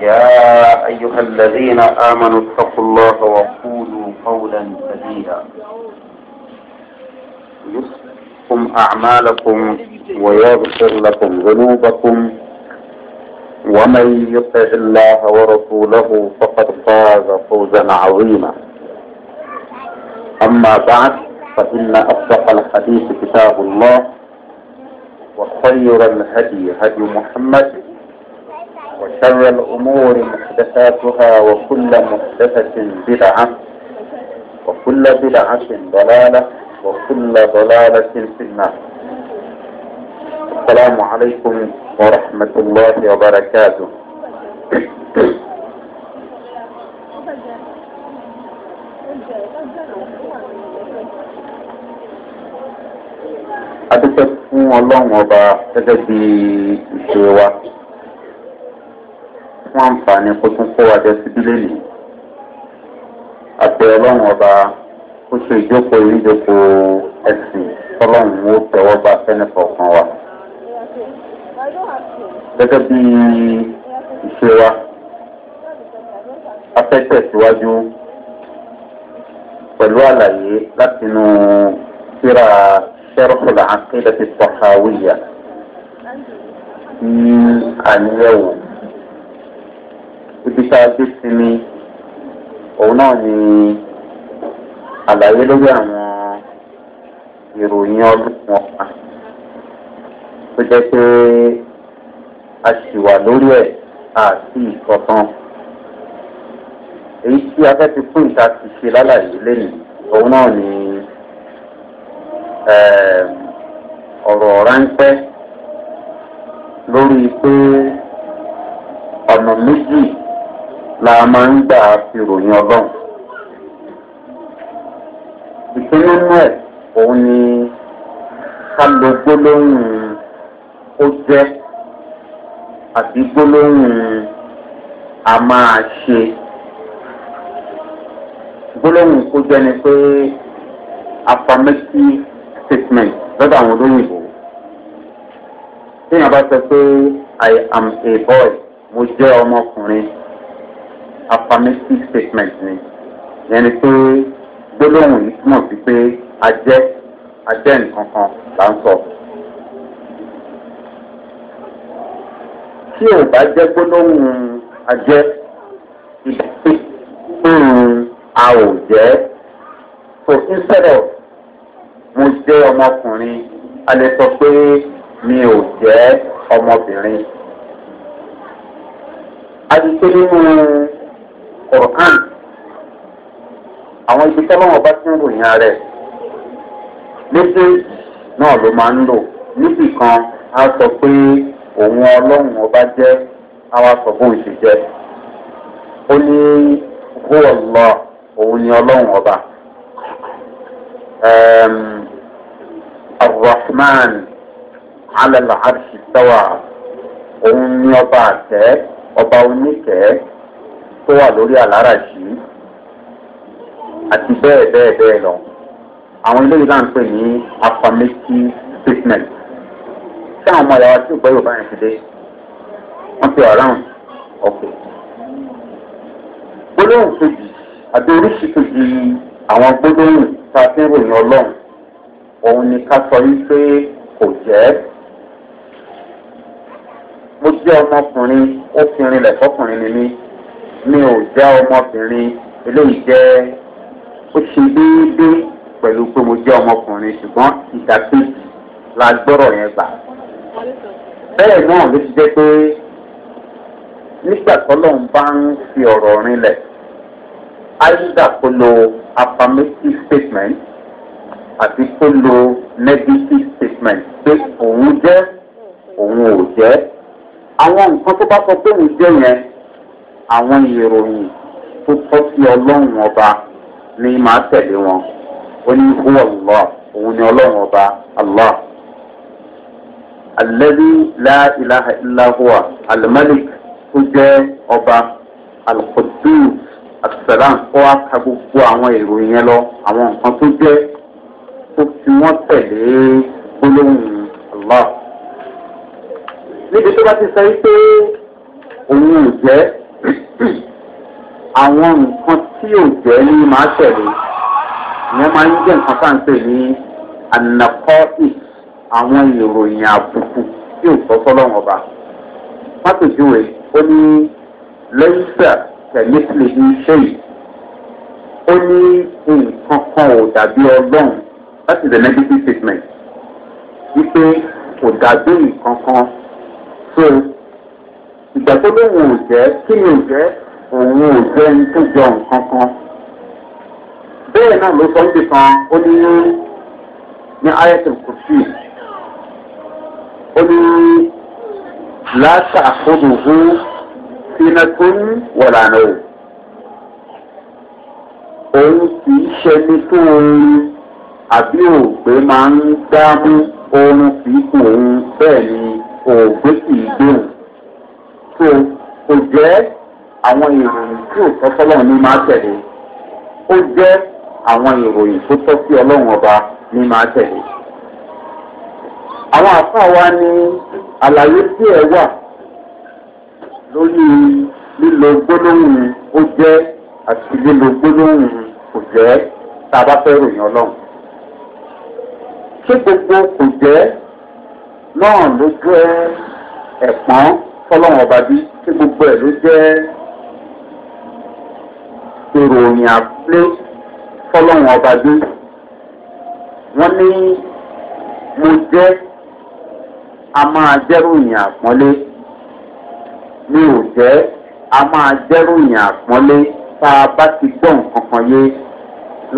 يا أيها الذين آمنوا اتقوا الله وقولوا قولا سديدا يسكم أعمالكم ويغفر لكم ذنوبكم ومن يطع الله ورسوله فقد فاز فوزا عظيما أما بعد فإن أصدق الحديث كتاب الله وخير الهدي هدي محمد وشر الأمور محدثاتها وكل محدثة بدعة وكل بدعة ضلالة وكل ضلالة في النار السلام عليكم ورحمة الله وبركاته adúpẹ́ fún ọlọ́run ọba gẹ́gẹ́ fún àǹfààní kó tún kó wa jẹ síbí lónìí àbẹ ọlọ́run ọba ó ṣe ìjókòó ìjókòó ẹ̀sìn tọ́lọ́run ó tẹ̀wọ́ bá fẹ́ni kọ̀ọ̀kan wa. gẹ́gẹ́ bí ìṣe wa a fẹ́ tẹ̀síwájú pẹ̀lú àlàyé látinú síra sẹ́rọ̀fọ̀lá akéde ti sọ̀háwìyà ní àníyẹ̀wò ibi tá a dé sinmi òun náà ni àlàyé lórí àwọn ìròyìn ọdún wọn kan tó jẹ́ pé a sì wà lórí ẹ̀ àti ìkọ̀tàn èyí tí afẹ́ ti kún ìta ti ṣe lálàyé lẹ́yìn òun náà ni ọ̀rọ̀ ráńpẹ́ lórí pé ọ̀nà méjì la máa ń gbà fi ròyìn ọlọ́run. ìpinnu inú òun ni ká lo gbólóhùn ó jẹ́ àti gbólóhùn a máa ṣe. gbólóhùn ó jẹ́ ni pé affirmative statement lọ́dọ̀ àwọn olóyìnbó. téèyàn bá sọ pé i am a boy mo jẹ́ ọmọkùnrin affirmative statement ni yẹn ni pé gbólóhùn yìí túmọ̀ sí pé ajẹ́ ajẹ́ nǹkan kan là ń sọ. tí ò bá jẹ́ gbólóhùn ajẹ́ ìdí ìrùn a ò jẹ́ so instead of mo jẹ́ ọmọkùnrin a lè sọ pé mi ò jẹ́ ọmọbìnrin. a ti pé nínú alukoran àwọn ibi tọ́lọ́wọ́n bá ti ń ròyìn ara ẹ̀ létí náà ló máa ń lò níbì kan á sọ pé òun ọlọ́run ọba jẹ́ àwa sọ bóun ṣe jẹ́ ó ní hóòlọ́ òun ni ọlọ́run ọba arrahman alẹ́ làhàrì òun ni ọba àtẹ́ ọba oníkẹ́ẹ́ tó wà lórí àláràjì àti bẹ́ẹ̀ bẹ́ẹ̀ bẹ́ẹ̀ lọ àwọn eléyìí là ń pè ní affirmative statement tí àwọn ọmọ ìyàwó tí ò gbọ́ yorùbá yẹn ti dé wọ́n ti around ọ̀pẹ̀. gbólóhùn kejì àbí oríṣi kejì àwọn gbólóhùn tá a fi ń ròyìn ọlọ́run òun ni ká sọ yìí pé kò jẹ́ mo jẹ́ ọmọkùnrin ó fi rinlẹ̀ fọkùnrin ni mí mi ò já ọmọbìnrin eléyìí jẹ́ ó ṣe déédéé pẹ̀lú pé mo jẹ́ ọmọkùnrin ṣùgbọ́n ìdàkejì la gbọ́rọ̀ yẹn gbà. bẹ́ẹ̀ náà ló ti jẹ́ pé nígbà tọ́lọ́run bá ń fi ọ̀rọ̀ rinlẹ̀ aida kó lo affirmative statement àti kó lo negative statement pé òun jẹ́ òun ò jẹ́ àwọn nǹkan tó bá sọ pé òun jẹ́ yẹn àwọn ìròyìn tó tọ́ sí ọlọ́run ọba ni màá tẹ̀lé wọn ó ní hu allah òun ni ọlọ́run ọba allah alẹ́bí láìláha ìlàhùwà alimalik tó jẹ́ ọba alkudus asalam ó wá ka gbogbo àwọn ìròyìn yẹn lọ àwọn nǹkan tó jẹ́ tó fi wọ́n tẹ̀lé gbólóhùn allah níbi tó bá ti sọ pé òun ò jẹ́ àwọn nǹkan tí ò jẹ́ ní máa tẹ̀lé wọ́n máa ń jẹ́ nǹkan tá à ń pè ní anakọ́ì àwọn ìròyìn àbùkù tí ò sọ sọ́lọ́wọ́n ọba. pátòjúwe ó ní lẹ́yìnsà tẹ̀lé tìlẹ̀ ní iṣẹ́ yìí ó ní nǹkan kan ò dàbí ọlọ́run that is the negative statement wípé kò dàbí nǹkan kan so ìgbà tó lóun ò jẹ́ kí ni ò jẹ́ òun ò jẹ́ ń tó jọ nǹkan kan. bẹ́ẹ̀ náà ló sọ níbi kan ó ní ní ayatul kùsì ó ní láta àkóbòbó sinatún wọ̀lànà o. òun kì í ṣẹni tó oorun àbí òògbé máa ń dá mú oorun kì í kù òun bẹ́ẹ̀ ni òògbé kì í gbé òun so kò jẹ́ àwọn ìròyìn tí ò tọ́ sọ́lọ́run ní máa tẹ̀lé ó jẹ́ àwọn ìròyìn tó tọ́ sí ọlọ́run ọba ní máa tẹ̀lé. àwọn àfáà wa ní àlàyé tí ẹ wà lórí lílo gbólóhùn ó jẹ́ àti lílo gbólóhùn kò jẹ́ tá a bá fẹ́ ròyìn ọlọ́run. ṣé gbogbo kò jẹ́ náà ló jẹ́ ẹ̀pọ́n fọlọ́run ọba bí tí gbogbo ẹ̀ ló jẹ́ ìròyìn àpilé fọlọ́run ọba bí wọ́n ní mo jẹ́ a máa jẹ́ròyìn àpọ́nlé mi ò jẹ́ a máa jẹ́ròyìn àpọ́nlé tá a bá ti gbọ́ nǹkan kan yé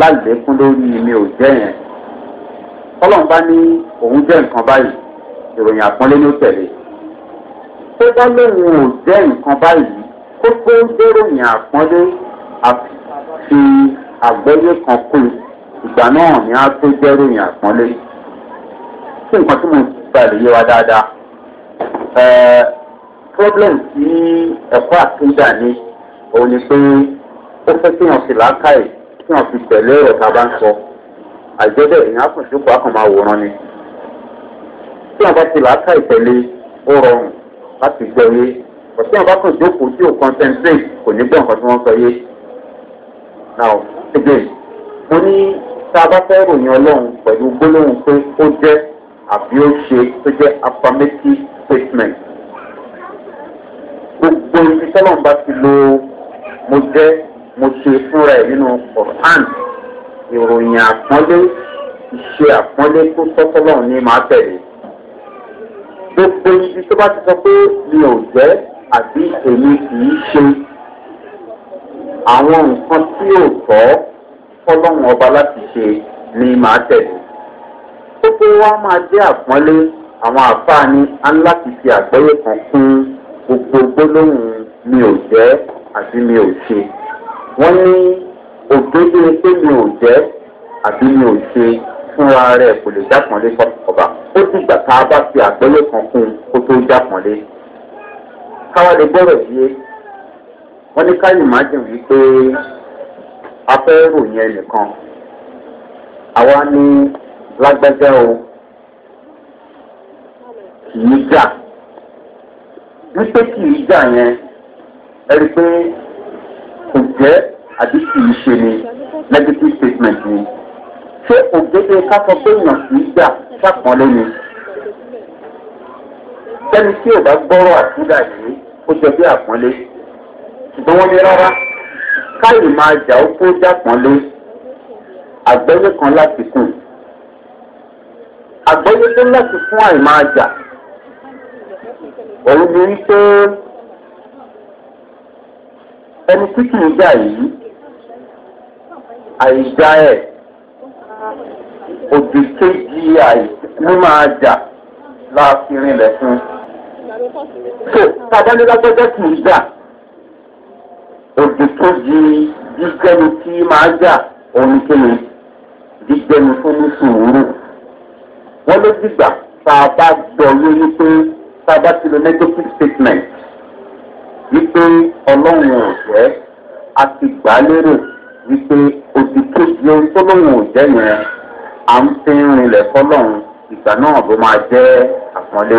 lálékún lórí mi ò jẹ́ yẹn fọlọ́run bá ní òun jẹ́ nǹkan báyìí ìròyìn àpọ́nlé ló tẹ̀lé tó bá lóun ò jẹ́ nǹkan báyìí kó tó déròyìn àpọ́nlé àti àgbẹ́yé kan kú ìgbà náà ni a tó déròyìn àpọ́nlé. sí nǹkan tí mo gbà lè yé wa dáadáa problem tí ẹ̀kọ́ àtúndà ni òun ni pé ó fẹ́ kí wọ́n sì lákàyè kí wọ́n fi tẹ̀lé ọ̀rọ̀ tá a bá ń sọ àjẹ́bẹ̀ ìyẹn á kùn sípò á kàn máa wòran ni tí wọ́n bá ti lákàyè tẹ̀lé ó rọrùn láti gbọ́ yé ọ̀sẹ̀ wọn bá kàn jókòó tí ò concentrate kò ní gbọ́ nǹkan tí wọ́n sọ yé. now again mo ní tá a bá fẹ́ ròyìn ọlọ́run pẹ̀lú gbólóhùn pé ó jẹ́ àbí ó ṣe tó jẹ́ affirmative statement gbogbo ibi tọ́lọ́run bá ti lo mo jẹ́ mo ṣe fúnra ẹ̀ nínú quran ìròyìn àpọ́nlé ìṣe àpọ́nlé tó sọ́tọ́lọ́run ní máa tẹ̀lé gbogbo ibi tó bá ti sọ pé mi ò jẹ́ àbí èmi kì í ṣe àwọn nǹkan tí ò tọ́ fọlọ́run ọba láti ṣe ni màá tẹ̀lé. gbogbo wa máa jẹ́ àpọ́nlé àwọn àfáà ni a ń láti fi àgbọ́yé kan kún gbogbo gbólóhùn mi ò jẹ́ àbí mi ò ṣe. wọ́n ní òdodo pé mi ò jẹ́ àbí mi ò ṣe fúnra rẹ̀ kò lè jápọ̀nlé ọba ó sì gbà tá a bá fi àgbọ́lé kan kún un kó tó jápọ̀nlé. káwa lè gbọ́dọ̀ yé wọ́n ní ká ìmájìn wípé a fẹ́ ròyìn ẹnìkan àwa ní lágbájá o kì í jà wípé kì í jà yẹn ẹ rí i pé kò jẹ́ àbí kì í ṣe ni negative statement ni ṣé ògèdè ká sọ pé èèyàn kì í gbà ṣàpọ́nlé ni sẹ́ni tí ò bá gbọ́rọ̀ àtúndà yìí ó jẹ bí àpọ́nlé ṣùgbọ́n wọ́n ní rárá káyì máa jà ó kó jàpọ́nlé àgbẹ́yé kan láti kù àgbẹ́yé tó láti fún àì máa jà òun ni wípé ẹni tí kì í jà yìí àìjà ẹ̀ òbí kéjì àìsí máa jà láàfin rinlẹ̀ fún. so tàdánilágbẹ́jẹ́ kì í jà òbí kéjì jíjẹni tí máa jà òun kéle jíjẹni fún ní sùúrù. wọ́n ló dìgbà tá a bá gbọ́ lórí pé tá a bá ti lo negative statement wípé ọlọ́run ò jẹ́ a ti gbà á lérò wípé òbí ohun tó lóun ò jẹ́ yẹn à ń fi ń rinlẹ̀ fọlọ́run ìgbà náà ló máa jẹ́ àpọ́nlé.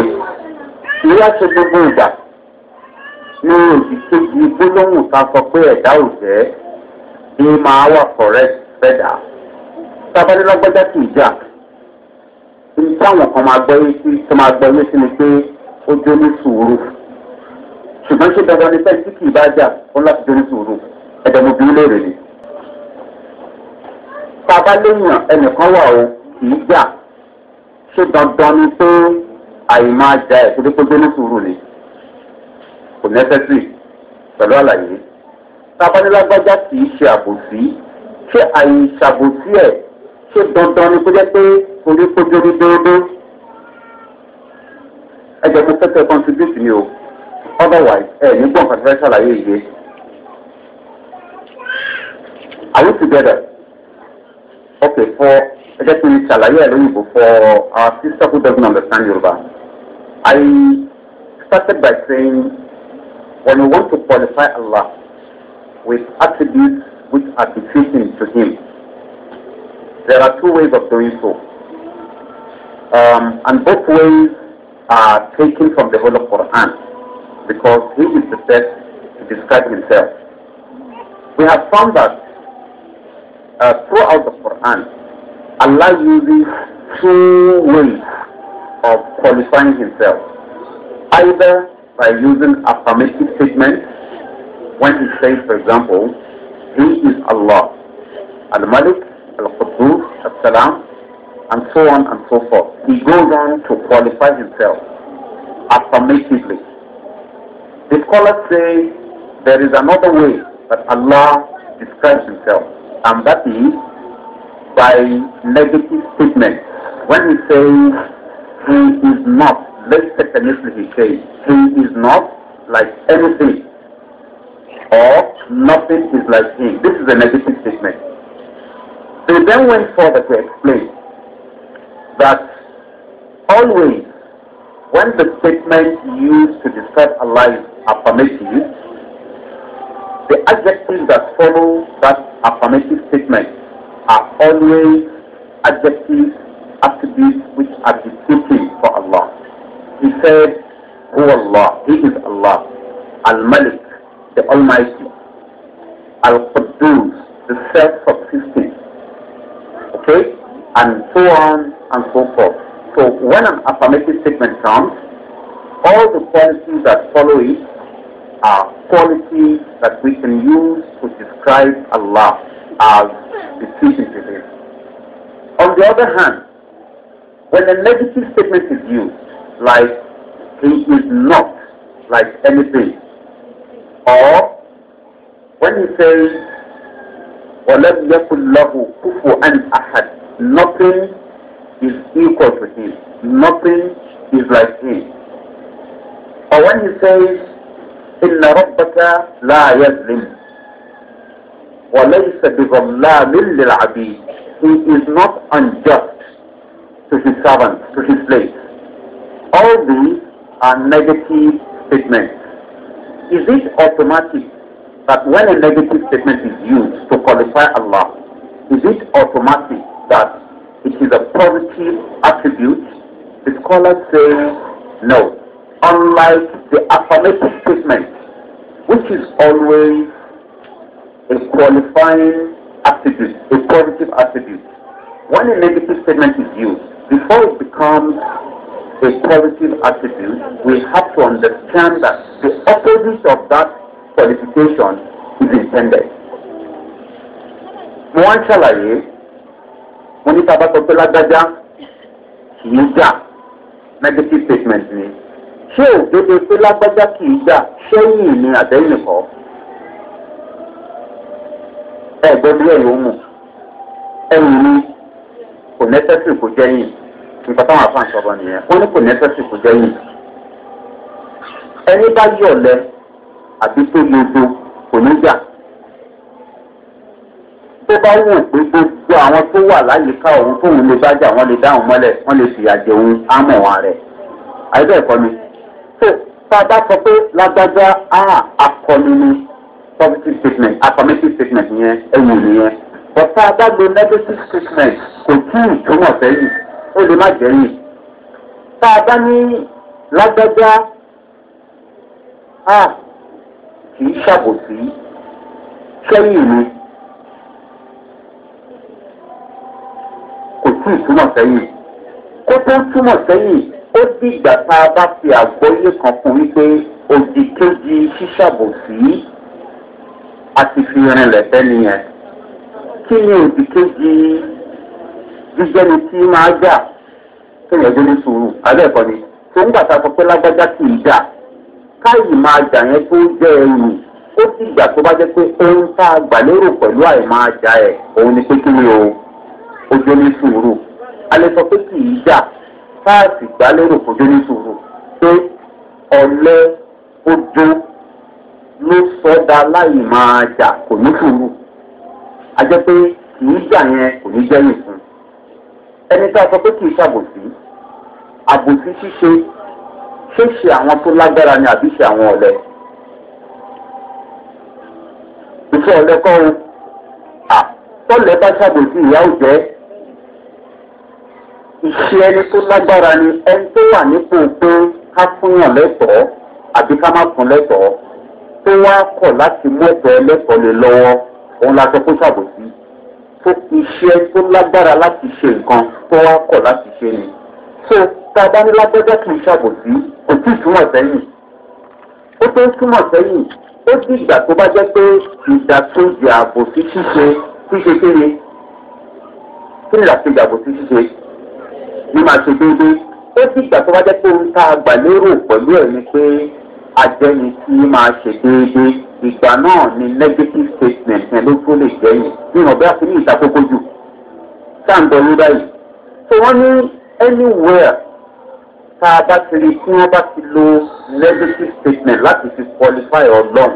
ìyá ṣe gbogbo ìgbà ní òdìkejì gbólóhùn ta sọ pé ẹ̀dá ò jẹ́ bí máa wà fọ̀rẹ́ fẹ́dà. tábàdínlọ́gbọ́jà kì í jà ibi táwọn kan máa gbọ́ yé tó máa gbọ́ yé sí ni pé ó jó ní sùúrù. ṣùgbọ́n ṣé dandan ni fẹ́ẹ́ tí kì í bá jà ó láti jó ní sùúrù ẹ̀dẹ̀ mo bí léèrè ni tàbá léèyàn ẹnìkan wà o kì í jà ṣé dandan ni pé àyè máa ja ẹ̀ torí pé gbóná sùúrù ni kò nẹ́sẹ̀sì pẹ̀lú àlàyé tàbá kì í ṣe àbòsí ṣé àyè ìṣàbòsí ẹ̀ ṣé dandan ni kó jẹ́ pé orí kójú rí déédé ẹ jẹ́ tẹ́tẹ́ contribute mi o otherwise ẹ ní gbọ̀ǹkan fẹ́ ṣàlàyé ìgbé. Are we together? ok for ẹ jẹ́ kí n ṣàlàyé for our sister who doesn't understand Yoruba I started by saying when we want to qualify Allah with attributes which are befitting to Him there are two ways of doing so um, and both ways are taken from the Holy Quran because He is the best to describe Himself we have found that uh, throughout the Quran, Allah uses two ways of qualifying himself. Either by using affirmative statements, when he says, for example, He is Allah, Al-Malik, Al-Quddus, Al-Salam, and so on and so forth. He goes on to qualify himself affirmatively. The scholars say there is another way that Allah describes himself and um, that is by negative statement. When he says he is not, very technically he says he is not like anything or nothing is like him. This is a negative statement. They then went further to explain that always when the statement used to describe Allah is affirmative, the adjectives that follow that affirmative statements are always adjectives, attributes which are disputing for Allah. He said, Who oh Allah? He is Allah. Al-Malik, the Almighty. Al-Quddus, the self-subsisting. Okay? And so on and so forth. So when an affirmative statement comes, all the qualities that follow it are qualities that we can use to describe Allah as befitting to On the other hand, when a negative statement is used, like He is not like anything, or when He says, وَلَمْ يَكُلْ لَهُ كُفُوًا أَحَدٍ Nothing is equal to Him. Nothing is like Him. Or when He says, inna ربك لا يظلم وليس laysa للعبيد. he is not unjust to his servants to his slaves all these are negative statements is it automatic that when a negative statement is used to qualify Allah is it automatic that it is a positive attribute the scholars say no unlike the affirmative statement, which is always a qualifying attribute, a positive attribute. When a negative statement is used, before it becomes a positive attribute, we have to understand that the opposite of that qualification is intended. Mo wá ń ṣàlàyé, mo ní tá sọ pé lágbájá kì í jà negative statement ni ṣé òdodo pé lágbájá kì í gbà sẹ́yìn ní àtẹ́yìn kọ́ ẹ gbọ́dọ̀ ẹ̀yìn òmù ẹ̀yìn ni kò nẹ́sẹ̀sì kò jẹ́yìn nípa táwọn afáàn sọ̀rọ̀ nìyẹn wọ́n ní kò nẹ́sẹ̀sì kò jẹ́yìn ẹni bá yọ̀ lẹ àbí tó yodo kò ní gbà tó bá wò pé gbogbo àwọn tó wà láyìíká òun tóun lè bá jà wọ́n lè dáhùn mọ́lẹ̀ wọ́n lè fìyà jẹun ámọ̀ wọn rẹ̀ àyẹ̀bẹ̀ ẹ̀kọ́ ni tá a bá sọ pé lágbájá akọni ni positive statement affirmative statement yẹn ẹ̀wù nìyẹn ọ̀tá adágbó negative statement kò tí ì túmọ̀ sẹ́yìn ó lè má jẹ́ yìí tá a bá ní lágbájá kì í ṣàbòsí sẹ́yìn ni kò tí ì túmọ̀ sẹ́yìn kó tó túmọ̀ sẹ́yìn ó sì ìgbà tá a bá fi àgbọ́yé kan fún wípé òdì kejì ṣíṣàbòsí àti fi rinlẹ̀ fẹ́ni yẹn kí ni òdì kejì jíjẹ́ni tí máa jà kéèyàn gbé ní sùúrù alẹ́ ẹ̀kọ́ ni tó ń gbàtà sọ pé lágbájá kì í jà káyì máa jà yẹn tó jẹ́ ẹrù ó sì gbà tó bá jẹ́ pé ohun tá a gbà lérò pẹ̀lú àìmáa jà ẹ̀ òun ni pé kí ni o ó ní sùúrù alẹ́ sọ pé kì í jà táàsì gbálérò kò dé ní sùúrù pé ọ̀lẹ́ ojú ló sọ́dá láì máa jà kò ní sùúrù a jẹ́ pé kì í jà yẹn kò ní jẹ́ nìkan ẹni tá a sọ pé kì í ṣàbòsí àbòsí ṣíṣe ṣé ṣe àwọn tó lágbára ni àbí ṣe àwọn ọ̀lẹ́ ìṣe ọ̀lẹ́ kọ́ o àtọ́lẹ̀ bá ṣàbòsí ìyá ò ìṣe ẹni tó lágbára ni ẹni tó wà nípò pé ká fúnyàn lẹ́tọ̀ọ́ àbí ká má fún lẹ́tọ̀ọ́ tó wá kọ̀ láti mú ẹ̀tọ́ ẹlẹ́tọ̀ọ́ lè lọ́wọ́ òun la sọ pé ṣàbòsí tó iṣẹ́ tó lágbára láti ṣe nǹkan tó wá kọ̀ láti ṣe ni. so tá a bá ní lágbájá kì í ṣàbòsí kò tí ì túmọ̀ sẹ́yìn ó tó ń túmọ̀ sẹ́yìn ó di ìgbà tó bá jẹ́ pé ìdàkejì àbòsí ṣíṣe ṣíṣe kéré kí ni ìdàkejì àbòsí ṣíṣe ló máa ṣe déédéé ó sì gbà tó bá jẹ́ pé ohun tá a gbà lérò pẹ̀lú ẹ̀ ni pé ajẹ́ni tí máa ṣe déédéé ìgbà náà ni negative statement yẹn ló tó lè jẹ́yìn ní ìrànbí àti ní ìtakókó jù sáǹdọ̀ ní báyìí so wọ́n ní anywhere tá a bá ti rí tí wọ́n bá ti lo negative statement láti fi qualify ọlọ́run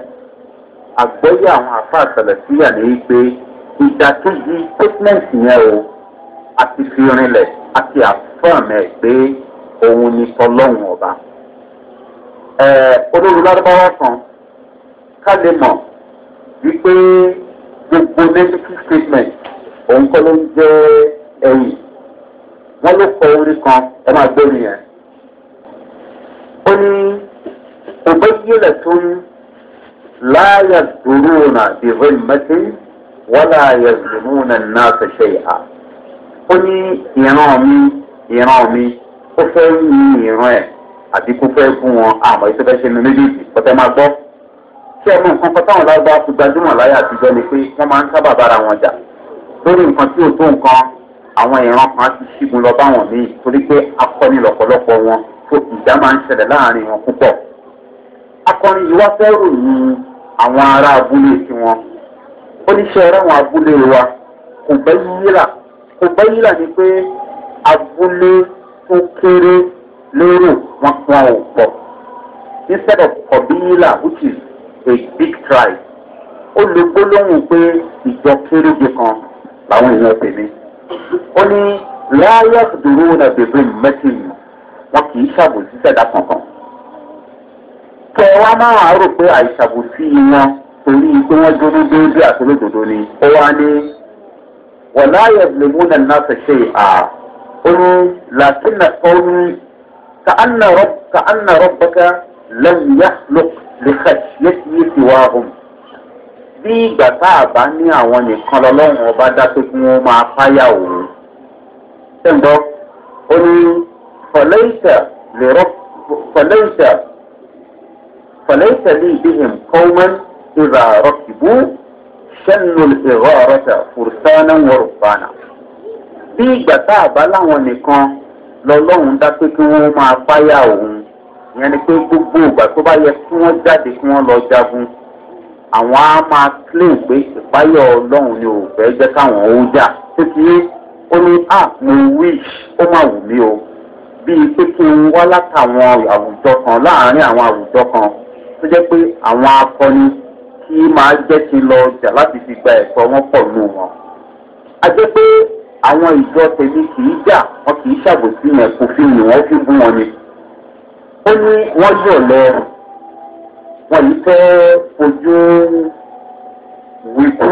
àgbọ́yé àwọn àfa àtàlẹ̀ síyà ní í pé ìdàkejì statement yẹn o àti fi rinlẹ̀ àti àfọ̀mẹ́ pé òun ni tọlọ́hún ọba. olórí lárúbáwá kan ká lè mọ̀ wípé gbogbo negative statement òun kọ́ ló ń jẹ́ ẹ̀yìn. wọ́n ló kọ orí kan ẹ máa gbé mi ó ní ògbẹ́yẹlẹ̀ tó ń láyà dúró náà ìrìn mẹ́tí wọ́n láyà dùnmú náà náà ṣẹ̀ṣẹ̀ yà á ó ní ìran mi ìran mi ó fẹ́ yin ìran ẹ̀ àti kó fẹ́ fún wọn àmọ́ ìṣe fẹ́ ṣe nu méjèèjì pọ̀tẹ́ máa gbọ́. tí ẹnu nǹkan kan táwọn lágbá fi gbajúmọ̀ láyé àtijọ́ ni pé wọ́n máa ń sábà bára wọn jà lórí nǹkan tí ò tó nǹkan àwọn ìran kan ti ṣígun lọ báwọn míì torí pé akọni lọ̀pọ̀lọpọ̀ wọn tó ìjà máa ń ṣẹlẹ̀ láàrin wọn púpọ̀. akọni yìí wá fẹ́ ròyìn àwọn ará abúlé tiwọn ó ní ṣe ẹrẹ́ wọn abúlé wa kò bẹ́ yíyí rà ọbẹ̀yìlà ni pé abúlé tó kéré lérò wọn wọn ò pọ̀ instead of ọbẹ̀yìlà which is a big tribe ó lo gbólóhùn pé ìjọ kéréje kan làwọn èèyàn tèmi ó ní láyà dúró na bèbè mẹ́tìn wọn kì í ṣàbòsí sẹ̀dá kankan kẹ wá máa rò pé àìṣàbòsí wọn torí pé wọ́n dúró déédéé àtolódodo ni ó wá ní wọ́n láyọ̀ lèmú náà náà ṣe ṣe à ó ní làákìnnà kọ́ọ̀nù ka'anna rọ́bàkà lẹ́yìn yàtọ̀ lẹ́kàṣẹ́yẹ ti wá hùm. bí ìgbà tá a bá ní àwọn nìkan lọ́lọ́run ọba dá pé kí wọ́n máa fáyà òun. ṣé ń gbọ́ ó lè rọ́ fọlẹ́ìtà fọlẹ́ìtà lè dìhìn kọ́ọ̀mẹ́n ìrà rọ́kìbú sẹ́nu ìrọ̀ ọ̀rọ̀ tẹ̀ fùrùsánà ń wọ̀rọ̀ fàánà. bí ìgbà tá a bá láwọn nìkan lọ́lọ́run dá kí wọ́n máa fáyà òun ìyẹn ni pé gbogbo ìgbà tó bá yẹ kí wọ́n jáde kí wọ́n lọ jagun àwọn á máa claim pé ìpáyọ̀ ọlọ́run ni ò fẹ́ jẹ́ káwọn ó jà kékeré ó ní à mo wish ó máa wù mí o bíi pé kí n wá látàwọn àwùjọ kan láàárín àwọn àwùjọ kan tó jẹ́ pé àwọn akọni tí máa jẹ́ kí n lọ ọjà láti fi gba ẹ̀kọ́ wọn pọ̀ nù wọn. a jẹ́ pé àwọn ìjọ tẹ̀lé kì í jà wọn kì í ṣàbòsí yẹn kò fi yìn wọ́n fi bú wọn ni. ó ní wọ́n yọ̀ lọ wọn yìí fẹ́ fojú wíkú.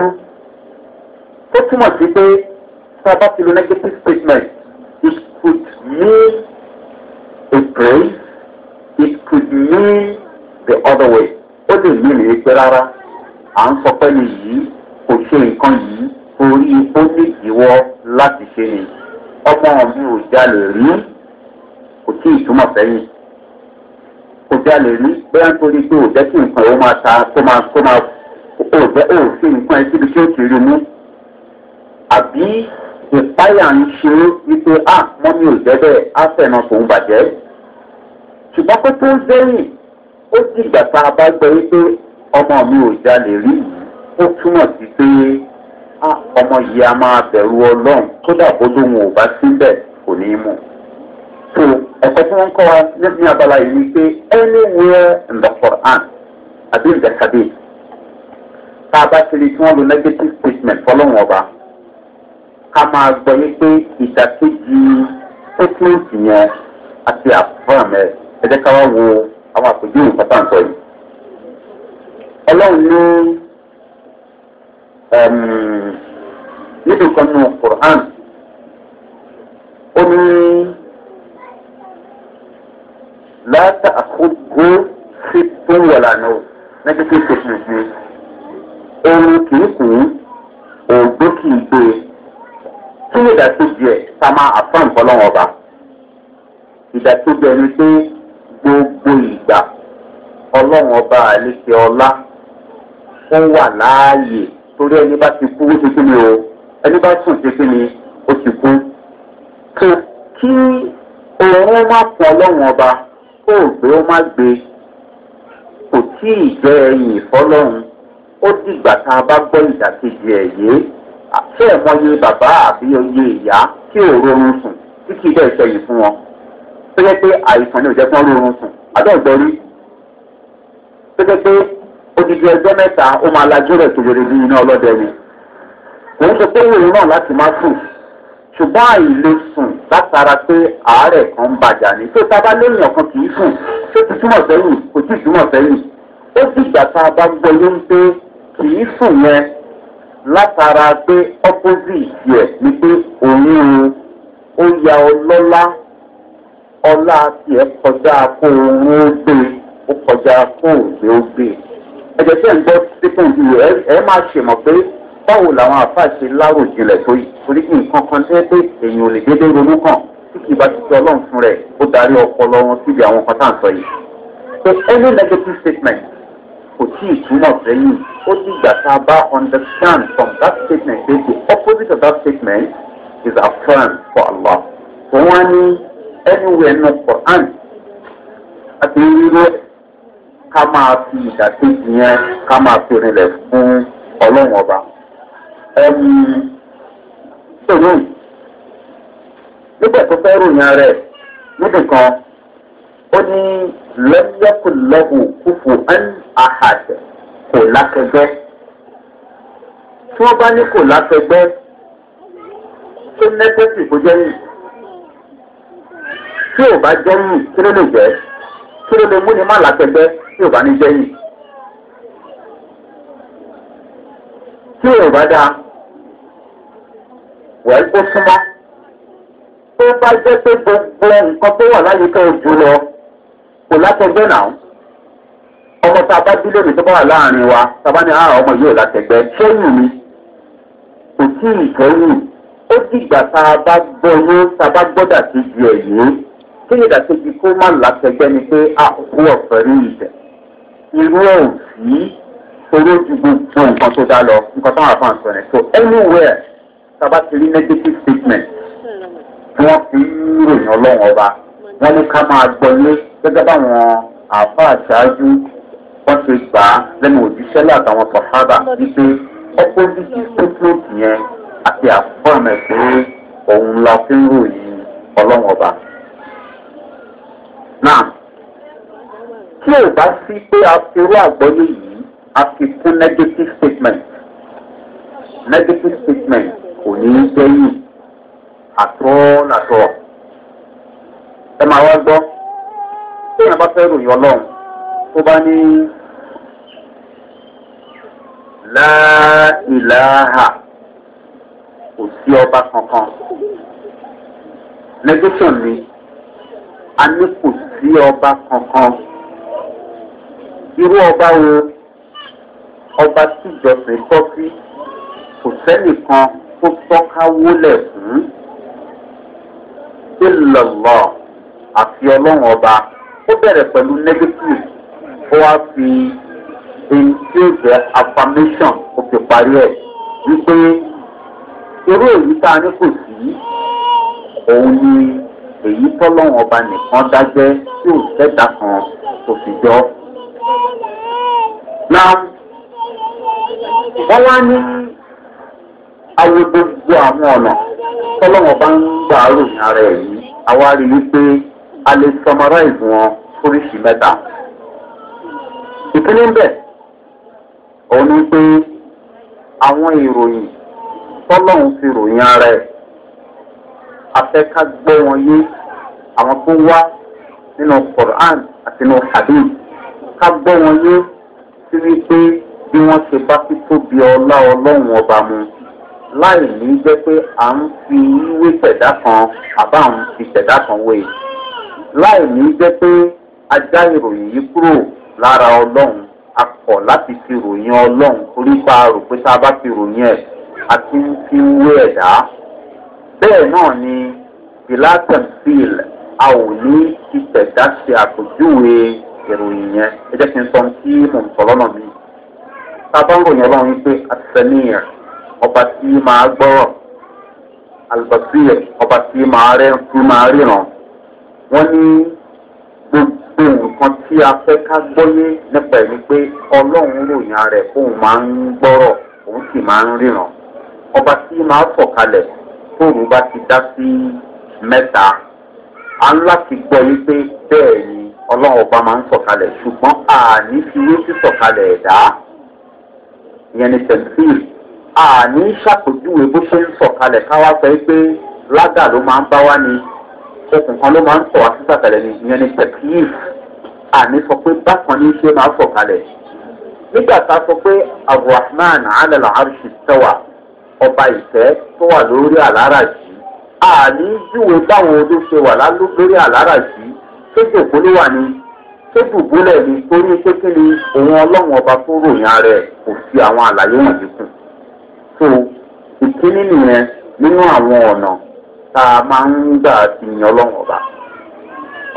ó túmọ̀ sí pé tá a bá ti lo negative statement it could mean a praise it could mean the other way ó lè mean èyí pé rárá à ń sọ pẹ́lú yìí kò ṣe nǹkan yìí torí ó ní ìdíwọ́ láti ṣe ni ọmọ mi ò jalè rí kò tí ì túmọ̀ sẹ́yìn kò jalè rí bẹ́ẹ̀ nítorí pé òjẹ́ kí nǹkan ó máa ta tó máa tó máa òjẹ́ ó ṣe nǹkan ẹ síbi tí ó ti rí mú àbí ìpáyà ń ṣe wípé a mọ́ mi ò jẹ́ bẹ́ẹ̀ á fẹ̀nà tòun bàjẹ́ ṣùgbọ́n pé tó ń dẹ́yìn ó ti gbà tá a wípé ọmọ mi ò jalè rí yìí ó túmọ̀ sí pé ọmọ yìí a máa bẹ̀rù ọlọ́run kódà bó lóun ò bá síbẹ̀ kò ní í mú. so ẹ̀kọ́ tí wọ́n kọ́ wa ní abala yìí ni pé anywhere in the quran àbí in the tá a bá ṣe lè tí wọ́n lo negative treatment. fọlọ́run ọba ká máa gbọ́ yé pé ìdàkejì statement yẹn àti àfọ̀mẹ́ ẹ̀jẹ̀ ká wo àwọn àpèjúwe pátá ń sọ yìí ọlọ́run ní níbi kan nù quran ó ní láta àkókò sí tó ń wọ̀là nù nígbàtí kò sì gbé omi kìí kù ògbó kìí gbé kí ni ìdàkejì ẹ̀ ká máa àfọ̀n ìfọlọ́wọ́n ọba ìdàkejì ẹ̀ ni pé gbogbo ìgbà ọlọ́run ọba àlejò ọlá wọ́n wà láàyè torí ẹni bá ti kú ó ti kú ni o ẹni bá sùn ti kú ni ó ti kú. kò kí òun má pọ̀ ọlọ́run ọba kó o gbé ó má gbé kò tí ì jẹ́ ẹyìn ìfọ́lọ́run ó dìgbà tá a bá gbọ́ ìdàkejì ẹ̀ yé àti ẹ̀mọye bàbá àbí oyè ìyá kí ò rọrùn sùn tí kì í bẹ́ẹ̀ sẹ́yìn fún wọn tó yẹ pé àìsàn ni ò jẹ́ kí wọ́n rọrùn sùn adọ́gbọ́rí tó pé odidi ẹgbẹ́ mẹ́ta ó máa lajú rẹ̀ kejìlẹ̀ bí iná ọlọ́dẹ ni kò ń ṣe pé wòye náà láti má sùn ṣùgbọ́n àìlè sùn látara pé àárẹ̀ kan ń bàjá ni tó tábà léèyàn kan kì í sùn tó ti túmọ̀ sẹ́yìn kò tí ì túmọ̀ sẹ́yìn ó dìgbà tá a bá gbọ́ yó ń pé kì í sùn yẹn látara pé opposite yẹ ni pé òun ó ya ọlọ́lá ọlá tiẹ̀ kọjá kó òun ó gbé ó kọjá kó òun ó gbé ẹ̀jẹ̀ tẹ̀ ń gbọ́ statement yìí ẹ ẹ máa ṣèmọ̀ pé báwo làwọn àfa ṣe lárò jinlẹ̀ tó yìí torí nǹkan kan tẹ́ pé èèyàn ò lè dédé ronú kàn tí kì í bá ti tẹ ọlọ́run fún rẹ̀ ó darí ọpọlọ wọn síbi àwọn kan tá à ń sọ yìí. so any negative statement kò tí ì túmọ̀ sẹ́yìn ó ti gbà tá a bá understand from that statement say the opposite of that statement is affirmed for allah. so wọ́n á ní anywhere náà for hand àti rírọ́ ká máa fi ìdàkejì yẹn ká máa fi rinlẹ̀ fún ọlọ́run ọba. ṣèlú nígbà tó fẹ́ ròyìn ara ẹ̀ níbì kan ó ní lẹ́yẹ́kù lọ́hùn kúfù ẹn àhàdẹ̀ kò lákẹgbẹ́. tí wọ́n bá ní kò lákẹgbẹ́ tó nẹ́gẹ́tì kó jẹ́ yìí tí ò bá jẹ́ yìí kí ló lè jẹ́ kí ló lè mú ni má lákẹgbẹ́ tí ò bá ní jẹ́yìn tí ò bá dáa wẹ́ẹ́ ó súnmọ́ tó bá jẹ́ pé gbogbo nǹkan tó wà láyìíká ojú lọ kò látẹgbẹ́ náà ọmọ tá a bá dúró mi tó bá wà láàrin wa tá a bá ní àwọn ah, ọmọ yìí ò látẹgbẹ́ kẹ́yìn mi kò tí ì kẹ́yìn ó dìgbà tá a bá gbọ́ yín tá a bá gbọ́dà sí ju ẹ̀yìn kí ni ìdàkejì kó má látẹgbẹ́ ni pé àkókò ah, ọ̀fẹ́ rí ìtẹ̀ irú ẹ̀ sí oró ju gbogbo nǹkan tó dá lọ nǹkan táwọn àfáà sọ ni so anywhere tábà ti rí negative statement tí wọ́n fi ń ròyìn ọlọ́run ọba wọ́n ní ká máa gbọ́lé gẹ́gẹ́ báwọn àfáà ṣáájú wọ́n ti gbà á lẹ́nu òjíṣẹ́ látàwọn sọ̀hábà wípé opposite statement yẹn àti àfọ̀mẹ̀ pé òun la fi ń ròyìn ọlọ́run ọba. Now tí ò bá sí pé a irú yìí a fi kún negative statement negative statement kò ní í gbẹ́yìn àtọ́nàtọ́ ẹ máa wá gbọ́ tí èèyàn bá fẹ́ ròyìn ọlọ́run tó bá ní láìláha kò sí ọba kankan negation ni a ní kò sí ọba kankan irú ọba wo ọba tíjọsìn tọ́ sí kò sẹ́nìkan tó tọ́ka wólẹ̀ fún ìlọ̀lọ̀ àti ọlọ́run ọba ó bẹ̀rẹ̀ pẹ̀lú negative ó wá fi ìjẹ́jẹ́ affirmation ó fi parí ẹ̀ wípé irú èyí tá a ní kò sí òun ni èyí tọ́lọ́run ọba nìkan dájẹ́ tí ò sẹ́dá kan tó fi jọ́ na wọ́n wá ní ayé gbogbo àwọn ọ̀nà tọ́lọ́wọ́n bá ń gbà ròyìn ara ẹ̀ yìí àwa rí i pé a lè summarize wọn fóríṣi mẹ́ta. ìpínlẹ̀ ń bẹ̀ òun ni pé àwọn ìròyìn tọ́lọ́run fi ròyìn ara ẹ̀ afẹ́ká gbọ́ wọn yé àwọn tó wá nínú quran àti nínú hadith ká gbọ́ wọn yé sí wípé bí wọ́n ṣe bá ti tóbi ọlá ọlọ́run ọba mu láì ní jẹ́ pé à ń fi wé tẹ̀dá kan àbá ń fi tẹ̀dá kan wé láì ní jẹ́ pé ajá ìròyìn yìí kúrò lára ọlọ́run a kọ̀ láti fi ròyìn ọlọ́run torí pa rò pé tá a bá fi ròyìn ẹ̀ a ti ń fi wé ẹ̀dá bẹ́ẹ̀ náà ni pilatem field a ò ní ti tẹ̀dá ṣe àpèjúwe ìròyìn yẹn ẹ jẹ́ kí n sọ tí mò ń sọ lọ́nà mi. sábà ń ròyìn ọlọ́run pé àtẹ̀míyàn ọba tí máa gbọ́rọ̀ àlùbọ̀síyẹ̀ ọba tí máa ríran. wọ́n ní gbogbo nǹkan tí a fẹ́ ká gbọ́yé nípa ẹ̀ ni pé ọlọ́run ròyìn rẹ̀ òun máa ń gbọ́rọ̀ òun sì máa ń ríran. ọba tí máa sọ̀kalẹ̀ tóun bá ti dá sí mẹ́ta a ń láti gbọ́ yí pé bẹ́ẹ̀ ni ọlọ́run ọba máa ń sọ̀kalẹ̀ ṣùgbọ́n àní fi yé sí sọ̀kalẹ̀ ẹ̀dá ìyẹn ni tẹ̀síì àní ṣàpèjúwe bó ṣe ń sọ̀kalẹ̀ káwá sọ pé lága ló máa ń bá wá ni okùn kan ló máa ń sọ̀ wá sí sàkàlẹ̀ ni ìyẹn ni tẹ̀síì àní sọ pé bákan ní ṣe máa sọ̀kalẹ̀ nígbà tá a sọ pé abdulrahman alala arṣi tẹwà ọba ìfẹ́ tó wà lórí àlárà yìí àní júwe báwọn odó ṣe wà lórí àlárà yìí ṣé jòkó ló wà ní ṣé dùbúlẹ̀ ni torí pé kí ni òun ọlọ́run ọba tó ròyìn ara ẹ̀ kò fi àwọn àlàyé wọ̀nyí kùn. so ìkíní nìyẹn nínú àwọn ọ̀nà tá a máa ń gbà ti yan ọlọ́run ọba.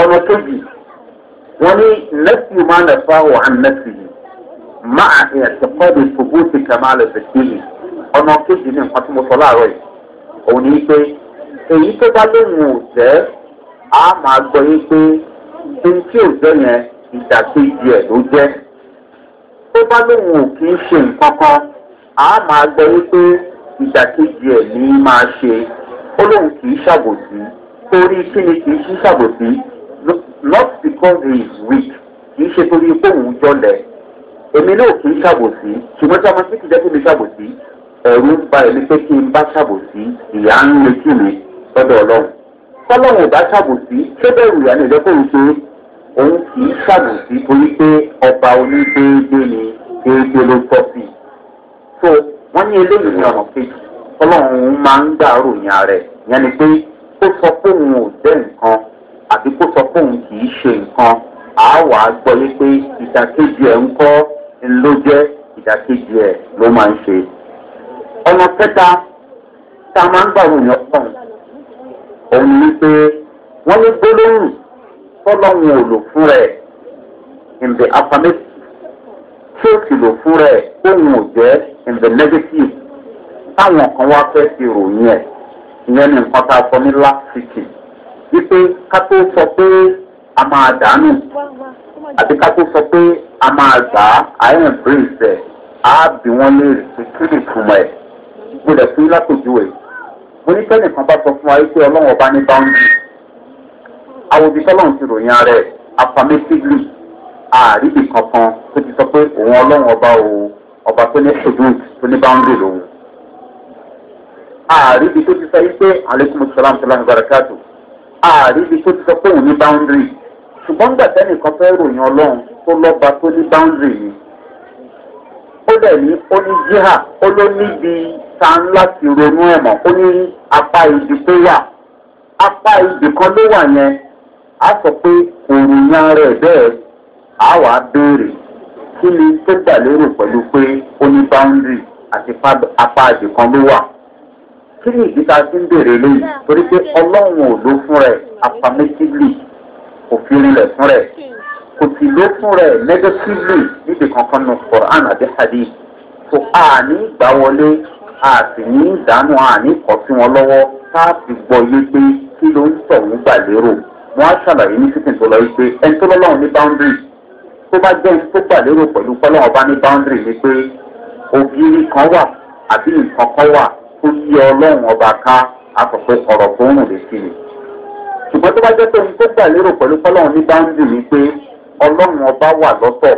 ọ̀nà kejì wọ́n ní nẹ́sì máa ń lẹ̀fọ́ àwọn ànẹ́sì yìí máa ẹ̀ẹ́dẹ̀kọ́dẹ̀ tòbó ti kà máa lẹ̀ fẹ̀kẹ́ yìí ọ̀nà kejì ní nǹkan tí mo sọ láàárọ̀ yìí òun ní pé èyí tó bá lóun ò a máa gbọ́ yín pé ohun tí ò jẹ́ yẹn ìdàkejì ẹ̀ ló jẹ́. tó bá lóun ò kí ń ṣe nǹkan kan a máa gbọ́ yín pé ìdàkejì ẹ̀ ní í máa ṣe ó lóun kì í ṣàbòsí torí kí ni kì í ṣe ṣàbòsí not because he is weak kì í ṣe torí pé òun jọlẹ̀ èmi náà kì í ṣàbòsí ṣùgbọ́n tí a máa ń tètè jẹ́ kí mi ṣàbòsí ẹ̀rù ń ba ẹ̀mí pé kí n bá ṣàbòsí ìyá ń retí mi lọ́dọ̀ ọlọ́run tọ́lọ́wọ̀n bá ṣàbòsí ṣébẹ̀rù ìyàní ìjọkòrò ṣe òun kì í ṣàbòsí torí pé ọba onídéédé ni déédé ló tọ́ sí. so wọ́n ní eléyìí ní ọ̀nà kejì tọ́lọ́wọ̀n máa ń gbà ròyìn ààrẹ ìyẹn ni pé kó sọ fóun ò jẹ́ nǹkan àti kó sọ fóun kì í ṣe nǹkan àáwà gbọ́yé pé ìdàkejì ẹ̀ ń kọ́ ló jẹ́ ìdàkejì ẹ̀ ló máa ń ṣe. ọ̀nà kẹta tá a máa ń gbà ròyìn ọ̀pọ̀ nǹkan òun ni pé wọ́n ní gbólóhùn fọlọ́hùn ò fún rẹ̀ in the affirmative tí ó sì lò fún rẹ̀ òun ò jẹ́ in the negative táwọn kan wá fẹ́ fi ròyìn ẹ̀ ìyẹn ní nǹkan tá a sọ ní last city wípé ká tó sọ pé a máa dànù àti ká tó sọ pé a máa gbà á à ń embrace ẹ̀ á bí wọ́n léèrè pé kí ni ìtumọ̀ ẹ̀ gbọ́dọ̀ fún yín látòjú ẹ̀ mo ní tẹ́lẹ̀ kan bá sọ fún wa pé ọlọ́run ọba ní báńkì àwòdì tọ́lọ́run ti ròyìn ara ẹ̀ affirmatively àríbì kankan tó ti sọ pé òun ọlọ́run ọba o ọba tó ní ṣùgbọ́n tó ní báńkì lòun. àríbì tó ti sọ yìí pé aleykum salaam salaam barakatu àríbì tó ti sọ pé òun ní báńkì ṣùgbọ́n gbàtẹ́ nìkan fẹ́ ròyìn ọlọ́run tó lọ́ba tó ní báńkì yìí ó dẹ̀ ní ó ní jíhà ó ló níbi ta ń láti ronú ẹ̀ mọ̀ ó ní apá ibi tó wà apá ibi kan ló wà yẹn á sọ pé òrìyàn rẹ̀ bẹ́ẹ̀ á wàá béèrè kí ni tó gbà lérò pẹ̀lú pé ó ní báńdì àti apá ibi kan ló wà kí ni ìdí ti ń béèrè lóyìí torí pé ọlọ́run ò ló fún rẹ̀ affirmatively kò fi rinlẹ̀ fún rẹ̀ kò sì ló fún rẹ̀ negatively níbi kankan nù quran àti hadith so a wọlé a sì ní ìdánù àníkọ́ sí wọn lọ́wọ́ tá a fi gbọ́ yé pé kí ló ń tọ̀hún gbà lérò wọn á ṣàlàyé ní sísìn tó lọ yí pé ẹni tó lọ́lọ́run ní boundary tó bá jẹ́ tó gbà lérò pẹ̀lú pọ́lọ́wọ́n bá ní boundary ni pé ògiri kan wà àbí nǹkan kan wà tó yí ọlọ́run ọba ká a sọ pé ọ̀rọ̀ tó ń rùn létí ni ṣùgbọ́n tó bá jẹ́ pé ohun tó gbà lérò pẹ̀lú pọ́lọ́wọ́n ní boundary ni pé ọlọ́run ọba wà lọ́tọ̀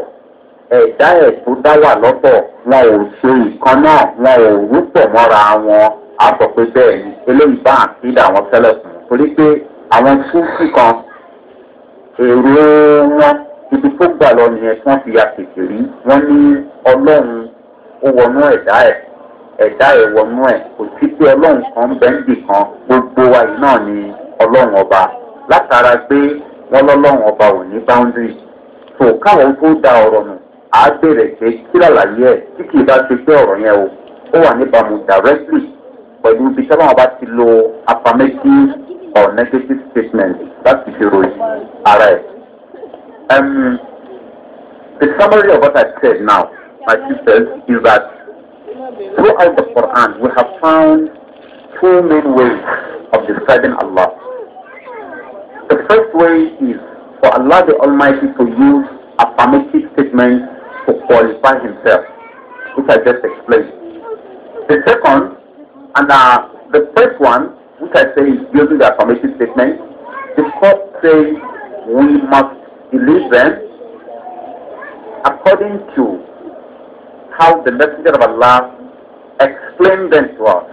ẹ̀dá ẹ̀ tó dá wà lọ́tọ̀ wọn ò ṣe nǹkan náà wọn ò rúpọ̀ mọ́ra wọn á sọ pé bẹ́ẹ̀ ni eléyìí bá àkídà wọn tẹ́lẹ̀ fún torí pé àwọn fúnfún kan èrò wọn ibi tó gbà lọ nìyẹn tí wọ́n fi ya kékeré wọ́n ní ọlọ́run ó wọnú ẹ̀dá ẹ̀ ẹ̀dá ẹ̀ wọnú ẹ̀ kò sí pé ọlọ́run kan bẹ́ńdì kan gbogbo wa yìí náà ni ọlọ́run ọba látara pé wọ́n lọ́lọ́run ọba ò ní báńdì tó káwọn tó da ọ̀rọ̀ nù á bèrè pé kí làlàyé ẹ̀ tí kì í bá ṣe pé ọ̀rọ̀ yẹn o ó wà níbàámu directly pẹ̀lú ibi sábà wọn bá ti lo affirmative or negative statement láti fi ròyìn ara ẹ̀. Um, the summary of what I said now, my sisters, is that throughout the Quran we have found two main ways of describing Allah. The first way is for Allah the Almighty to use affirmative statements to qualify himself, which I just explained. The second, and uh, the first one, which I say is using the affirmation statement, the court says we must believe them according to how the Messenger of Allah explained them to us.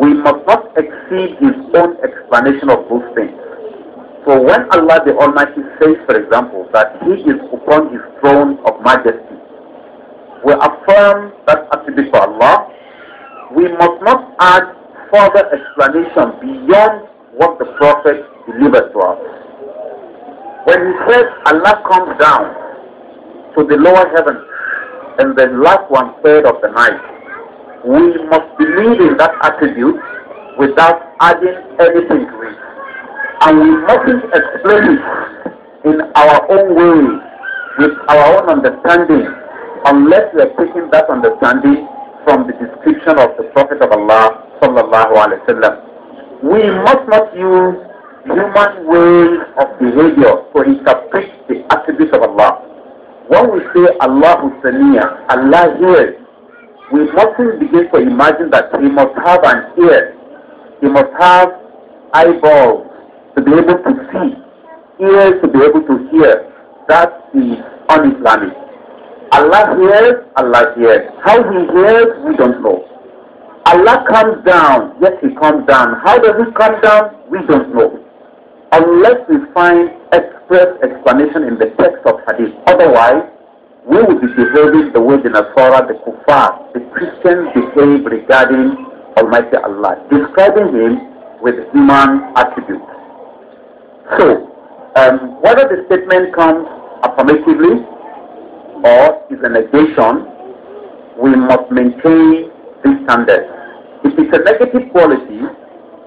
We must not exceed his own explanation of those things. So when Allah the Almighty says, for example, that He is upon His throne of majesty, we affirm that attribute for Allah. We must not add further explanation beyond what the Prophet delivered to us. When he says Allah comes down to the lower heaven in the last one third of the night, we must believe in that attribute without adding anything to it. and we mustn't explain it in our own way, with our own understanding, unless we are taking that understanding from the description of the Prophet of Allah sallallahu alaihi wasallam. We must not use human ways of behavior to interpret the attributes of Allah. When we say Allah Husaniya, Allah hears, we mustn't begin to imagine that He must have an ear, He must have eyeballs, to be able to see, ears to be able to hear. That is un-Islamic. Allah hears, Allah hears. How he hears, we don't know. Allah comes down, yes, he comes down. How does he come down, we don't know. Unless we find express explanation in the text of hadith. Otherwise, we will be behaving the way the Nasara, the Kufar, the Christians behave regarding Almighty Allah, describing him with human attributes. So, um, whether the statement comes affirmatively or is a negation, we must maintain this standard. If it's a negative quality,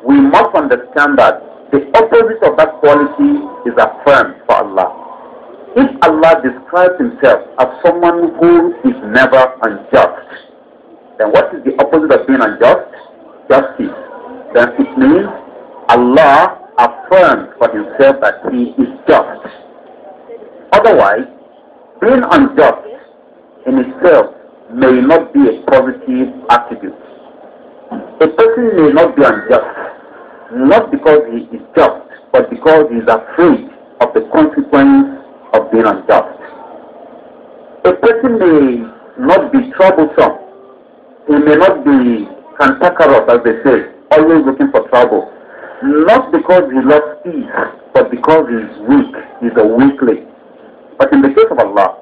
we must understand that the opposite of that quality is affirmed for Allah. If Allah describes himself as someone who is never unjust, then what is the opposite of being unjust? Justice. Then it means Allah affirm for himself that he is just. Otherwise, being unjust in itself may not be a positive attribute. A person may not be unjust, not because he is just, but because he is afraid of the consequence of being unjust. A person may not be troublesome. He may not be cantankerous, as they say, always looking for trouble not because he loves peace, but because he's weak, he's a weakling. But in the case of Allah,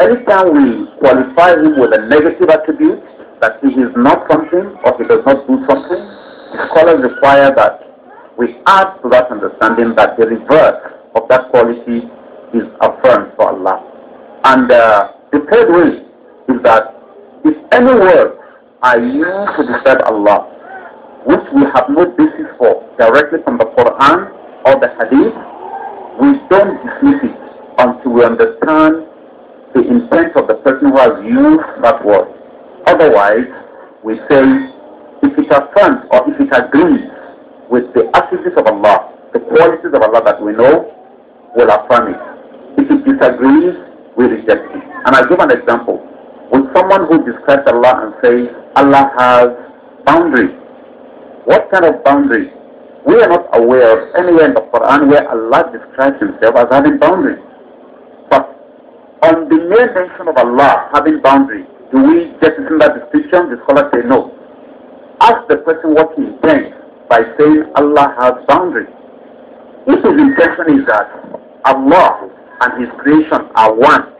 anytime we qualify him with a negative attribute, that he is not something or he does not do something, scholars require that we add to that understanding that the reverse of that quality is affirmed for Allah. And uh, the third way is that if any words are used to describe Allah, which we have no basis for directly from the Quran or the Hadith, we don't dismiss it until we understand the intent of the person who has used that word. Otherwise, we say, if it affirms or if it agrees with the attributes of Allah, the qualities of Allah that we know, we'll affirm it. If it disagrees, we reject it. And I'll give an example. With someone who describes Allah and says, Allah has boundaries. What kind of boundaries? We are not aware of anywhere in the Quran where Allah describes himself as having boundaries. But on the mere mention of Allah having boundaries, do we get into that distinction? The scholars say no. Ask the person what he intends by saying Allah has boundaries. If his intention is that Allah and his creation are one,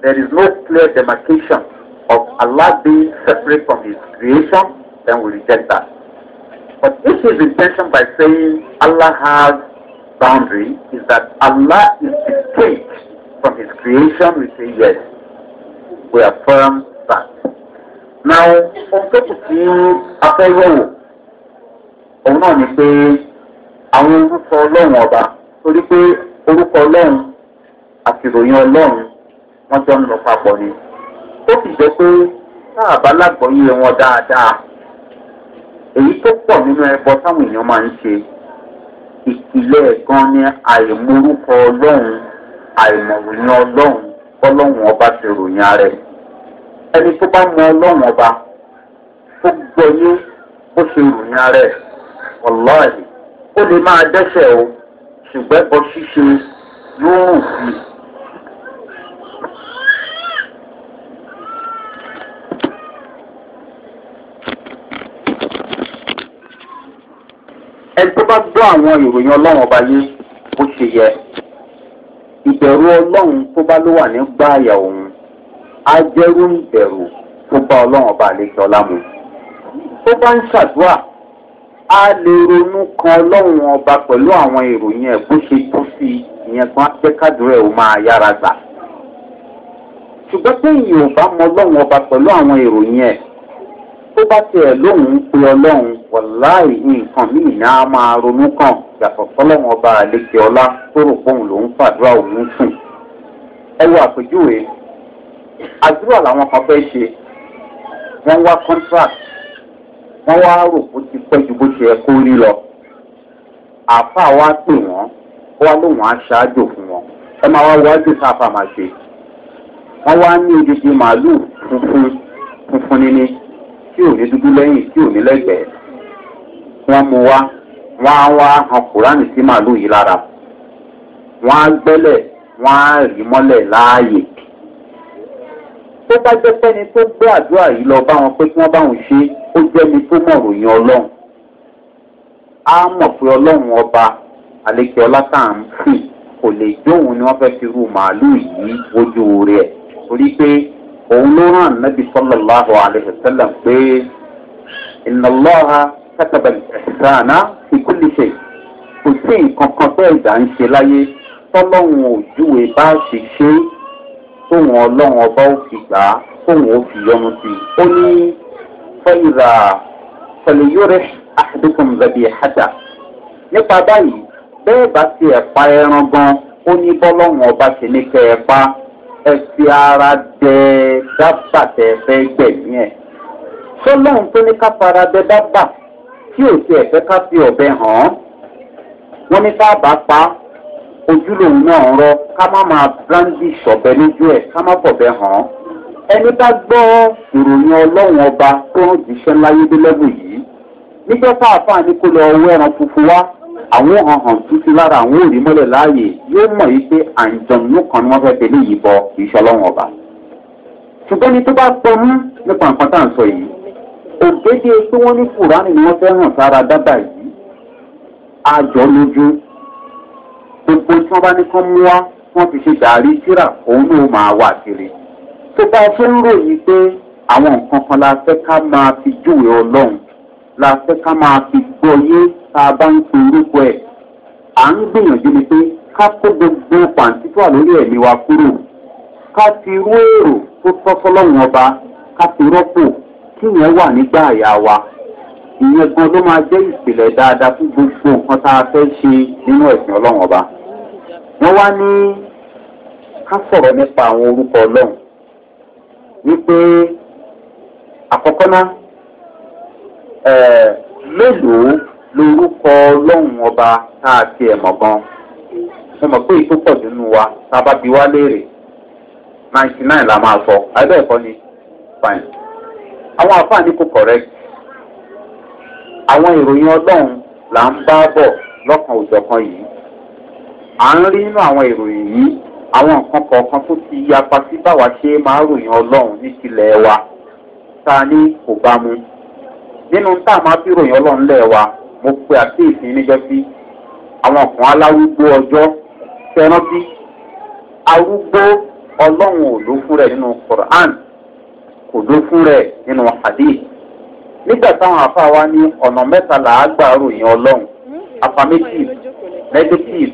there is no clear demarcation of Allah being separate from his creation, then we reject that. But if his intention by saying Allah has boundary is that Allah is distinct from his creation, we say yes. We affirm that. Now, ohun tó kù sí afẹ́wọ̀wò, òun náà ni pé àwọn orúkọ ọlọ́run ọba torí pé orúkọ ọlọ́run àti ìròyìn ọlọ́run wọ́n jọ ń lọ papọ̀ ni. Ó sì jẹ́ pé táàbá lágbọ̀ọ́yé wọn dáadáa èyí tó pọ̀ nínú ẹbọ táwọn èèyàn máa ń ṣe ìpìlẹ̀ gan ni àìmorúkọ ọlọ́run àìmọ̀ròyìn ọlọ́run kọ́lọ́run ọba ti ròyìn ara ẹ̀ ẹni tó bá mọ ọlọ́run ọba tó gbọ́yé ó ṣe ròyìn ara ẹ̀ ọ̀lọ́ọ̀lì ó lè máa dẹ́sẹ̀ o ṣùgbọ́n ẹbọ ṣíṣe yóò rùn sí i. ẹni tó bá gbọ́ àwọn ìròyìn ọlọ́run ọba yé bó ṣe yẹ ìbẹ̀rù ọlọ́run tó bá ló wà ní gbáàyà òun á jẹ́rú ìbẹ̀rù tó bá ọlọ́run ọba àlejò ọlá mu tó bá ń ṣàdúrà á lè ronú kan ọlọ́run ọba pẹ̀lú àwọn ìròyìn ẹ̀ bó ṣe tó sí ìyẹn kan á jẹ́ kádùúrà ẹ̀ ó máa yára gbà ṣùgbọ́n pé ìyẹn ò bá mọ ọlọ́run ọba pẹ̀lú àwọn ìròyìn ẹ̀ tó bá tiẹ̀ lóhùn pé ọlọ́run wàláì nǹkan míì ní a máa ronú kàn yàtọ̀ sọ́lọ́run ọba àlejò ọlá tó rò pé òun lòún fàdúrà òun sùn. ẹ wo àpèjúwe àdúrà làwọn kan fẹ́ ṣe wọ́n wá contract wọ́n wá rò bó ti pẹ́ ju bó ti yẹ kó rí lọ. àáfàá wa pè wọ́n ó wá lóhùn aṣáájò fún wọn ẹ máa wá wájú káfà máa ṣe. wọ́n wá ní odidi màálù funfun funfun níní tí ò ní dúdú lẹ́yìn tí ò ní lẹ́gbẹ̀ẹ́ wọ́n mu wá wọ́n á wá han kùránì sí màálù yìí lára wọ́n á gbẹ́lẹ̀ wọ́n á rí mọ́lẹ̀ láàyè tó bá jẹ́ pẹ́ni tó gbé àdúrà yìí lọ bá wọn pé kí wọ́n bá wọn ṣe ó jẹ́ni tó mọ̀ ròyìn ọlọ́run á mọ̀ pé ọlọ́run ọba àlekè tá à ń pè kò lè jóhun ni wọ́n fẹ́ fi ru màálù yìí wojú rẹ̀ torí pé òun ló rán nabi sallallahu alayhi wa sallam pé ìnáláha kátàbà ìsànà fi kúlì ṣe kò sí nǹkan kan tó ẹ̀dá ń ṣe láyé tọ́lọ́hún òjúwe bá ṣe ṣe tóun ọlọ́run ọba ó fi gbà á tóun ó fi yọnu sí i ó ní fẹ́yìrà fẹlẹ́yọ́rẹ́ àdókùn bẹ̀bí ẹ̀hádà nípa báyìí bẹ́ẹ̀ bá ti ẹ̀ pa ẹran gan ó ní bọ́lọ́hún ọba ṣe ní kẹ́ ẹ pa á ẹ fi ara dẹ dábà tẹ fẹ́ gbẹ̀mí ẹ̀ sọlọ́run tó ní ká fara dẹ dábà tí ò tiẹ̀ fẹ́ ká fi ọ̀bẹ hàn án wọ́n ní ká bá pa ojúlòun náà rọ ká má máa brandish ọ̀bẹ lójú ẹ̀ ká má fọ̀bẹ hàn án ẹni bá gbọ́ ìròyìn ọlọ́run ọba tó ń jíṣẹ́ ńláyé délẹ́bù yìí nígbà tá a fà ní kó lọ ọwọ́ ẹran funfun wá àwọn ọ̀hàn títí lára àwọn òrí mọ́lẹ̀ láàyè yóò mọ̀ yìí pé àǹjọ̀nù kan ni wọ́n fẹ́ tẹ̀lé yìí bọ kìí ṣọlọ́run ọba. ṣùgbọ́n ní tó bá pọnú nípa nǹkan tá à ń sọ yìí ògèdè pé wọ́n ní kùránì ni wọ́n fẹ́ hàn sára dábà yìí àjọ lójú gbogbo tí wọ́n bá ní kán mú wá wọ́n fi ṣe dàrí síra òun ló máa wà kiri. tó bá a ṣe ń ròyìn pé àwọn nǹkan kan la fẹ́ ká máa fi júwe ọlọ́run la fẹ́ ká máa fi gbọ́ yé tá a bá ń ṣe irúkọ ẹ̀ à ń gbìyànjú ni pé ká kó gbogbo pàǹtí lórí ẹ̀mí wa kúrò ká ti rú èrò tó tọ́sọ́ sọ́lọ́run ọba ká ti rọ́pò kí yẹn wà nígbà àyà wa ìyẹn gan ló máa jẹ́ ìpìlẹ̀ dáadáa fún gbogbo nǹkan tá a fẹ́ ṣe nínú ẹ̀sìn ọlọ́wọ́n ọba wọ́n wá ní ká sọ̀rọ̀ nípa àwọn orúkọ ọlọ́run wípé àkọ́kọ́ ná mélòó lorúkọ ọlọ́run ọba tá a ti ẹ̀ gan mo mọ̀ pé èyí tó pọ̀ nínú wa tá a bá bi wá léèrè ninety nine la máa sọ àbẹ́ ẹ̀kọ́ ni fine àwọn àfààní kò correct àwọn ìròyìn ọlọ́run là ń bá bọ̀ lọ́kàn òjọ̀kan yìí à ń rí nínú àwọn ìròyìn yìí àwọn nǹkan kọ̀ọ̀kan tó ti yapa sí báwa ṣe máa ròyìn ọlọ́run ní tilẹ̀ wa tá a ní kò bá mu nínú tá a máa fi ròyìn ọlọ́run lẹ̀ wa mo pe àkíyèsí níjọ́ sí àwọn kan aláwùgbó ọjọ́ tẹ́rántí arúgbó ọlọ́run ò ló fún rẹ̀ nínú quran kò ló fún rẹ̀ nínú hadith nígbà táwọn afáà wa ní ọ̀nà mẹ́ta là á gbà ròyìn ọlọ́run affirmative negative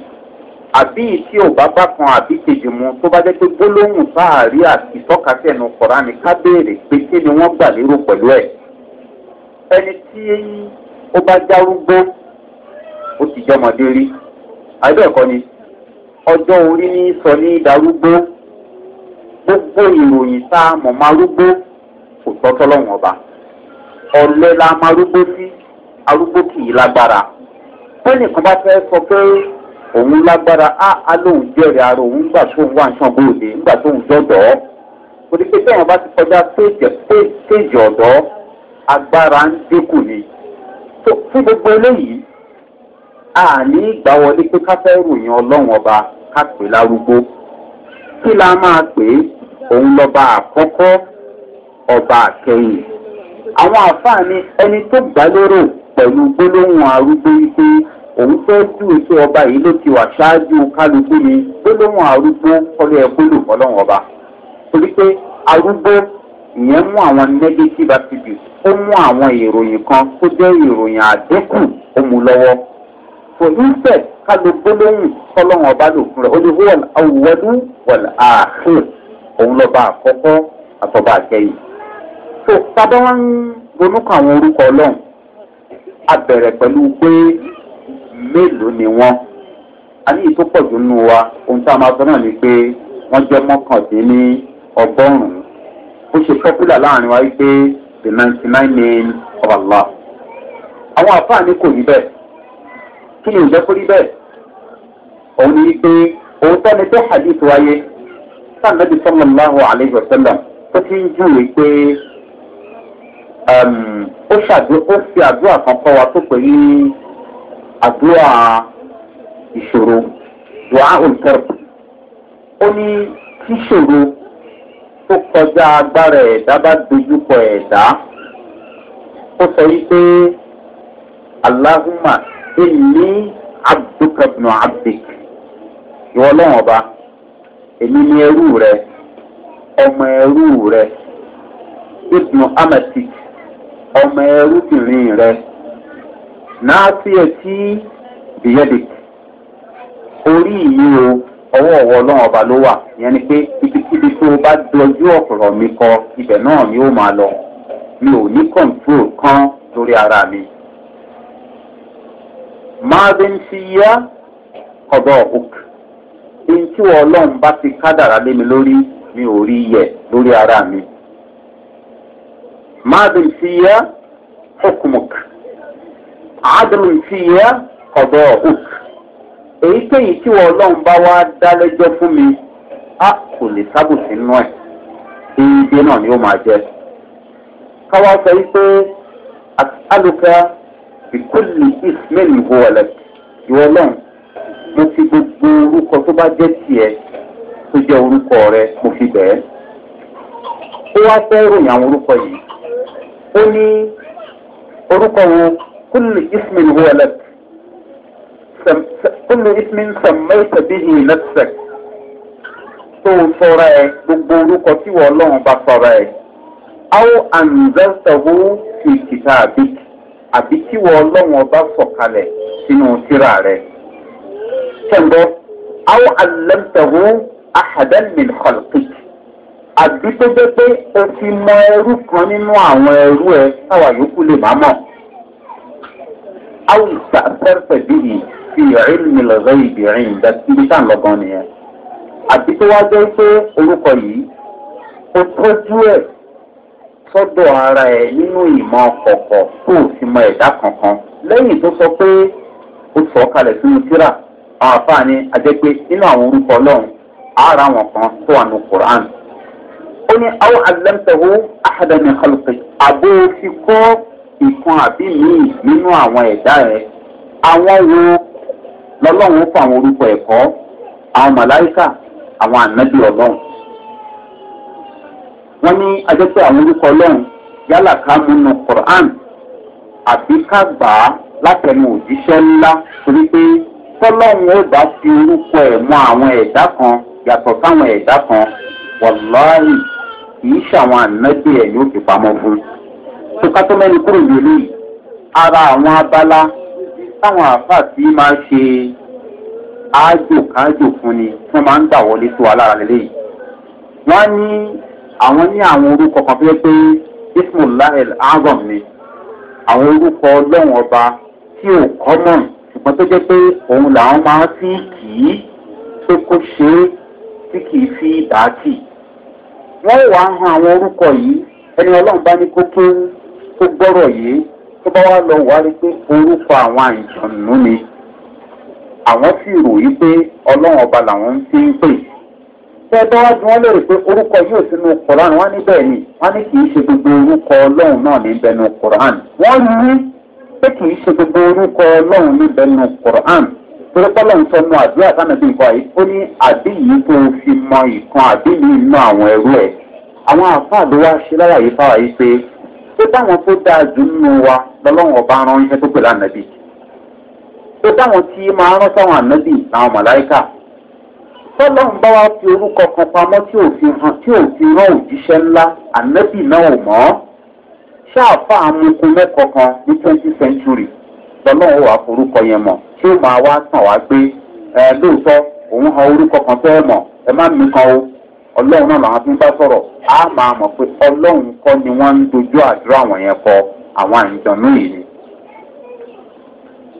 àbí tí ò bá bá kan àbí kejì mu tó bá jẹ́ pé gbólóhùn sáàrí àti ìtọ́kasí ẹ̀nu quran ká béèrè pé kí ni wọ́n gbà lérò pẹ̀lú ẹ̀ ẹni tí ó bá járúgbó ó sì jọmọdé rí àìbẹ́ẹ̀kọ́ ni ọjọ́ orí ní sọ ní ìdarúgbó gbogbo ìròyìn tá a mọ̀ márúgbó kò tọ́tọ́ lọ́wọ́n ọba ọ̀lẹ́ la márúgbó sí arúgbó kì í lágbára bẹ́ẹ̀nìkan bá fẹ́ sọ pé òun lágbára á á lóun jẹ́rìí ara òun gbà tóun wà nǹkan gbòòdè nígbà tóun dọ̀dọ̀ kò ní pé bẹ́ẹ̀ wọn bá ti kọjá péjì ọ̀dọ́ agbára ń dínkù ni tó fún gbogbo eléyìí àní ìgbà wọlé pé ká fẹ́ ròyìn ọlọ́run ọba ká pè lárúgbó kí la máa pè é òun lọ́ba àkọ́kọ́ ọba àkẹyìn àwọn àfààní ẹni tó gbà lérò pẹ̀lú gbólóhùn arúgbó wípé òun fẹ́ dùn ètò ọba yìí ló ti wà ṣáájú kálukú ni gbólóhùn arúgbó kọ́lé ẹ̀kọ́ lò fọlọ́run ọba torí pé arúgbó ìyẹn mú àwọn negative attributes ó mú àwọn ìròyìn kan tó jẹ́ ìròyìn àdínkù ó mú lọ́wọ́. for instance ká ló gbólóhùn tọ́lọ́run ọba lò fún rẹ̀ ó lè hó àwùwẹ́lú wọ̀l ààfin òun lọ́ba àkọ́kọ́ àtọ́ba àkẹyìn. so tábà wọn ń ronú kan àwọn orúkọ ọlọ́run a bẹ̀rẹ̀ pẹ̀lú pé mélòó ni wọ́n a ní ìtòpọ̀jù nínú wa ohun tá a máa sọ náà ni pé wọ́n jẹ́ mọ́kàndínní ọgọ́rùn-ún bó ṣe popular láàrin wa wípé the ninety nine name of allah àwọn àfáàní kò rí bẹ́ẹ̀ kí ni ìjẹ́ kó rí bẹ́ẹ̀ òun ni wípé òótọ́ ni pé hadith wáyé sànàbí sọlọ́láhu aleyhi wa sallam tó ti ń júwe pé um, ó fi àdúrà kan kọ́ wa tó pè ní àdúrà ìṣòro dùá olùkọ́rọ̀ ó ní kíṣòro tó kọjá agbára ẹ̀dá bá dojúkọ ẹ̀dá ó sọ yìí pé aláhùnmá èmi abdulkabnu abdik ìwọ lọ́wọ́n ọba èmi ni ẹrú rẹ ọmọ ẹrú rẹ ibnu amatik ọmọ ẹrúbìnrin rẹ náà sí ẹtí bìyẹ́dìk orí mi o ọwọ́ ọ̀wọ́ ọlọ́run ọba ló wà ìyẹn ni pé ibikíbi tó o bá dojú ọ̀pọ̀rọ̀ mi kọ ibẹ̀ náà ni ó máa lọ mi ò ní kọ̀ǹtrol kan lórí ara mi. marvin ti yá ọ̀dọ̀ òk ẹni tí ọlọ́run bá ti kádàrá lé mi lórí mi ò rí yẹ lórí ara mi. marvin ti yá ọkùnmùk àádọ́rùn ọ̀dọ̀ òk èyíkéyìí tí wọn ọlọ́run bá wá dá lẹ́jọ́ fún mi a kò lè sábòsí nú ẹ̀ déédé náà ni ó máa jẹ. káwá sọ wípé alùpùpù ìkólì ismail wọlé ìwọ ọlọ́run mo fi gbogbo orúkọ tó bá jẹ́ tiẹ̀ tó jẹ́ orúkọ rẹ mo fi bẹ̀ẹ́. ó wá fẹ́ ròyìn àwọn orúkọ yìí ó ní orúkọ wo kólì ismail wọlé. سم... كل اسم سميت به نفسك tó sọra ẹ gbogbo orúkọ tí wọn ọlọrun bá sọra ẹ how anzeltahu fi kìtà àbí àbí tí wọn ọlọrun ọba sọkalẹ sínú síra rẹ kẹńgọ how alẹmtahu ahadanmin khalqik àbí tó jẹ pé o ti mọ ẹrú kan nínú àwọn ẹrú ẹ táwa yòókù lè má mọ how ìtàkẹ́rẹ́fẹ̀ bíi fi ilmi al-ghayb inda ibi tá à ń lọ gan nìyẹn. àti tó wá jẹ́ pé orúkọ yìí ó tọ́jú ẹ̀ sọ́dọ̀ ara ẹ̀ nínú ìmọ̀ kọ̀kọ̀ tó o sì mọ ẹ̀dá kankan lẹ́yìn tó sọ pé ó sọ kalẹ̀ sínú tíra àwọn àfààní ajẹ́pé nínú àwọn orúkọ ọlọ́run ara wọn kan tó wà ní quran ó ní àwọn alẹ́mtẹ̀wó ahadami kọlùpẹ̀ àbó fi kọ́ ìkan àbí míì nínú àwọn ẹ̀dá rẹ̀ àwọn wo lọ́lọ́run fún àwọn orúkọ ẹ̀kọ́ àwọn màláìkà àwọn ànábì ọlọ́run. wọ́n ní ajẹ́pẹ́ àwọn orúkọ ọlọ́run yálà ká múnú quran àbí ká gbà á látẹnu òjíṣẹ́ ńlá torí pé tọ́lọ́run ó bá fi orúkọ ẹ̀ mọ àwọn ẹ̀dá kan yàtọ̀ sáwọn ẹ̀dá kan wàláhì kìí ṣàwọn ànábì ẹ̀ ní òkè pamọ́ fún. tó ká tó mẹ́ni kúrò lórí ara àwọn abala táwọn àáfà tí máa ṣe ájò kájò fún ni tí wọ́n máa ń gbà wọlé tó wa lára lélẹ́yìí. wọ́n ní àwọn ní àwọn orúkọ kan fẹ́ pé ismail azam ni àwọn orúkọ ọlọ́run ọba tí ò kọ́mọ̀n ṣùgbọ́n tó jẹ́ pé òun làwọn máa fi kì í pé kó ṣe é tí kì í fi dàátì. wọ́n wàá han àwọn orúkọ yìí ẹni ọlọ́run bá ní kó tó gbọ́rọ̀ yìí tó bá wá lọ wá rí pé orúkọ àwọn àìsànnú ni àwọn sì rò yí pé ọlọ́run ọba làwọn ń fi ń pè tẹ bá wá bí wọ́n lè rò pé orúkọ yóò sínú koran wọ́n ní bẹ́ẹ̀ ni wọ́n ní kì í ṣe gbogbo orúkọ ọlọ́run náà ní bẹnu koran wọ́n ní pé kì í ṣe gbogbo orúkọ ọlọ́run ní bẹnu koran torí pọ́lọ́run sọ nu àdúrà sánàbí nǹkan àyè ó ní àbí yìí tó fi mọ ìkan àbí mi inú àwọn ẹrú ẹ̀ àwọn àfáà ló wá ṣe láyà yìí fáwà yìí pé tó táwọn tó dáa jù nínú wa lọ́lọ́run ọba ránṣẹ́ tó pèlú ànábì tó táwọn tí máa rán sáwọn ànábì làwọn màláìkà tọ́lọ́run bá orúkọ kan pamọ́ tí ò fi tí ò fi rán òjíṣẹ́ ńlá ànábì náà ò mọ́ ṣáàfà amukun mẹ́kọ̀ọ́ kan ní twenty century wà forúkọ yẹn mọ̀ tí ó máa wá tàn wá gbé ẹ lóòótọ́ òun orúkọ kan fẹ́ ẹ má kan o. ọlọ́run náà làwọn tó ń bá sọ̀rọ̀ á máa mọ̀ pé ọlọ́run kọ́ ni wọ́n ń dojú àdúrà àwọn yẹn kọ àwọn àìjọ̀nú yìí ni.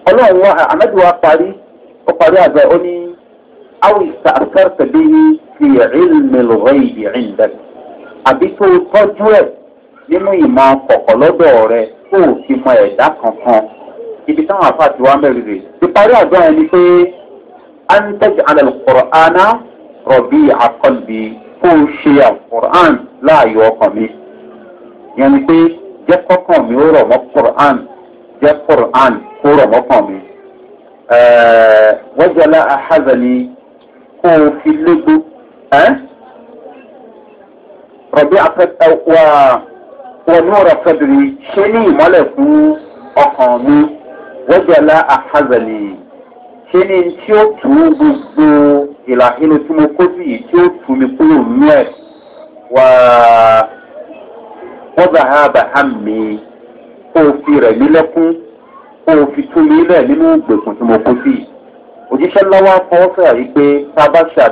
ọlọ́run wa amadu wa parí ó parí àgbẹ̀ ó ní awi sàkàr tàbí fi ìrìnmìlúwẹ̀ yìí rìndẹ̀ àbí tó tọ́jú ẹ̀ nínú ìmọ̀ kọ̀kọ̀ lọ́dọ̀ rẹ kó o fi mọ ẹ̀dá kankan ibi táwọn afa ti wá mẹ́rin rè ìparí àgbẹ̀ yẹn ni pé antẹ́jì alẹ́ kọ̀ọ̀rọ̀ àná rọ̀bì àkọlùbí kó o ṣe àkùrán láàyò ọkàn mi yẹn ni pé jẹ́ kọ́kàn mi ó rọ̀ mọ́ kùrán jẹ́ kùrán kó rọ̀ mọ́kàn mi wọ́jọ́lá ahazani kó o fi légbó rọ̀bí afẹ́tẹ́wà wọnú ọ̀rọ̀ fẹ́dìrì ṣé ní ìmọ́lẹ̀ fún ọkàn mi wọ́jọ́lá ahazani ṣé ní tí ó tù gbogbo. ìlà inú tí mo kó sí yìí tí ó tù mí kúrò nínú wọ́n ha bàá mi o fi rẹ̀ mí lẹ́kún o fi tún mi lẹ̀ nínú ìgbèkùn tí mo kó sí yìí òjíṣẹ́ lọ́wọ́ fọwọ́fẹ́ àrí pé gba nǹkan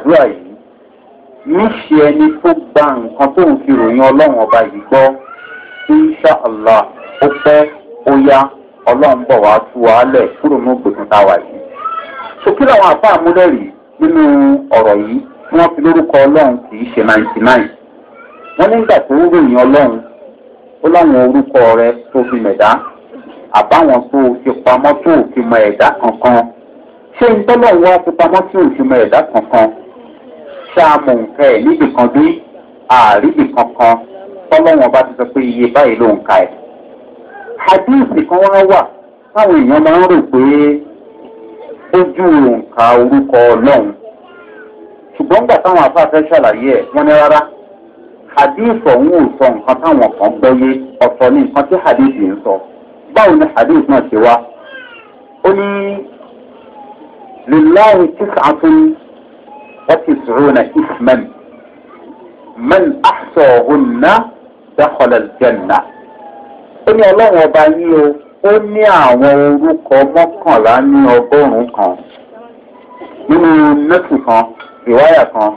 tó ń fi ọba yìí gbọ́ ó ó yá ọlọ́run bọ̀ wá tú wa lẹ̀ kúrò nínú ọ̀rọ̀ yìí tí wọ́n fi lórúkọ ọlọ́run kì í ṣe ninety nine wọ́n nígbà tó ń ròyìn ọlọ́run ó láwọn orúkọ rẹ tó fi mẹ̀dá àbáwọn tó o ti pamọ́ tó o fi mọ ẹ̀dá kankan ṣé n tọ́lọ̀ wá fi pamọ́ tí o fi mọ ẹ̀dá kankan ṣáàmù nǹkan ẹ̀ níbì kan bí àríbì kankan tọ́lọ́wọ́n bá ti sọ pé iye báyìí ló ń ka ẹ̀. hadith kan wá wà táwọn èèyàn máa ń rò pé bójú òǹkà orúkọ ọlọ́run ṣùgbọ́n gbà táwọn afáfẹ́ ṣàlàyé ẹ̀ wọ́n ní rárá hadith ọ̀hún ò sọ nǹkan táwọn kan gbọ́yé ọ̀tọ̀ ní nǹkan tí hadith ń sọ báwo ni hadith náà ṣe wá ó ní lillahi tis'atun wa tis'una isman man ahsahunna dakhala aljanna ó ní ọlọ́run ọba yín o ó ní àwọn orúkọ mọ́kànlá ní ọgọ́rùn-ún kan nínú nọ́ọ̀sì kan ìwáyà kan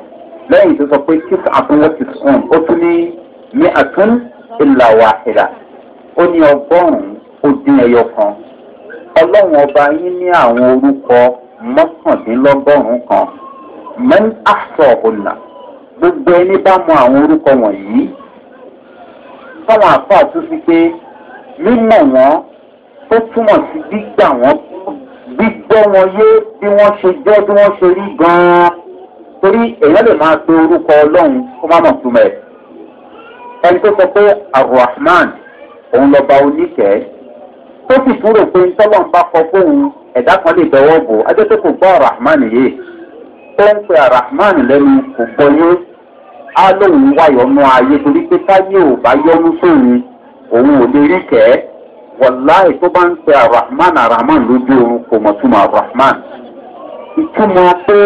lẹ́yìn tó sọ pé kíkà àtúnwọ́ ti sùn ó tún ní ní àtún ìlà wàhìlà ó ní ọgọ́rùn-ún ó dín ẹyọ kan ọlọ́run ọba yín ní àwọn orúkọ mọ́kàndínlọ́gọ́rùn-ún kan mẹ́ni àṣọ ọ̀nà gbogbo ẹni bá mọ àwọn orúkọ wọ̀nyí táwọn àfáà tún fi pé mímọ̀ wọ́n ó túmọ̀ sí gbígbà wọ́n gbígbọ́ wọn yé bí wọ́n ṣe jẹ́ bí wọ́n ṣe rí gan-an torí èèyàn lè máa pe orúkọ ọlọ́run kó má mọ̀ túmọ̀ ẹ̀ ẹni tó sọ pé arahman òun lọba oníkẹ́ tó sì tún rò pé ntọ́lọ́n bá kọ fóun ẹ̀dá kan lè bẹ̀wọ̀ bò ajẹ́pẹ́ kò gbọ́ arahman yìí ó ń pe arahman lẹ́nu kò gbọ́ yé á lóun wáyọ̀ nú ayé torí pé táyé ò bá yọ́nú sóun òun ò lè rí kẹ́ẹ́ wàláì tó bá ń pe arahman arahman lójú oorun kò mọ̀ túmọ̀ arahman ìtumọ̀ pé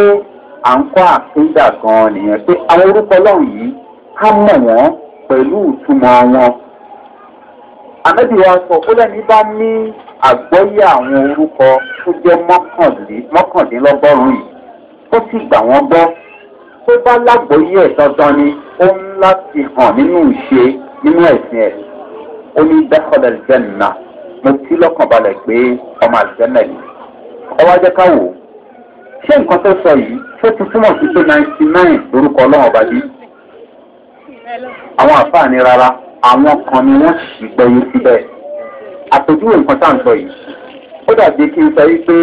à ń kọ́ àkéjà gan-an nìyẹn pé àwọn orúkọ ọlọ́run yìí ká mọ̀ wọ́n pẹ̀lú ìtumọ̀ wọn. ànábì wa sọ ó lẹ́ni bá ní àgbọ́yé àwọn orúkọ tó jẹ́ mọ́kàndínlọ́gọ́rùn-ún yìí tó sì gbà wọ́n gbọ́ tó bá lágbọ́yé ẹ̀ dandan ni ó ń láti hàn nínú ìṣe nínú ẹ̀sìn ẹ̀sìn ó ní dákọ̀dà jẹ́nà mo ti lọ́kàn balẹ̀ pé ọmọ àjẹ́nà yìí ọwọ́ ajẹ́ ká wò ṣé nǹkan tó sọ yìí tó ti túmọ̀ sí pé ninety nine lorúkọ ọlọ́run ọba bí àwọn àfààní rárá àwọn kan ni wọ́n sì gbẹ́yìn síbẹ̀ àpèjúwe nǹkan tá à ń sọ yìí ó dàbí kí n sọ yìí pé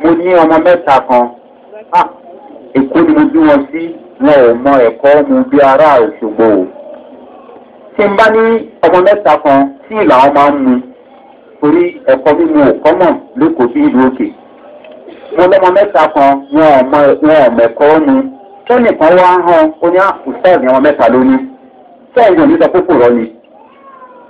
mo ní ọmọ mẹ́ta kan ah, èkó ni mo bí wọn sí wọn ò mọ ẹ̀kọ́ mu bí ará òṣogbo o tí n bá ní ọmọ mẹ́ta kan tí ìlà wọn máa ń mu torí ẹ̀kọ́ mímu òkọ́mọ̀ lóko sí ìlú òkè mo lọ́mọ mẹ́ta kan wọn ò mẹ́kọ́ mu tó nìkan wá ń han ó ní àkùsẹ́ẹ̀lì ah, ọmọ mẹ́ta lónìí sẹ́yìn òní sọ pé rọ ni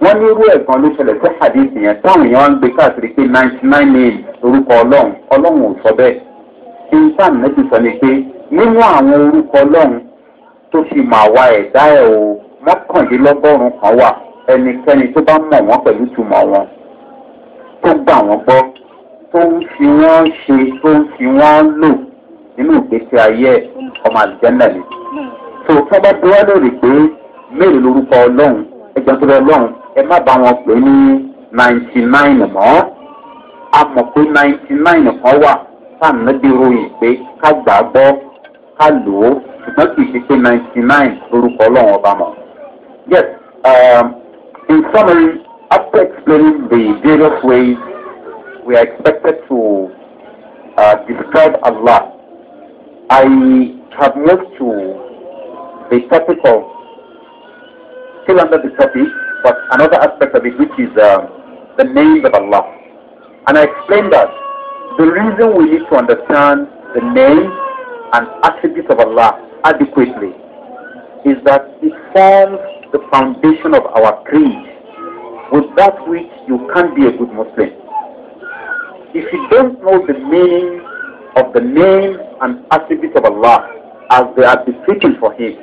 wọ́n ní irú ẹ̀gbọ́n ló ṣẹlẹ̀ sí hadith yẹn táwọn èèyàn ń gbé káàkiri pé ninety nine names orúkọ ọlọ́run ọlọ́run ò sọ bẹ́ẹ̀ mọ́kàndínlọ́gọ́rùn-ún kan wà ẹnikẹ́ni tó bá mọ̀ wọ́n pẹ̀lú ìtumọ̀ wọn tó gbà wọ́n gbọ́ tó ń fi wọ́n ṣe tó ń fi wọ́n lò nínú ìgbésí ayé ọmọ àlùjẹ́nà ni. tó tó bá bí wọ́n lórí pé mélòó lorúkọ ọlọ́run ẹgbẹ́ tó lọ ọlọ́run ẹ má bá wọn pè ní ninety nine mọ́ a mọ̀ pé ninety nine kan wà sànàbí ròyìn pé ká gbà á gbọ́ ká lò ó ṣùgbọ́n kì í ṣe pé ninety nine lorúkọ ọlọ́run ọba mọ̀. Yes. Um, in summary, after explaining the various ways we are expected to uh, describe Allah, I have moved to the topic of still under the topic, but another aspect of it, which is um, the names of Allah. And I explained that the reason we need to understand the names and attributes of Allah adequately is that it forms the foundation of our creed, without which you can't be a good Muslim. If you don't know the meaning of the name and attributes of Allah as they are befitting for Him,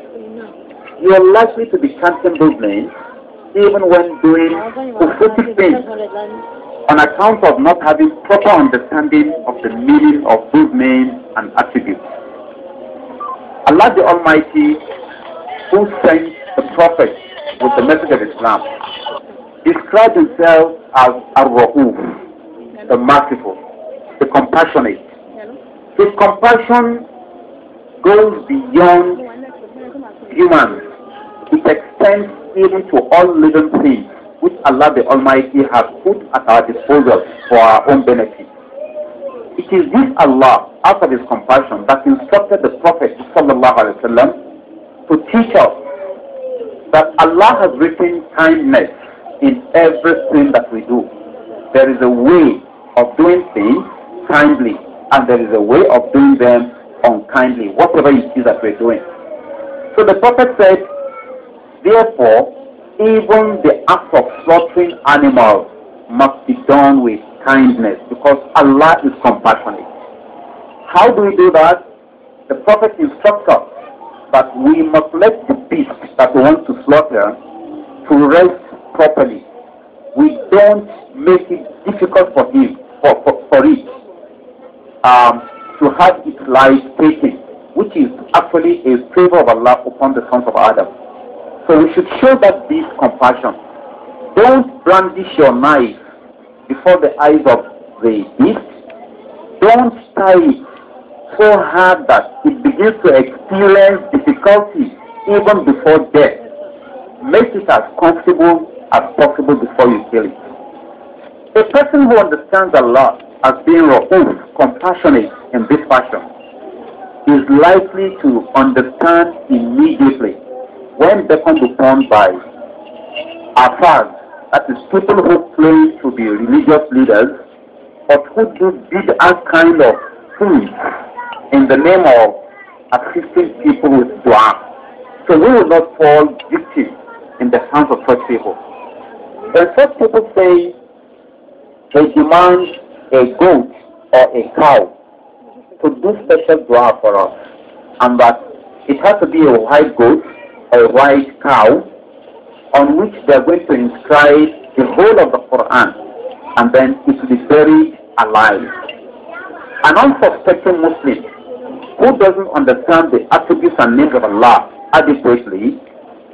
you are likely to be chanting those names even when doing prophetic things on account of not having proper understanding of the meaning of those names and attributes. Allah the Almighty, who sent a prophet with the message of Islam, described himself as a rahuf, the merciful, the compassionate. His compassion goes beyond humans. It extends even to all living things which Allah the Almighty has put at our disposal for our own benefit. It is this Allah, out of His compassion, that instructed the Prophet ﷺ to teach us that Allah has written kindness in everything that we do. There is a way of doing things kindly, and there is a way of doing them unkindly, whatever it is that we're doing. So the Prophet said, therefore, even the act of slaughtering animals must be done with kindness because Allah is compassionate. How do we do that? The Prophet instructs us but we must let the beast that we want to slaughter to rest properly. We don't make it difficult for him, for, for, for it, um, to have its life taken, which is actually a favor of Allah upon the sons of Adam. So we should show that beast compassion. Don't brandish your knife before the eyes of the beast. Don't tie it so hard that it begins to experience difficulty even before death. Make it as comfortable as possible before you kill it. A person who understands Allah as being Ra'uf, compassionate in this fashion, is likely to understand immediately when beckoned upon by Afars, that is, people who claim to be religious leaders, but who do big kind of things in the name of assisting people with dua. So we will not fall victim in the hands of such people. And such people say they demand a goat or a cow to do special dua for us. And that it has to be a white goat a white cow on which they are going to inscribe the whole of the Quran and then it will be buried alive. An unsuspecting Muslim who doesn't understand the attributes and names of Allah adequately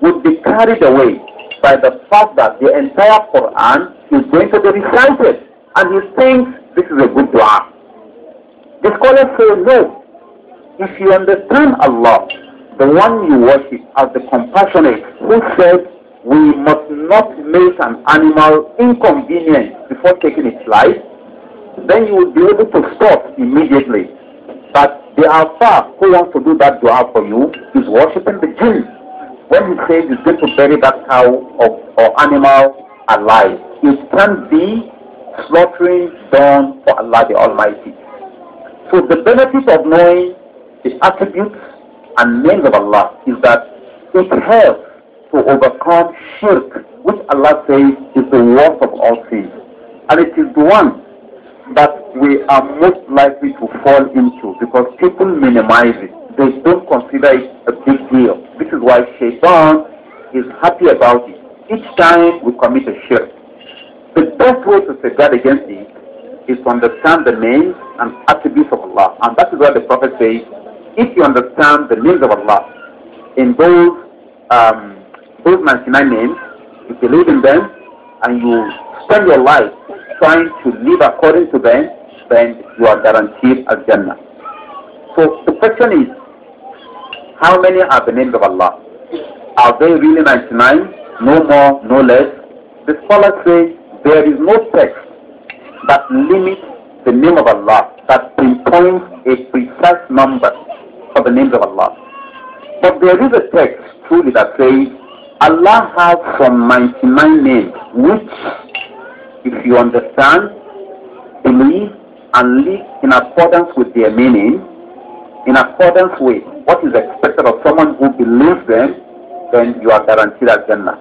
would be carried away by the fact that the entire Quran is going to be recited and he thinks this is a good dua. The scholars say no. If you understand Allah, the one you worship as the compassionate who said, we must not make an animal inconvenient before taking its life, then you would be able to stop immediately. But are far who wants to do that dua for you is worshipping the jinn. When he says it's going to bury that cow or, or animal alive, it can be slaughtering done for Allah the Almighty. So the benefit of knowing the attributes and names of Allah is that it helps to overcome shirk, which Allah says is the worst of all sins. And it is the one that we are most likely to fall into because people minimize it. They don't consider it a big deal. This is why Shaitan is happy about it. Each time we commit a shirk, the best way to safeguard against it is to understand the names and attributes of Allah. And that is why the Prophet says, if you understand the names of Allah, in those, um, those 99 names, you believe in them and you spend your life trying to live according to them, spend, you are guaranteed a Jannah. So the question is, how many are the names of Allah? Are they really 99? No more, no less? The scholars say there is no text that limits the name of Allah, that pinpoints a precise number for the names of Allah. But there is a text truly that says Allah has some 99 names which, if you understand, believe, and live in accordance with their meaning, in accordance with what is expected of someone who believes them, then you are guaranteed at Jannah.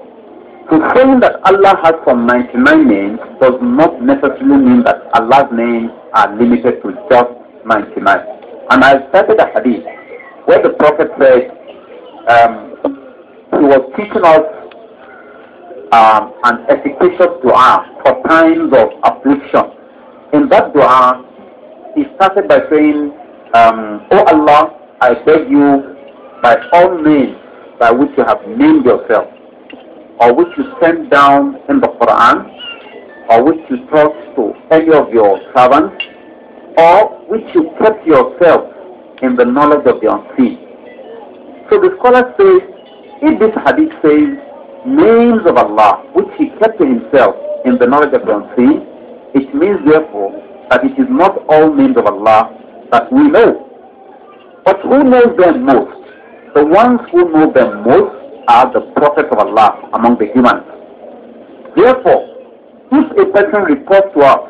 So saying that Allah has some 99 names does not necessarily mean that Allah's names are limited to just 99. And I cited a hadith where the Prophet said um, he was teaching us um, an efficacious dua for times of affliction. In that dua, he started by saying, um, O oh Allah, I beg you by all names by which you have named yourself, or which you sent down in the Quran, or which you taught to any of your servants, or which you kept yourself in the knowledge of the unseen. So the scholar says, if this hadith says names of Allah, which he kept to himself in the knowledge of the unseen, it means therefore that it is not all names of Allah that we know. But who knows them most? The ones who know them most are the prophets of Allah among the humans. Therefore, if a person reports to us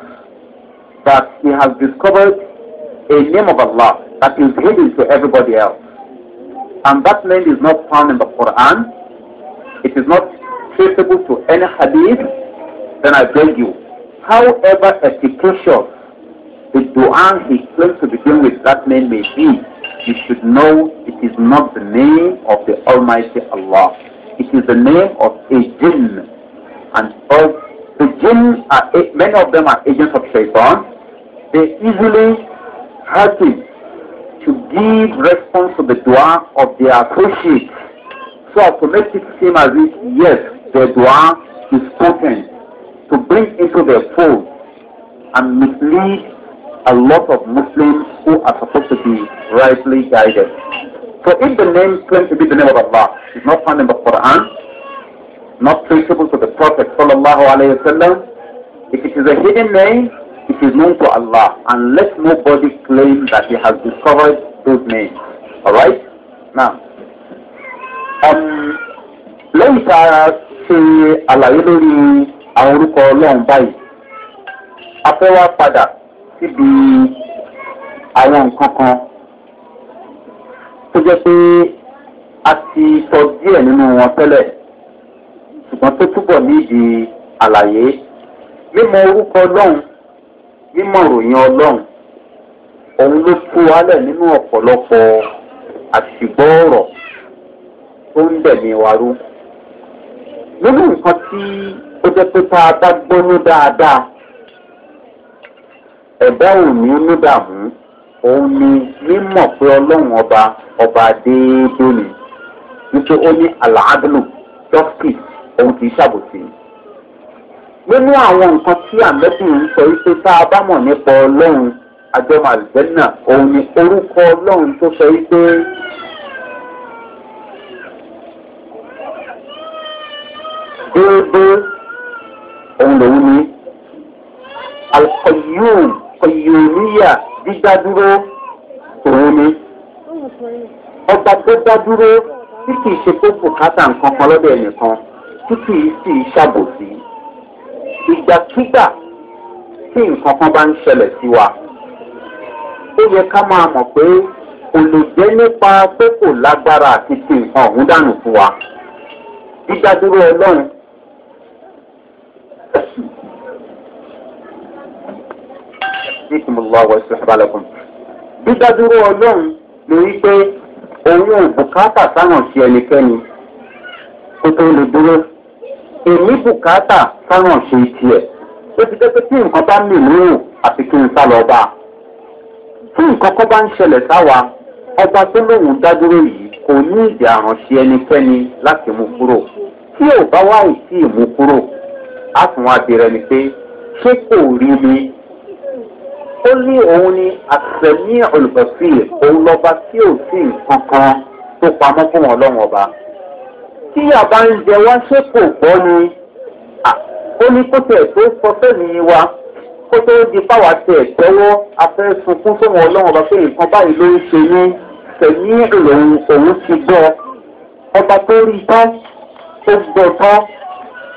that he has discovered a name of Allah that is hidden to everybody else, and that name is not found in the Quran, it is not traceable to any hadith, then I beg you, however efficacious the dua he claims to begin with that name may be, you should know it is not the name of the Almighty Allah. It is the name of a jinn. And of the jinn, are, many of them are agents of shaitan. They easily help him to give response to the dua of their associates. So to make it seem as if, yes, the dua is potent to bring into their fold and mislead a lot of Muslims who are supposed to be rightly guided. So if the name claims to be the name of Allah, it's not found in the Quran, not traceable to the Prophet sallallahu alaihi wasallam. If it is a hidden name, it is known to Allah, and let nobody claim that he has discovered those names. All right? Now, um, later ṣe àlàyé to àwọn orúkọ ọlọ́run báyìí a fẹ́ wá padà síbi àwọn nǹkan kan tó jẹ́ pé a ti sọ díẹ̀ nínú wọn tẹ́lẹ̀ ṣùgbọ́n tó túbọ̀ nídi àlàyé mímọ orúkọ ọlọ́run mímọ ìròyìn ọlọ́run òun ló kó wálẹ̀ nínú ọ̀pọ̀lọpọ̀ àṣìgbọ́ ọ̀rọ̀ tó ń dẹ̀mí wa rú nínú nǹkan tí ó jẹ́ pé tá a bá gbónú dáadáa ẹ̀dá ò ní nídàmú òun ni mímọ̀ pé ọlọ́run ọba ọba déédéé ni nítorí ó ní àlàádùn justice òun kì í ṣàbòsí. nínú àwọn nǹkan tí àmẹ́bí ń sọ wípé tá a bá mọ̀ nípa ọlọ́run àjọmọ̀ àlùbẹ́nà òun ni orúkọ ọlọ́run tó sọ wípé. déédéé òun lòun ní alkọ̀yùn kọ̀yùníyà dídádúró òun ní ọba tó dádúró tí kìí ṣe tó bùkátà nǹkan kan lọ́dọ̀ ẹnìkan tí kìí sì ṣàbòsí ìgbàkigbà tí nǹkan kan bá ń ṣẹlẹ̀ sí wa ó yẹ ká máa mọ̀ pé kò lè jẹ́ nípa pé kò lágbára àti ti nǹkan ọ̀hún dànù fún wa dídádúró ọlọ́run yahdikumullah wa yuslih balakum. dídádúró ọlọ́run ló rí pé òun ò bùkátà sáwọn sí ẹnikẹ́ni kó tó lè dúró. èmi bùkátà sáwọn ṣe tiẹ̀. ó ti jẹ́ pé tí nǹkan bá mì lóhùn àti kí n sá lọ bá a. tí nǹkan kan bá ń ṣẹlẹ̀ sáwa ọba tó lóun dádúró yìí kò ní ìdí àránṣe ẹnikẹ́ni láti mú kúrò. tí ò bá wáyé tí ì mú kúrò á tún wá bèrè ni pé ṣé kò rí mi ó ní òun ni àtẹ̀mí olùbọ̀sí òun lọ́ba tí ò sí nǹkan kan tó pamọ́ fún ọlọ́run ọba. tí àbá ń jẹ wá ṣé kò gbọ́ ni ó ní kó tẹ̀ tó sọ sẹ́mi wa kó tó di fáwa tẹ̀ tẹ́wọ́ afẹ́ sunkún sóhun ọlọ́run ọba pé nǹkan báyìí ló ń ṣe ní tẹ̀mí òun òun ti gbọ́ ọba tó rí tán tó gbọ́ tán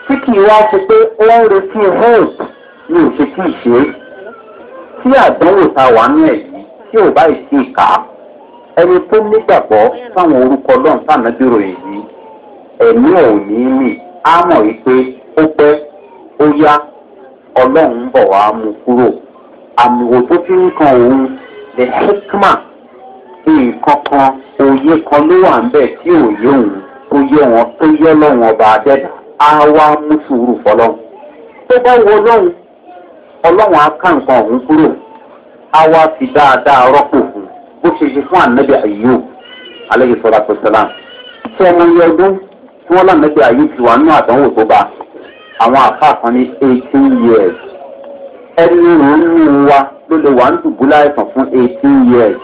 tí kì í wá ṣe pé ó ń retí hope ní òṣèkí ìṣe tí àdánwò ta wà nù ẹ̀ yìí tí ò bá ìṣe ìka ẹni tó nígbàgbọ́ fáwọn orúkọ lọ́n fànà dúró yìí ẹ̀mí ò ní mì á mọ̀ yìí pé ó pẹ́ ó yá ọlọ́run ń bọ̀ wá mú kúrò àmìwò tó fi ń kan òun the hikma nǹkan kan òye kan ló wà ńbẹ tí ò yé òun tó yé wọn tó yé lọ́wọ́n ọba adẹ́dà á wá mú sùúrù fọlọ́run tó bá wọ lọ́hùn ọlọ́run á ká nǹkan ọ̀hún kúrò á wá fi dáadáa rọ́pò fún bó ṣe ṣe fún ànábì àyíyó aleyhi sọlá pẹ̀sẹ̀lá tí ọmọ iye ọdún tí wọ́n lànàbì àyè ti wà nínú àdánwò tó bá àwọn àfáà kan ní eighteen years ẹni rún nínú wa ló lè wà ń dùbú láìsàn fún eighteen years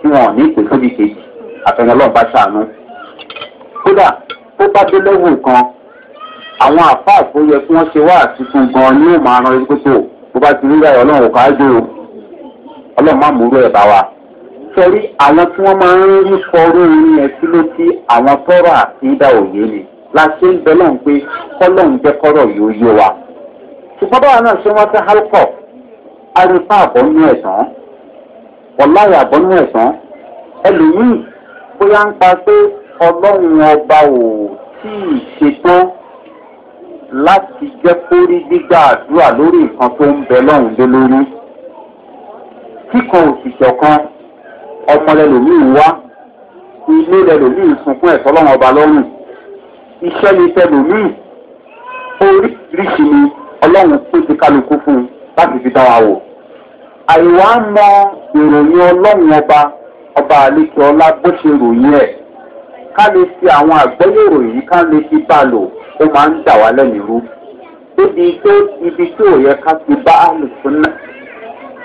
tí wọn ò ní ìpè fún ìkejì àfẹnulọ́ọ̀ bá ṣàánú kódà tó bá dé lẹ́wù kan àwọn àfáà tó yẹ kí wọ́n ṣe wá àtúntún gan-an ni ó máa ran ẹgbẹ́ tó bó bá ti rí ìyá ọlọ́run kò o ọlọ́run má múrú ẹ̀ bá wa. sọrí àwọn tí wọ́n máa ń rí sọrú orin yẹn sí ló ti àwọn tọrọ àti ìdá òye ni la ṣe ń bẹ lọ́hùn pé kọ́lọ́hùn jẹ́ kọ́rọ̀ yóò yé wa. ṣùgbọ́n báwa náà ṣe wọ́n fẹ́ hálùkọ̀ arípa àbọ̀nú ẹ̀sán wọ̀láyà àbọ̀nú ẹ̀sán ẹlòmíì bóyá ń pa pé ọlọ́run ọba ò tíì ṣetán láti jẹ́ kó rí gbígbà àdúrà lórí nǹkan tó ń bẹ lọ́hùn dé lórí. kíkan òṣìṣẹ́ kan ọmọ lẹ́lòmíì wá ilé lẹ́lòmíì sunkún ẹ̀tọ́ lọ́wọ́ ọba lọ́rùn iṣẹ́ ni tẹ́lòmíì oríṣiríṣi ni ọlọ́run tó ti kálukú fún un láti fi dá wa wò. àìwá mọ ìròyìn ọlọ́run ọba ọba àlekè ọlá bó ṣe ròyìn ẹ̀ ká lè fi àwọn àgbẹ́yẹ̀ròyìn ká lè fi bá lò ó máa ń dà wá lẹ́yìn rú débi tó ibi tí ò yẹ ká ti bá àlùsùn náà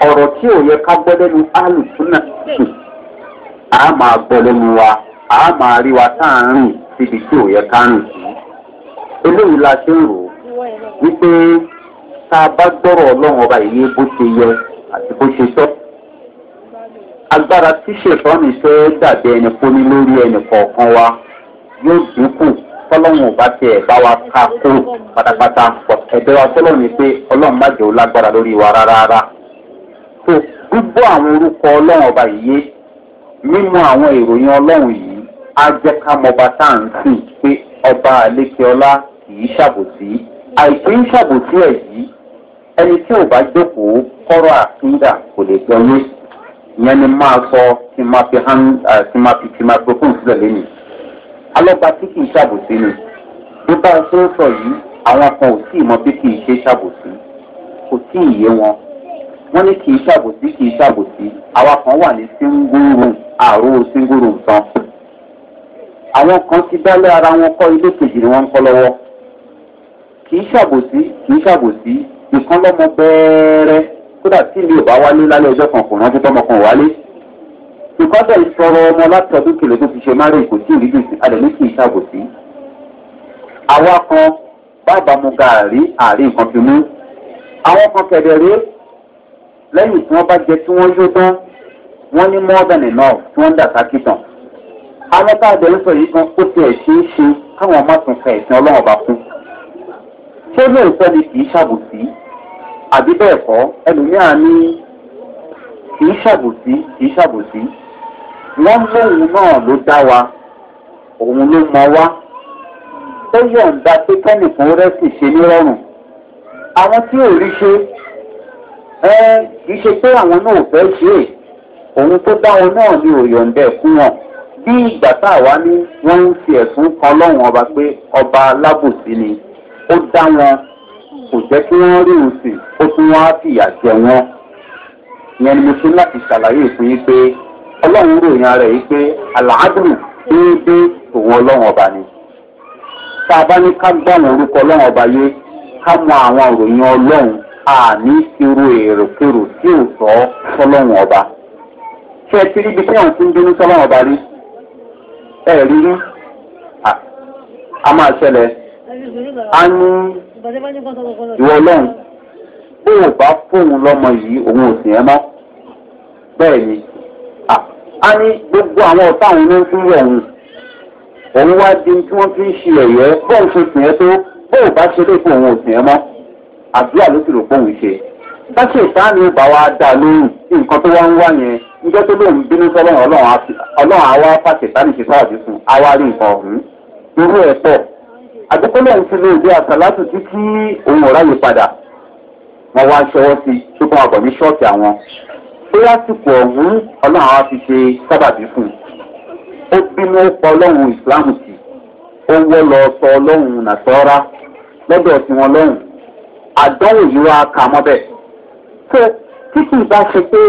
ọ̀rọ̀ tí ò yẹ ká gbọ́ lẹ́nu àlùsùn náà à á máa gbọ́ lẹ́nu wa à á máa rí wa tá à ń rìn síbi tí ò yẹ ká rìn sí. eléyìí la ṣe ń rò wípé tá a bá gbọ́rọ̀ ọlọ́run ọba yìí bó ṣe yẹ àti bó ṣe tọ́ agbára tí ṣètọ́ni fẹ́ dàbí ẹnì fúnni lórí ẹnì wa yóò dínkù tọ́lọ́hún ò bá tiẹ̀ bá wa ká kúrò pátápátá wa ni pé ọlọ́run má jẹ́ lágbára lórí wa rárá. tó gbígbọ́ àwọn orúkọ ọlọ́run ọba yìí mímú àwọn ìròyìn ọlọ́run yìí á jẹ́ ká ọba àlékeọlá kìí ṣàbòsí àìpé ń ṣàbòsí ẹ̀ yìí ẹni tí ò bá jókòó kọ́rọ̀ àfíńdà ni máa sọ kí n máa fi alọ́ba tí kì í ṣàbòsí ni bí bá a ṣe ń sọ yìí àwọn kan ò tí ì mọ bí kì í ṣe ṣàbòsí kò tí ì yé wọn wọn ní kì í ṣàbòsí kì í ṣàbòsí àwa kan wà ní single room àrò single room tán àwọn kan ti dálé ara wọn kọ́ ilé kejì ni wọ́n ń kọ́ lọ́wọ́ kì í ṣàbòsí kì í ṣàbòsí nìkan lọ́mọ bẹ́ẹ̀rẹ́ kódà tí ilé ò bá wálé lálẹ́ ọjọ́ kan kò rántí tọ́mọ wálé ìkọ́sẹ̀ ìṣòro ọmọ látọ̀dún kìlọ̀ tó fi ṣe márùn kò sí ìrírí adẹ̀mí kì í ṣàbòsí. àwa kan bàbá mu gàárì àárín nǹkan fi mú. àwọn kan kẹ̀dẹ̀ rí lẹ́yìn tí wọ́n bá jẹ tí wọ́n yó tán wọ́n ní more than enough tí wọ́n ń dà sákì tán. àwọn tá a jẹ ń sọ yìí kan ó tiẹ̀ ṣe é ṣe káwọn má tún ka ẹ̀sìn ọlọ́run bá kú. ṣé lóòótọ́ ni kì í ṣàbòsí àbí bẹ́ẹ̀ kọ́ ẹlòmíràn ní kì í ṣàbòsí kì í ṣàbòsí wọ́n lóun náà ló dá wa òun ló mọ wá ó yọ̀ǹda pé kẹ́nìkan rẹ́sì ṣe nírọ̀rùn àwọn tí ò rí ṣe ẹ kì í ṣe pé àwọn náà ò fẹ́ ṣe é òun tó dá wọn náà ni ò yọ̀ǹda ẹ̀ fún wọn bí ìgbà tá a wá ní wọ́n ń fi ẹ̀sùn kan lọ́wọ́n ọba pé ọba alábòsí ni ó dá wọn kò jẹ́ kí wọ́n rí òsì ó tún wá fìyà jẹ wọn ìyẹn ni mo ṣe láti ṣàlàyé fún yín pé. ọlọ́run ròyìn ara yìí pé àlàádùn déédéé òun ọlọ́run ọba ni tá a bá ní ká gbọ́ àwọn orúkọ ọlọ́run ọba yé ká mọ àwọn òròyìn ọlọ́run àní irú èròkèrò tí ò sọ sọlọ́run ọba ṣé ẹ ti rí ibi tí àwọn tí ń bínú sọlọ́run ọba rí ẹ rí rí a máa ṣẹlẹ̀ a ní ìwọ ọlọ́run bó o bá fóun lọ́mọ yìí òun ò sì ẹ́ mọ́ bẹ́ẹ̀ ni a ní gbogbo àwọn ọ̀tá àwọn ló ń fi òun wá di tí wọ́n fi ń ṣe ẹ̀yẹ́ bọ́ọ̀ ṣe sìn ẹ́ tó bóò bá ṣe léèkó òun ò sìn mọ́ àdúrà ló sì rò pé ṣe báṣe ìtaàní ò wa dà lóhùn nǹkan tó wá ń wá yẹn níjọ́ tó lóun bínú sọ́lọ́run ọlọ́run àwa fàṣẹ̀tánì ṣe fáàdì fún àwa rí nǹkan ọ̀hún irú ẹ̀ pọ̀ àdúgbò lẹ́yìn tí lè dé àsàlátù títí òun ò ráyè padà wọ́n wá ṣọwọ́ sí ṣùgbọ́n àgbọ̀ ní ṣọ́ọ̀kì àwọn bóyá sìkò ọ̀hún ọlọ́run àwa fi ṣe sábàbí fún un ó bínú ó pa ọlọ́run ìsìláàmù sí ó wọ́ lọ sọ ọlọ́run nàṣọ́ra lọ́dọ̀ tí wọ́n lọ́rùn àdánwò yìí wá kà mọ́ bẹ́ẹ̀. tó títí ìbá ṣe pé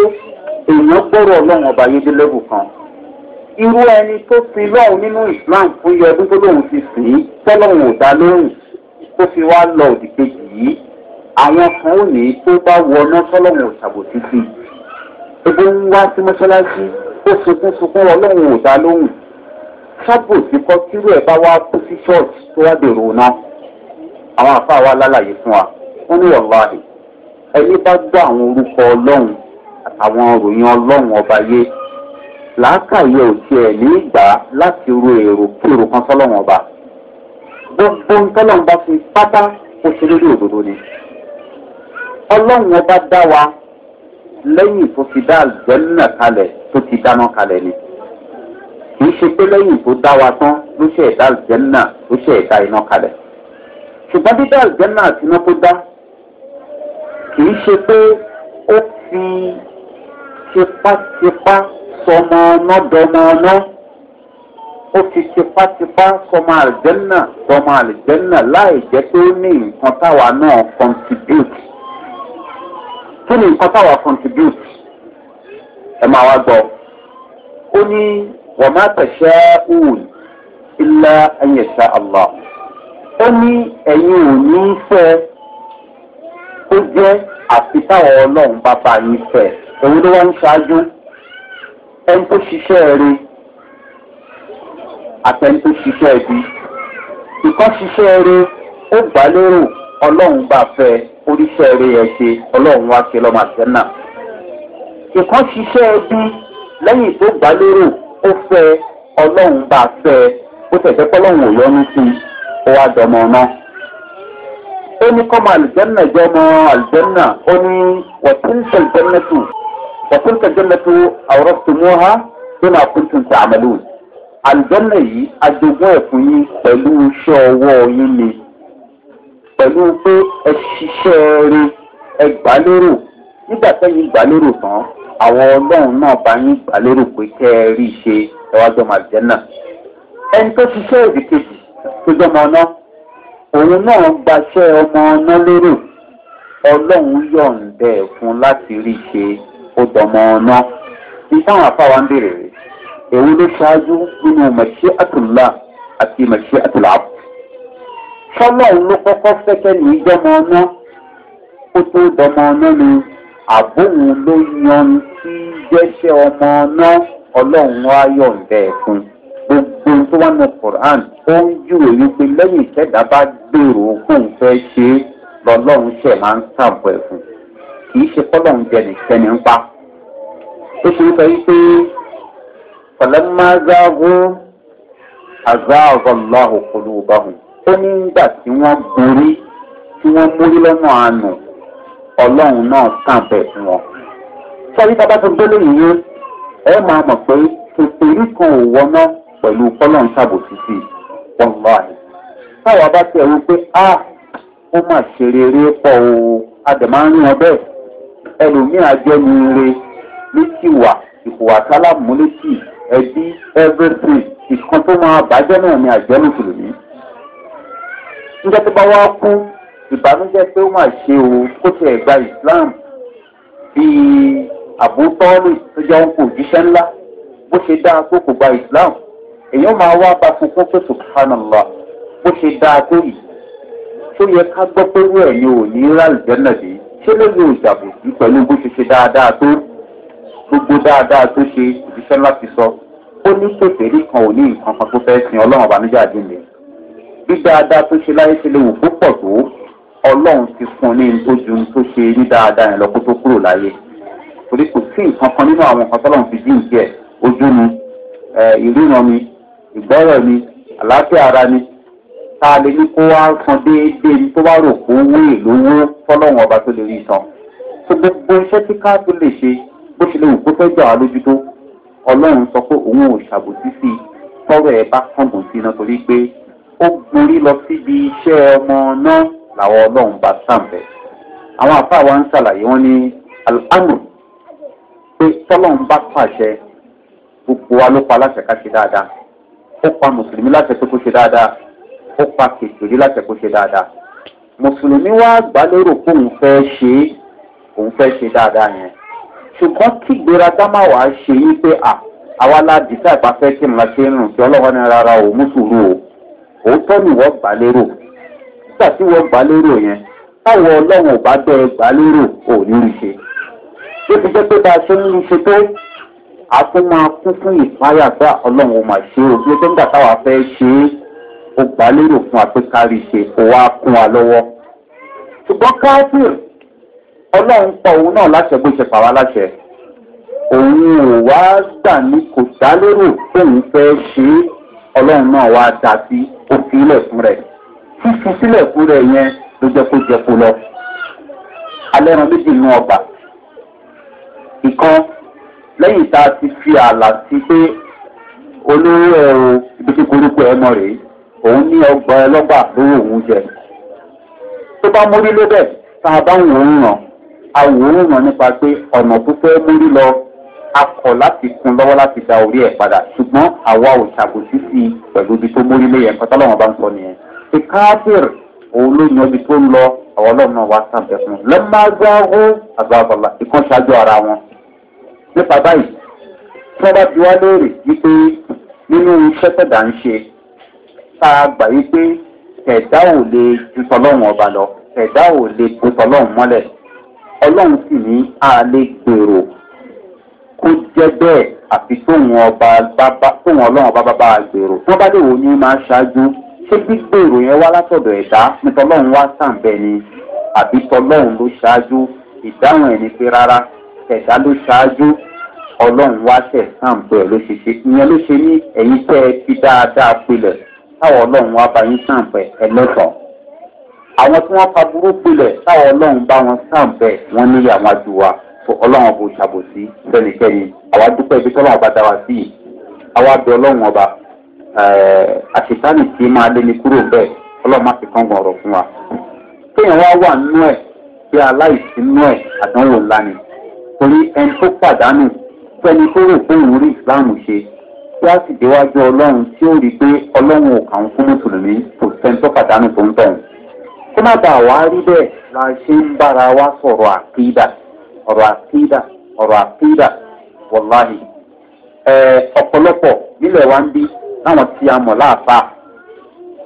èèyàn gbọ́rọ̀ ọlọ́run ọba yédè lẹ́bù kan irú ẹni tó fi lọ́hùn nínú islam fún iye ọdún tó lóun ti sìn ín tọ́lọ́hùn ò dá lóhùn tó fi wá lọ òdì kejì yìí àwọn kan ò ní tó bá wọná tọ́lọ́hùn ó ń wá sí mọ́ṣáláṣí ó sunkún sunkún ọlọ́run ò dá lóhùn sábòsí kọ́ kírú ẹ̀ bá wá kú sí ṣọ́ọ̀ṣì tó wá dèrò náà àwọn àfáà wa lálàyé fún wa wọ́n ní wàláhì ẹni bá gbọ́ àwọn orúkọ ọlọ́run àtàwọn òròyìn ọlọ́run ọba yé làákàyè ò tiẹ̀ ní ìgbà láti ro èrò kúrò kan sọ́lọ́run ọba gbogbo ntọ́lọ́run bá fi pátá ó ṣe lórí òdodo ni ọlọ́run ọba dá wa lẹ́yìn tó ti dá àlùjẹ́nà kalẹ̀ tó ti dáná kalẹ̀ ni kì í ṣe pé lẹ́yìn tó dá wa tán ló ṣe ẹ̀dá àlùjẹ́nà ló ṣe ẹ̀dá iná kalẹ̀ ṣùgbọ́n dídá àlùjẹ́nà àti iná tó dá kì í ṣe pé ó fi tipátipá sọmọ ọ̀nà dọmọ ọ̀nà ó fi tipátipá sọmọ àlùjẹ́nà dọmọ àlùjẹ́nà láì jẹ́ pé ó ní nǹkan táwa náà contribute kí ni nǹkan táwa contribute ẹ máa wá gbọ́ ó ní wọ́n máa tẹ̀sẹ̀ òòlù ilá ẹ̀yẹ̀sẹ̀ àlá ó ní ẹ̀yin ò ní fẹ́ ó jẹ́ àfi táwọn ọlọ́run bá bá yín fẹ́ òun ló wá ń ṣáájú ẹni tó ṣiṣẹ́ rí àtẹni tó ṣiṣẹ́ bí ìkan rí ó gbà lérò ọlọ́run bá fẹ́ oríṣẹ́ eré ẹ̀ ṣe ọlọ́run wá ṣe lọ́mọ àṣẹ náà. ìkan ṣiṣẹ́ ẹbí lẹ́yìn tó gbà lérò ó fẹ́ ọlọ́run bá fẹ́ ó tẹ̀sẹ̀ pọ́lọ́run ò yọnu sí i ó wá dọmọ náà. ó ní kọ́mọ àlùjẹ́nà jẹ́ ọmọ àlùjẹ́nà ó ní wọ̀tíńtẹ̀ jẹ́nẹ́tù wọ̀tíńtẹ̀ jẹ́nẹ́tù àwòrán tó mú ha tó náà kún tuntun àmàlù. àlùjẹ́nà yìí adogún ẹ̀fún yín pẹ̀lú iṣẹ́ ọwọ́ yín ni pẹ̀lú pé ẹ ṣiṣẹ́ rí ẹ gbà lérò nígbà tẹ́yìn gbà lérò tán àwọn ọlọ́run náà bá yín gbà lérò pé kẹ́ ẹ rí i ṣe ẹ wá jọmọ àjẹ́ náà. ẹni tó ṣiṣẹ́ èdè kejì tó jọmọ ọ̀nà òun náà gbaṣẹ́ ọmọ ọ̀nà lérò ọlọ́run yọ̀ǹdẹ̀ fún láti rí i ṣe ó dọmọ ọ̀nà. ìtàn àfáwa ń bèrè rè èwo ló ṣáájú nínú mọ̀ṣẹ́ àtúnlá àti mọ̀ṣẹ́ àtúnlá sọlọ́run ló kọ́kọ́ fẹ́kẹ́ ní ìjọmọ ọ̀nà kó tó dọmọ ọ̀nà ni àbóhùn ló yan tí jẹ́ṣẹ́ ọmọ ọ̀nà ọlọ́run wá yọ̀ǹda ẹ̀fun gbogbo tó wà ní quran ó ń júwèé wípé lẹ́yìn ìṣẹ̀dá bá gbèrò fóun fẹ́ ṣe lọ́lọ́run ṣẹ̀ máa ń sàbọ̀ ẹ̀fun kì í ṣe kọ́lọ́run jẹnìkẹ́ni ń pa ó ṣe ń sọ wípé kọ̀lẹ́mọ́zágún àzáàgọ́láhùn kọlùbáhùn ó ní nígbà tí wọ́n borí tí wọ́n mórí lọ́nà àánú ọlọ́run náà kàn bẹ̀ fún wọn. sọ́rí bàbá tó gbélé yìí yé ẹ máa mọ̀ pé kékeré kan ò wọná pẹ̀lú kọ́lọ̀ ń ṣàbòsí sí i wọ́n lọ́ àyè. táwa bá tiẹ̀ wí pé a ó mà ṣe rere pọ̀ o àdèmá ń rìn ọbẹ̀ ẹlòmíín àjẹnu ire ní tiwa ìhùwà tálámúlétì ẹbí everything ìkan tó máa bàjẹ́ náà ni àjẹnu kìlòmí níjẹ́ tó bá wá kú ìbànújẹ́ pé ó mà ṣe o kó tiẹ̀ gba islam bíi àbútọ́ọ̀lù tó jẹ́ òǹkù òjíṣẹ́ ńlá bó ṣe dáa tó kò gba islam èèyàn máa wá bá funfun pé subhanallah bó ṣe dáa tó yìí tó yẹ ká gbọ́ pé wẹ́ẹ̀ ni ò ní rà lùjẹ́nà dé ṣé ló ní ìjàbù sí pẹ̀lú bó ṣe ṣe dáadáa tó gbogbo dáadáa tó ṣe òjíṣẹ́ ńlá ti sọ ó ní kékeré kan ò ní nǹkan kan tó fẹ́ sin ọlọ́run ọ̀bánújẹ́ àdínlẹ̀ dáadáa tó ṣe láyé ṣe lè wò púpọ̀ tó ọlọ́run ti fún ní ojú tó ṣe ní dáadáa yẹn lọ kó tó kúrò láyé torí kò sí nǹkan kan nínú àwọn nǹkan tọ́lọ́run fi dín ìjẹ́ ojú ni ìríran ni ìgbọ́rọ̀ ni àlàáfíà ara ni tá a lè ní kó wá san déédéé ní tó bá rò kó wé lówó tọ́lọ́run ọba tó lè rí san tó gbogbo iṣẹ́ tí káàtó lè ṣe bó ṣe lè wò kó fẹ́ gbà wá lójú ọlọ́run sọ pé òun ò ṣàbòsí sí i tọ́rọ̀ ẹ̀ bá kàngùn ó gborí lọ síbi iṣẹ́ ọmọ náà làwọn ọlọ́run bá sàǹfẹ̀. àwọn àfáà wa ń ṣàlàyé wọn ní alhanu pé tọ́lọ́run bá pàṣẹ gbogbo wa ló pa aláṣẹ ká ṣe dáadáa ó pa mùsùlùmí láṣẹ pé kó ṣe dáadáa ó pa kìtìrí láṣẹ kó ṣe dáadáa mùsùlùmí wá gbà lérò pé òun fẹ́ ṣe òun fẹ́ ṣe dáadáa yẹn ṣùgbọ́n kí ìgbéraga má wàá ṣe yí pé àwa la dìtà ìpàfẹ́ kí n máa ṣe ń rùn kí ọlọ́wọ́ ní rárá o mú sùúrù òótọ́ ni wọ́n gbà lérò nígbà tí wọ́n gbà lérò yẹn táwọn ọlọ́run ò bá bẹ́ ẹ e gbà lérò ò ní rí ṣe ó ti jẹ́ pé bá a ṣe ń rí ṣe tó a tún máa kún fún ìpáyà pé ọlọ́run ò mà ṣe o bí o tó ń gbà táwa fẹ́ ṣe é o gbà lérò fún wa pé ká rí ṣe o wá kún wa lọ́wọ́ ṣùgbọ́n káfíìn ọlọ́run pa òun náà láṣẹ bó ṣe pàwá láṣẹ òun ò wá gbà ní kò dá lérò pé òun fẹ́ ṣe é ọlọ́run náà wá dá sí òfin ilẹ̀ fún rẹ̀ fífi sílẹ̀ fún rẹ̀ yẹn ló jẹ́ kó jẹ kó lọ. alẹ́ ran méjì nù ọgbà ìkan lẹ́yìn tá a ti fi ààlà sí pé olówó ẹ o ibi tí koríko ẹ mọ̀ rèé òun ní ọgbà ẹlọ́gbà lówó òun jẹ tó bá mórí lébẹ̀ tá a bá ń wò ó ràn a wò ó ràn nípa pé ọ̀nà tó fẹ́ mórí lọ a kọ̀ láti kun lọ́wọ́ láti da orí ẹ̀ padà ṣùgbọ́n àwa ò ṣàkóso sí i pẹ̀lú ibi tó mórí lé yẹn kọ́tà lọ́wọ́ bá ń sọ nìyẹn. ṣe káfíìr òun ló yan ibi tó ń lọ àwọn ọlọ́run náà wá sábẹ́ fún un lọ́mọdéwọ́ àgbàbọ̀là ìkan ṣáájú ara wọn. nípa báyìí tí wọ́n bá bi wá léèrè wípé nínú iṣẹ́ tẹ̀dá ń ṣe tá a gbà wípé tẹ̀dá ò lè ju tọ́lọ́run ọba lọ tẹ̀dá ò lè ju tọ́lọ́run mọ́lẹ̀ ọlọ́run sì ní kó jẹ́ bẹ́ẹ̀ àfi tóun ọlọ́run bá bá gbèrò tó bá lè wò ní máa ṣáájú ṣé gbígbèrò yẹn wá látọ̀dọ̀ ẹ̀dá nítọ́lọ́run wá sàǹbẹ̀ ni àbí tọ́lọ́run ló ṣáájú ìdáhùn ẹ̀ ní pé rárá ẹ̀dá ló ṣáájú ọlọ́run wá tẹ̀ sàǹbẹ̀ ló ṣe ṣe ìyẹn ló ṣe ní ẹ̀yìn tẹ́ ẹ fi dáadáa pilẹ̀ táwọn ọlọ́run wá bá yín sàǹbẹ̀ ẹlẹ́sàn àwọn tí wọ́n fa burú pilẹ̀ táwọn ọlọ́run bá wọn sàǹbẹ̀ wọ́n níyàwó àjùwà ọlọ́run bò ṣàbòsí sẹ́nikẹ́ni àwa ibi tọ́lọ́run bá wa sí yìí ọlọ́run ọba àṣetánì tí máa lé ní kúrò bẹ́ẹ̀ ọlọ́run má fi ọ̀rọ̀ fún wa. kéèyàn wá wà nínú ẹ̀ pé aláìsí nínú ẹ̀ àdánwò ńlá torí ẹni tó pàdánù fẹ́ni tó rò rí ṣe sì ọlọ́run tí ó rí pé ọlọ́run ò ọ̀rọ̀ àkídà ọ̀rọ̀ àkídà wọ̀láhì ọ̀pọ̀lọpọ̀ nílẹ̀ wa ń bí láwọn tí a mọ̀ láàfà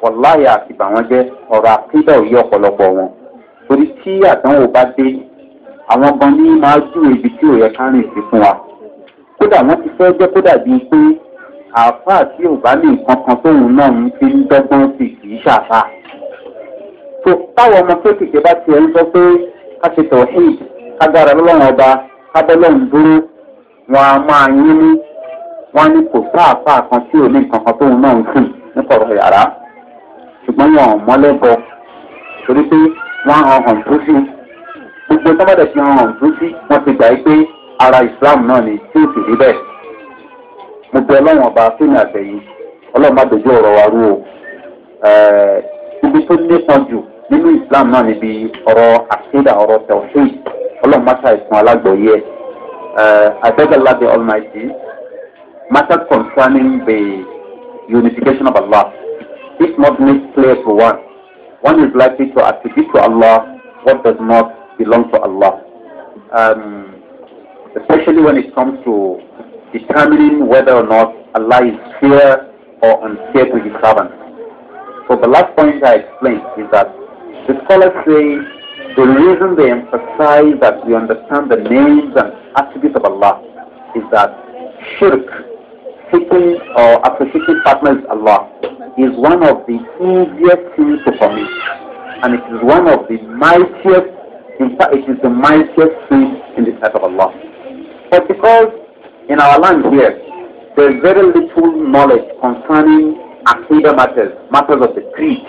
wọ̀láhì àtìbà jẹ́ ọ̀rọ̀ àkídà ọ̀pọ̀lọpọ̀ wọn torí tí àdánwò bá dé àwọn gan ní máa ibi tí ò yẹ wa kódà wọn ti fẹ́ jẹ́ kódà bíi pé tí ò bá ní kan tóun náà ń fi ń dọ́gbọ́n sí kì í ṣàfà. tó táwọn ọmọ kéékèèké bá ń sọ kágbára lọ́wọ́n ọba kábọ́lọ́hún dúró wọn a máa yín ní wọn ní kò sáàpá kan tí ò ní nǹkan kan tóun náà ń sùn ní kọ̀rọ̀ yàrá ṣùgbọ́n wọn ò mọ́lẹ́bọ torí pé wọn hàn hàn tó sí gbogbo tọ́mọ̀dẹ̀ fi hàn hàn tó sí wọn ti gbà pé ara islam náà ni tí ò sì rí bẹ́ẹ̀ mo bẹ ọlọ́wọ́n ọba fún àtẹ̀yìn ọlọ́run bá dojú ọ̀rọ̀ wa rú o ibi tó nípọn jù nínú islam náà níbi ọ̀rọ̀ àkéèdà ọ̀rọ̀ tẹ̀wọ̀n ọlọ́run má ṣàì fún alágbọ̀ọ́yé I beg allah the almighty matter concerning the unification of allah if not made clear to one one is likely to attribute to allah what does not belong to allah um, especially when it comes to determining whether or not allah is fair or unfair to his servants so the last point i explained is that the scholars say The reason they emphasize that we understand the names and attributes of Allah is that shirk, seeking or associating partners with Allah, is one of the easiest things to commit. And it is one of the mightiest, in fact, it is the mightiest sin in the sight of Allah. But because in our land here, there is very little knowledge concerning Aqidah matters, matters of the creed,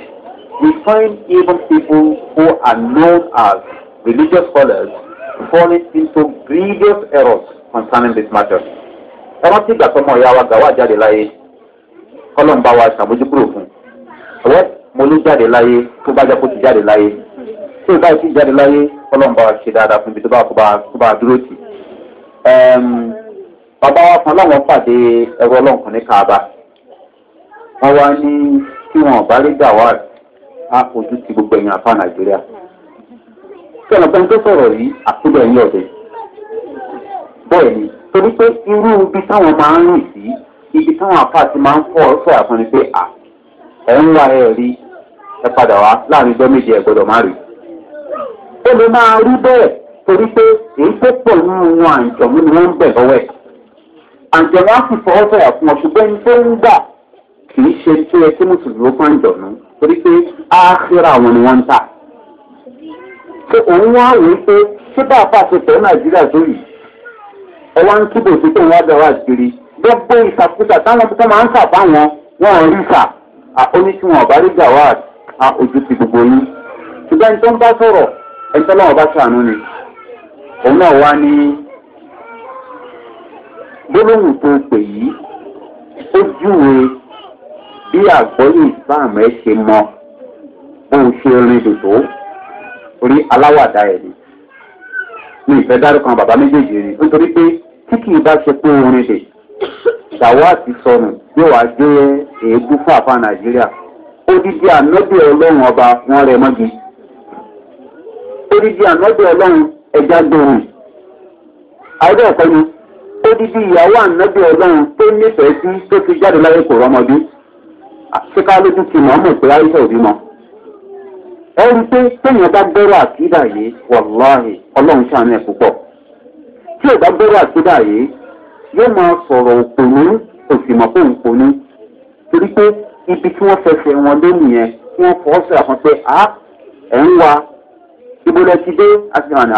we find even people who are known as religious scholars falling into grievous errors concerning this matter. ẹran tí ìgbà tọmọ ìyá wa gàwá jáde láyé kọlọ́n bá wa ṣàmójúkúrò fún ọwọ́ mo ló jáde láyé tó bá jẹ́ kó ti jáde láyé tí ìgbà tí jáde láyé kọlọ́n bá wa ṣe dáadáa fún ibi tó bá kó bá dúró tì. bàbá wa kan láwọn pàdé ẹ̀rọ ọlọ́nkùnrin kaaba wọ́n wá ní kí wọ́n bá rí gàwá rẹ̀ á ojú ti gbogbo ẹ̀yìn àfa nàìjíríà sọ̀rọ̀ pé n tó sọ̀rọ̀ yìí àkúdọ̀ ẹ̀yìn ọ̀dẹ bẹ́ẹ̀ ni torí pé irú ibi táwọn máa ń rìn sí ibi táwọn àfa ti máa ń fọ̀ sọ̀rọ̀ fún ni pé à ẹ̀ ń wá ẹ̀ rí ẹ padà wá láàrin ọjọ́ méje ẹ̀ gbọ́dọ̀ má rí ó lè máa rí bẹ́ẹ̀ torí pé èyí tó pọ̀ nínú wọn àǹjọ̀mú ni wọ́n ń bẹ̀ lọ́wọ́ ẹ̀ àǹjọ̀mú á sì fọwọ́ sọ̀rọ̀ fún ọ ṣùgbọ́n ẹni tó ń gbà kì í ṣe tó yẹ kí mùsùlùmí ó fọ́njọ̀nú torí pé ááfíra àwọn ni wọ́n ń tà. ṣé òun wá wí pé ṣé bá a fà ṣe tẹ̀ nàìjíríà tó yìí ẹ wá ń túbọ̀ sí pé wọ́n á dára àṣírí gbogbo ìsàkúsà táwọn tó máa ń kà fáwọn wọn ò rí kà oníṣìwọ̀n ọ̀bárí gawad ojú ti gbogbo yín ṣùgbọ́n ẹni tó ń bá sọ̀rọ̀ ẹni tó lọ́wọ́ bá ṣàánú ni òun náà wá ní gbólóhùn tó pè yìí ó júwe bí àgbọ́yé islam ẹ ṣe mọ bóun ṣe rin dòdò orí aláwàdà ẹ̀ ni ní ìfẹ́ dárúkọ bàbá méjèèjì ni nítorí pé tí kì í bá ṣe pé orin dè dàwọ́ àti sọnù yóò wá gbé èébú fún àfa nàìjíríà odidi ànọ́bì ọlọ́run ọba wọn rẹ mọ́gi odidi ànọ́bì ọlọ́run ẹja gbòòrùn àìdẹ́ ọ̀pẹ́ ni odidi ìyàwó ànọ́bì ọlọ́run tó nífẹ̀ẹ́ sí tó ti jáde láyé kò rọ́mọdún àṣeká ló tún ti mọ̀ ọ́mọ̀ pé àìsàn òbí mọ́. ẹ rí i pé téèyàn bá gbẹ́rọ àkídà yìí wàláhì ọlọ́run ṣàánú ẹ̀ púpọ̀. tí ò bá gbẹ́rọ àkídà yìí yóò máa sọ̀rọ̀ òpònú òsìmọ̀ fún òpònú. torí pé ibi tí wọ́n fẹsẹ̀ wọn lé nìyẹn tí wọ́n fọ́ sọ̀rọ̀ kan pé a ẹ̀ ń wa ibo lẹ ti dé àti àná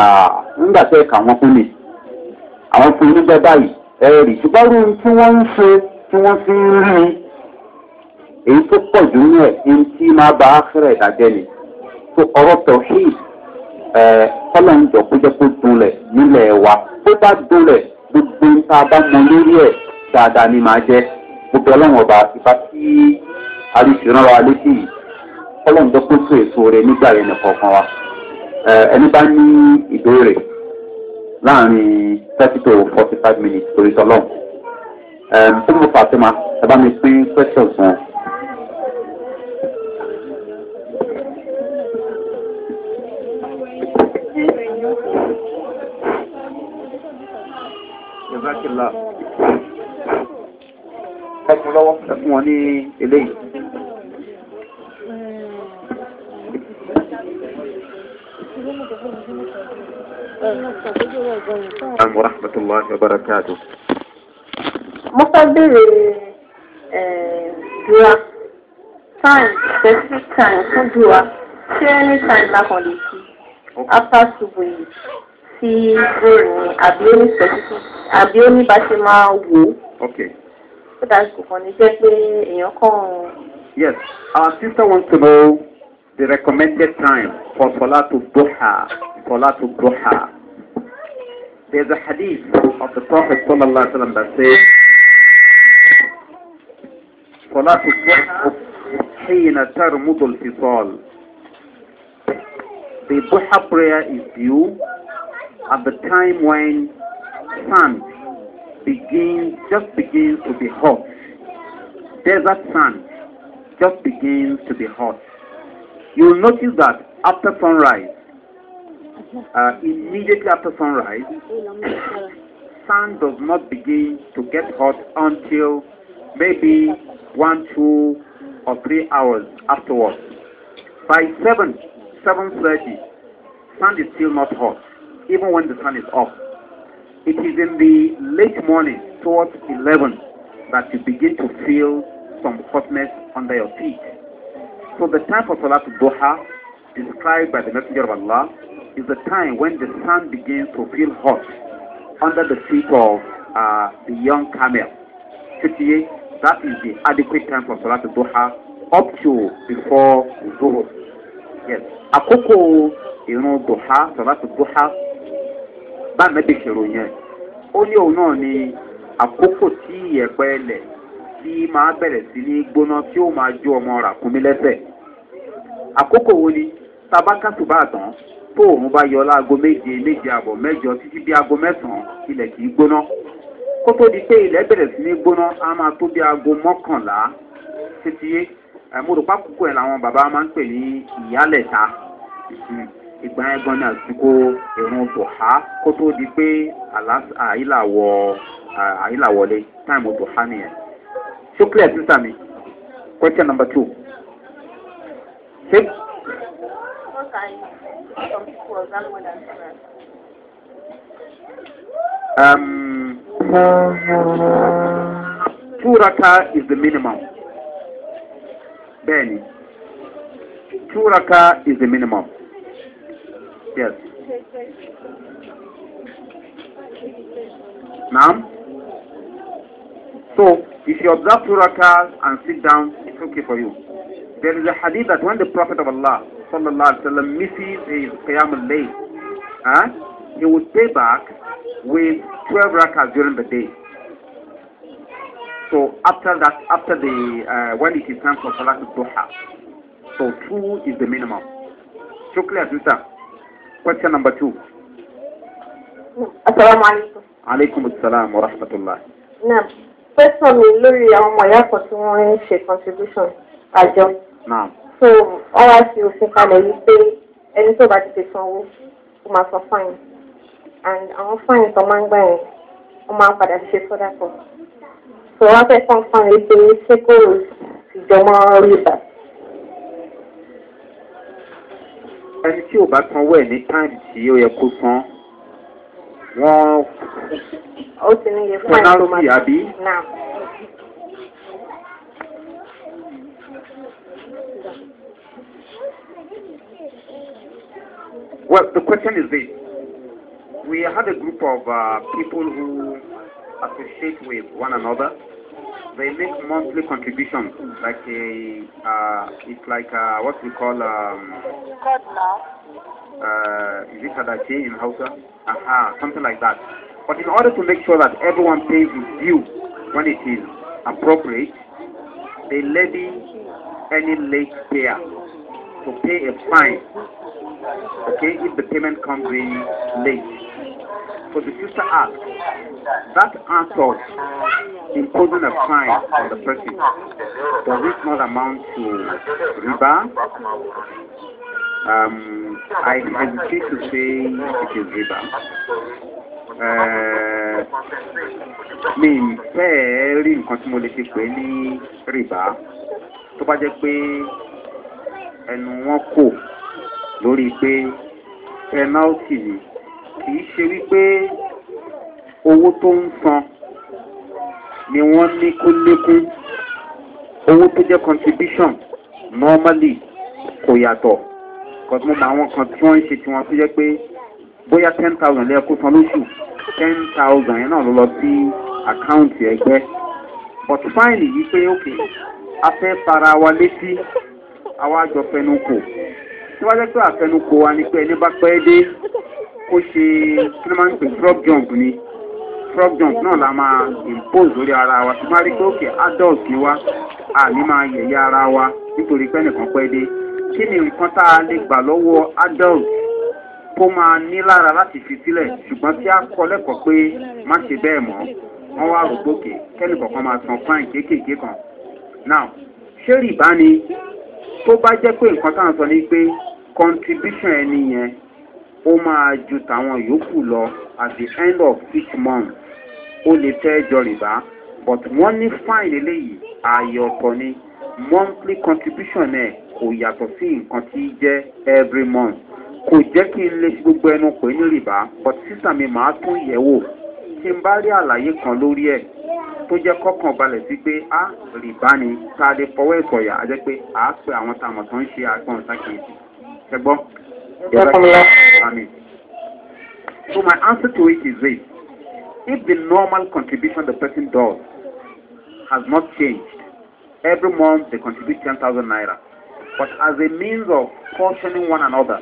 nígbà tẹ́ ẹ̀ka wọn fún mi. àwọn fún mi gbẹ báyìí ẹ̀rì ṣùgbọ́n tí wọ́n ń ṣe tí wọ́n fi ń rí èyí tó pọ̀ jù nínú ẹ̀ ń tí máa bá áfẹ́rẹ́ ìdájẹ́ ni tó ọ̀rọ̀ tọ̀hìn kọ́lọ̀ ń jọ kó jẹ́ kó dunlẹ̀ nílẹ̀ wa tó bá dunlẹ̀ gbogbo ń tá a bá mọ lórí ẹ̀ dáadáa ni máa jẹ́ gbogbo ọlọ́run ọba ìfà tí alùsùnrán wa létí yìí kọ́lọ̀ ń jọ kó tó èso rẹ̀ nígbà yẹn nìkọ̀ọ̀kan wa ẹni bá ní ìbéèrè láàrin thirty to forty five minutes torí tọ́lọ́ọ̀ ọmọ fàtí ma ẹ bá jazakillah ẹkùn lọ́wọ́ ẹkùn wọn ní eléyìí. Àwọn rahmatullahi wa barakatuh. Mo fẹ́ béèrè dùwà time specific time fún dùwà ṣé any time lákàn lè kí after ṣubú yìí sí ròyìn eh, àbí ó ní àbí ó máa wò ó. ok. ó dájú kò kàn ní jẹ́ pé èèyàn kàn. yes our sister wants to know the recommended time for salatu duha salatu duha. There's a hadith of the Prophet sallallahu alaihi wasallam that says. صلاة الضحى حين ترمض الفصال. The duha prayer is due at the time when sun begins, just begins to be hot. Desert sun just begins to be hot. You will notice that after sunrise, uh, immediately after sunrise, sun does not begin to get hot until maybe one, two, or three hours afterwards. By 7, 7.30, sun is still not hot even when the sun is up. It is in the late morning, towards 11, that you begin to feel some hotness under your feet. So the time for Salat Duha, described by the Messenger of Allah, is the time when the sun begins to feel hot under the feet of uh, the young camel. 58, that is the adequate time for Salat Duha up to before Zuhur. Yes. Akoko, you know, Duha, Salat Duha, bá mẹ́tẹ̀ẹ̀kì ròyìn ẹ̀ ó ní òun náà ni àkókò tí ìyẹ̀pẹ̀ ẹlẹ̀ tí máa bẹ̀rẹ̀ sí ní gbóná tí ó máa jó ọmọ ràkúnmí lẹ́sẹ̀ àkókò wo ni tabakátù bá tán tó òun bá yọ láago méje méje àbọ̀ mẹ́jọ títí bí aago mẹ́sàn-án ilẹ̀ kì gbóná kó tó di pé ilẹ̀ bẹ̀rẹ̀ sí ní gbóná á máa tó bí aago mọ́kànlá títí ẹ̀ mo rò pákókò ẹ̀ làwọn bàbá máa ń pè ní ìyálẹ̀ta. Hmm ìgbà gan náà ti kó kó tó di pé àyílàwọ̀ táìmù dùhá nìyẹn. ṣó clear sísà mi question number two. ṣé. Um, two raka is the minimum. Bẹ́ẹ̀ni, two raka is the minimum. Yes. Now, so if you observe two rakahs and sit down, it's okay for you. There is a hadith that when the Prophet of Allah sallallahu alaihi wasallam misses his qiyam al-layl, huh, he would pay back with 12 rakahs during the day. So after that, after the uh, when it is time for salat duha, so two is the minimum. So clear, sister. Question number two. Asalaamualeykum. Aleykum salaam wa rahmatulah. Naam. Question mi lórí àwọn ọmọ ìyá kan tí wọ́n ń ṣe contribution àjọ. Naam. So wọ́n wá sí òfin kalẹ̀ yìí pé ẹni tó bá ti ti sanwó ó máa san fine and àwọn fine tó máa ń gbà yẹn wọ́n máa ń padà ṣe sọ́dà kan. So wọ́n fẹ́ san fine yìí pé ṣé kò sì rí bàtà. ẹni tí ò bá sanwó ẹ̀ ní táìmù ó yẹ kó san wọ́n pẹnálítì àbí. Well, the question is this. We had a group of uh, people who associate with one another. they make monthly contributions, like a, uh, it's like uh, what we call, um, uh, is it Hadachi in Hausa? Aha, something like that. But in order to make sure that everyone pays his due when it is appropriate, they levy any late payer to pay a fine, okay, if the payment comes in late. for the sister act, that act of imposing a fine on the person, does it not amount to riba? Um, I hesitate to say it is riba. Uh, mi ń fẹ́ rí nǹkan tí mo lè fi pè ní rìbá tó bá jẹ́ pé ẹnu wọn kò lórí pé pẹnáltì yìí kì í ṣe wípé owó tó ń san ni wọ́n ní kó lékún owó tó jẹ́ contribution normally kò yàtọ̀ because mo mọ àwọn kan tí wọ́n ń ṣe tiwọn tó jẹ́ pé bóyá ten thousand lẹ́ẹ̀kó san lóṣù ten thousand yẹn náà ló lọ sí àkáǹtì ẹgbẹ́ but fáìlì yìí pé ok a fẹ́ fara wa létí àwa jọ fẹnukò tí wọ́n jẹ́ pé àfẹnukò wa ni pé ẹni bá pẹ́ dé kó ṣe kí ló máa ń pè frog jump ni frog jump náà la máa impose lórí ara wa ṣùgbọ́n a rí pé òkè adult ni wa a ní máa yẹ̀yẹ́ ara wa nítorí pé nìkan pẹ́ dé kí ni nǹkan tá a lè gbà lọ́wọ́ adult kó máa ní lára láti fi sílẹ̀ ṣùgbọ́n tí a kọ́ lẹ́kọ̀ọ́ pé má ṣe bẹ́ẹ̀ mọ́ wọ́n wá rò gbòkè kẹ́lì kọ̀ọ̀kan máa san fáìn kéékèèké kan. now ṣé rìbá ni tó bá jẹ́ pé nǹkan tá à ń sọ ni pé contribution ẹni yẹn ó máa ju tàwọn yòókù lọ at the end of each month ó lè fẹ́ jọ but wọ́n ní fine eléyìí ààyè ọ̀tọ̀ ni monthly contribution ẹ̀ kò yàtọ̀ sí nǹkan tí í jẹ́ every month kò jẹ́ kí n lè gbogbo ẹnu pè ní rìbá but sísà mi màá tún yẹ̀ wò tí n bá rí àlàyé kan lórí ẹ̀ tó jẹ́ kọ́kàn balẹ̀ sí pé a rìbá ni tá a lè fọwọ́ ìsọ̀yà á jẹ́ pé àá pe àwọn tamọ̀ ń ṣe àgbọ̀n sákèjì ṣẹgbọ́n. ẹ bá kọ́ mi lọ. So my answer to it is this. If the normal contribution the person does has not changed, every month they contribute 10,000 naira. But as a means of cautioning one another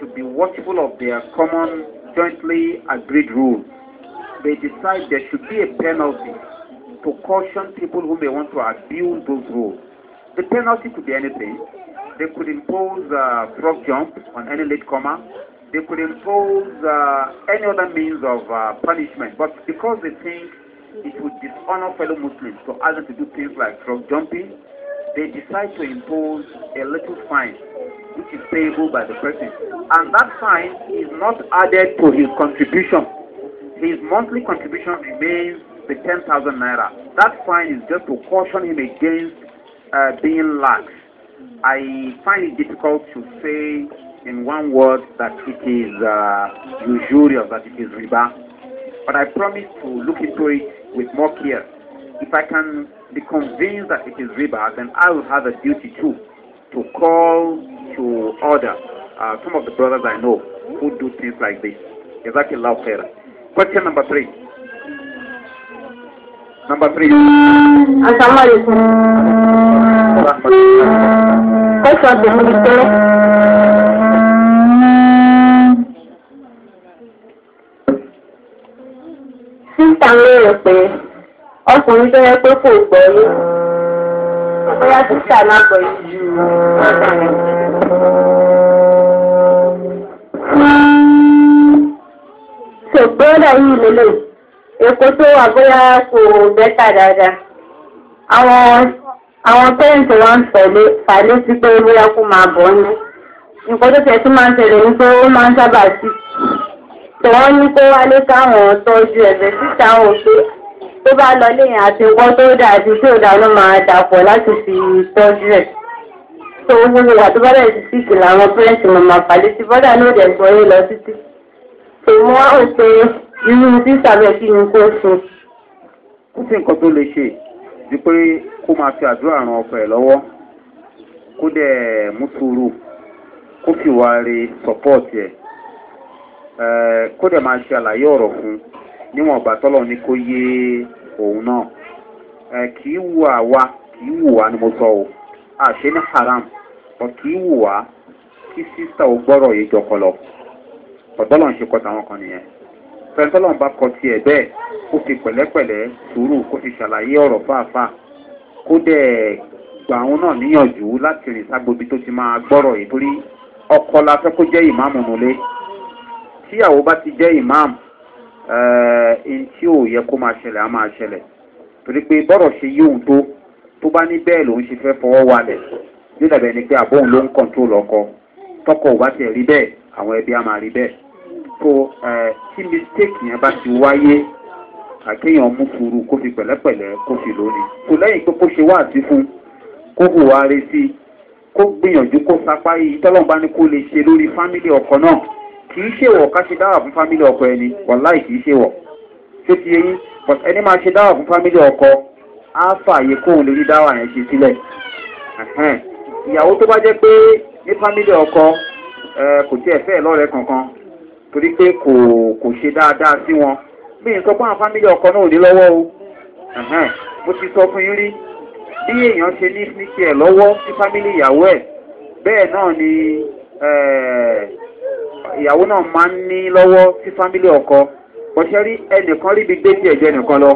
to be watchful of their common, jointly agreed rules, they decide there should be a penalty to caution people who may want to abuse those rules. The penalty could be anything. They could impose a frog jump on any latecomer they could impose uh, any other means of uh, punishment. But because they think it would dishonor fellow Muslims to ask them to do things like drug dumping, they decide to impose a little fine, which is payable by the person. And that fine is not added to his contribution. His monthly contribution remains the 10,000 naira. That fine is just to caution him against uh, being lax. I find it difficult to say in one word that it is uh, usurious, that it is riba. But I promise to look into it with more care. If I can be convinced that it is riba, then I will have a duty too to call to order uh, some of the brothers I know who do things like this. love, fair? Question number three. Number three. sísà ń lérò pé ọkùnrin tó yẹ pé kò gbọ́ yé bóyá sísà náà gbọ́ ju yìí lélẹ̀ èkó tó wà bóyá kò bẹ́tà dáadáa àwọn àwọn pé bóyá kó máa ní nǹkan tó tẹ̀ tọ́wọ́ ní kó wálé káwọn tọ́jú ẹ̀bẹ̀ síta wọn pé tó bá lọ léyìn àti wọ́n tó dà àti tí ò dáná máa dàpọ̀ láti fi tọ́jú ẹ̀. tó ń gbogbo ìgbà tó bá dẹ̀ ti síkì làwọn pẹ́rẹ́ǹtì màmá pàdé tí bọ́dà náà dẹ̀ gbọ́ yé lọ títí. tèmi wá ò ṣe irú sísà bẹ́ẹ̀ kí ni kó ṣe. kó sì nǹkan tó lè ṣe ju pé kó máa fi àdúrà ran ọkọ ẹ̀ lọ́wọ́ kó dẹ̀ mú sùúrù kó fi wá rí sọ́pọ́ọ̀tì ẹ̀ Eh, kó dẹ̀ máa ṣe àlàyé ọ̀rọ̀ fún níwọ̀n ọ̀gbà tọ́lọ̀ ní kò yé òun náà eh, kì í wù àwa kì í wù wá ni mo sọ o àṣẹ ní haram ọ̀ kì í wù wá kí sísá ò gbọ́rọ̀ yìí jọkọ lọ ọ̀dọ́lọ̀ ṣe àwọn kan nìyẹn fẹ́ntọ́lọ̀ bá kọ tiẹ̀ bẹ́ẹ̀ ó fi pẹ̀lẹ́pẹ̀lẹ́ sùúrù kó fi ṣàlàyé ọ̀rọ̀ fáàfáà kó dẹ̀ gbà àwọn tíyàwó bá ti jẹ́ imam ẹni eh, tí ò yẹ kó máa ṣẹlẹ̀ á máa ṣẹlẹ̀ torí pé bọ́rọ̀ ṣe yóò tó tó bá ní bẹ́ẹ̀ lòún ṣe fẹ́ fọwọ́ walẹ̀ yóò dàbẹ̀ ni pé àbóhùn ló ń kọ̀ǹtrol ọkọ tọkọ ò bá tiẹ̀ rí bẹ́ẹ̀ àwọn ẹbí á máa rí bẹ́ẹ̀ so eh, tí mistake yẹn bá ti wáyé àkéèyàn mú furu kó fi pẹ̀lẹ́pẹ̀lẹ́ kó fi lónìí kò lẹ́yìn pé kó ṣe wá àti fún kó hùwà retí kó gbìyànjú kó sapá yìí tọ́lọ́mùbá lè ṣe lórí fámílì ọkọ náà kì í ṣèwọ̀ ká ṣe dáwà fún fámílì ọkọ ẹni wàláì kì í ṣèwọ̀ ṣé ti eyín but ẹni máa ṣe dáwà fún fámílì ọkọ á fààyè kóun lè rí dáwà yẹn ṣe sílẹ̀ ìyàwó tó bá jẹ́ pé ní fámílì ọkọ kò tiẹ̀ fẹ́ lọ́rẹ̀ẹ́ kankan torí pé kò kò ṣe dáadáa sí wọn bí n sọ pé àwọn fámílì ọkọ náà ò ní lọ́wọ́ o mo ti sọ fún yín rí bí èèyàn ṣe ní ní tiẹ̀ lọ́wọ́ sí fámílì ìyàwó ẹ̀ bẹ́ẹ̀ náà ni ìyàwó náà máa ń ní lọ́wọ́ sí fámílì ọkọ pọ̀ṣẹ́ rí ẹnìkan rí ibi gbé tí ẹ̀jẹ̀ nìkan lọ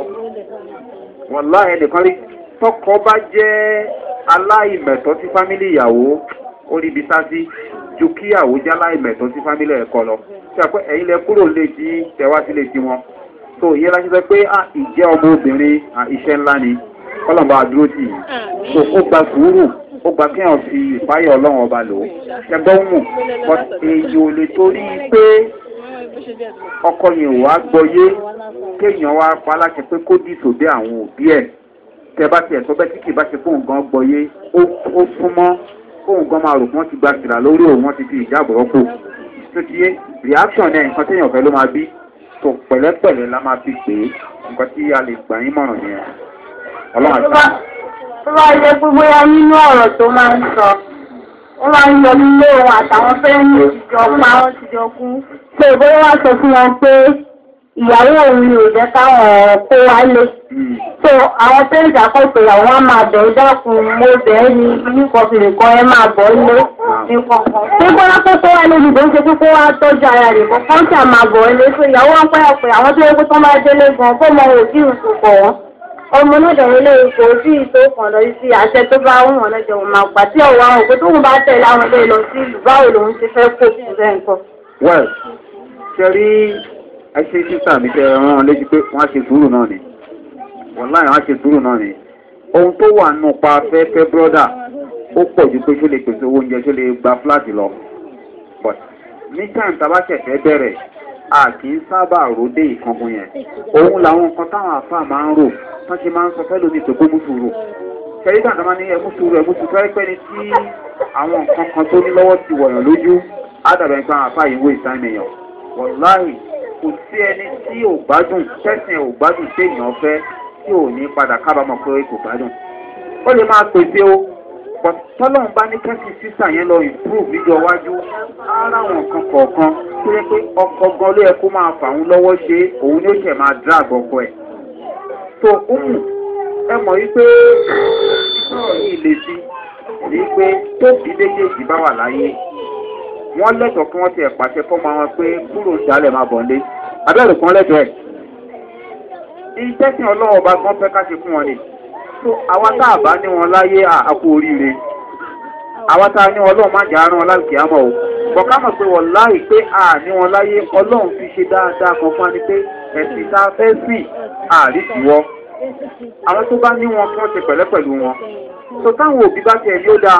wọ́lá ẹnìkan rí tọkọ bá jẹ́ aláìmẹ̀tọ́ sí fámílì ìyàwó ó rí ibi sáàsì ju kí ìyàwó jẹ́ aláìmẹ̀tọ́ sí fámílì ẹ̀kọ́ lọ tí a pẹ́ ẹ̀yin lẹ kúrò lè di tẹ̀wá sí lè di wọn so ìyẹn láti sọ pé ah, ìjẹ́ ọmọ obìnrin iṣẹ́ ńlá ni kọ́lọ̀ ó gba kí hàn fi ìpáyọ̀ ọlọ́run ọba lò ó ẹgbẹ́ ń mú èyí ò lè torí pé ọkọ yẹn ò wá gbọyé kéèyàn wá pa aláṣẹ pé kó dìtò dé àwọn òbí ẹ̀ tẹ bá tiẹ̀ sọ bẹ́ẹ̀ tí kì bá ṣe fóun gan gbọyé ó súnmọ́ fóun gan máa rò wọ́n ti gba sìrà lórí òun wọ́n ti fi ìjáàbọ̀ rọ́pò tó ti yé reaction náà nǹkan téèyàn fẹ́ ló máa bí tó pẹ̀lẹ́pẹ̀lẹ́ la máa fi pè é nǹkan tí a lè gbà yín mọ̀ràn nìyẹn ọlọ́run àti tó bá yẹ pé bóyá nínú ọ̀rọ̀ tó máa ń sọ ó máa ń yọ nílé òun àtàwọn fẹ́ẹ́ni ìjọ pa wọ́n ti jọ kú pé bóyá wá sọ fún wọn pé ìyàwó òun ni ò jẹ́ káwọn kó wálé so àwọn fẹ́ẹ́ni àkọ́kọ́ àwọn á máa bẹ̀ ẹ́ dákun mo bẹ̀ ẹ́ ní nǹkan ẹ máa bọ̀ ilé nǹkan kan pé bóyá pé kó wálé ìdìbò ń ṣe pé wá tọ́jú ara rẹ̀ kọ́ńtà máa bọ̀ ilé so ìyàwó wọn pẹ́ ọ̀pẹ̀ àwọn tó yẹ pé tó máa délé gan-an kó mọ òbí ìrùsùn pọ̀ ọmọ náà dọ̀rọ̀ lé ipò tí ìtò kan sí àṣẹ tó bá wù wọn lọ́jọ́ wọn máa gbà tí ọ̀wọ́ àwọn òkú tóun bá tẹ̀lé àwọn ilé lọ sí ìlú báwo lòun ṣe fẹ́ kó fún bẹ́ẹ̀ nǹkan. well ṣe rí ẹṣẹ sísà mi fẹ́ rán wọn létí pé wọ́n á ṣe sùúrù náà ni wọ́n láì á ṣe sùúrù náà ni ohun tó wà nù pa fẹ́fẹ́ brọ́dà ó pọ̀ ju pé ṣó lè pèsè owó oúnjẹ ṣó lè gba fúláàtì lọ but ní time bá ṣẹ̀fẹ́ bẹ̀rẹ̀ a kì í sábà ròdé ìkangun yẹn òun làwọn nǹkan táwọn àfa máa ń rò wọ́n ṣe máa ń sọ fẹ́lẹ́ omi tó gbé mùsùlùmù ṣẹ́yí dàgbà máa ní ẹ̀mùsùlùmù ẹ̀mùsùlùmù pẹ́ẹ́pẹ́ ni tí àwọn nǹkan kan tó ní lọ́wọ́ ti wọ̀yàn lójú ádàbẹ̀ gba àfa ìwé ìsáìmẹ̀yàn wọ̀láì kò sí ẹni tí ò gbádùn tẹ̀sán ò gbádùn téèyàn fẹ́ tí ò ní padà kábàámọ̀ pé kò gbádùn ó lè máa pèsè o tọ́lọ́run bá ní kẹ́sì sísà yẹn lọ improve níjọ iwájú ara wọn kan kọ̀ọ̀kan tó yẹ pé ọkọ gan ló yẹ kó máa fà ń lọ́wọ́ ṣe òun yóò ṣẹ̀ máa drag ọkọ ẹ̀. tó umu ẹ mọ̀ wípé sọ̀rọ̀ yìí lè sí rí pé tóbi méjèèjì bá wà láyé wọ́n lẹ́tọ̀ọ́ kí wọ́n ti ẹ̀ pàṣẹ fọ́mọ wọn pé kúrò ń jalè máa bọ̀ lé abẹ́rù kan lẹ́tọ̀ọ́ ẹ̀. iṣẹ́ tí ọlọ́wọ́ bá gbọ́n fẹ́ ká ṣe fún wọn nìyí àwa tá a bá ní wọn láyé àkó oríire àwa tá a ní wọn lọ́wọ́ má jà á rán wọn láìkí àmọ́ o bọ̀ ká mọ̀ pé wọ́n láì pé a ní wọn láyé ọlọ́run fi ṣe dáadáa kan fún wa ni pé ẹ̀sìn tá a fẹ́ sí àárí tiwọ́ àwọn tó bá ní wọn kí wọ́n ti pẹ̀lẹ́ pẹ̀lú wọn so táwọn òbí bá tiẹ̀ yóò da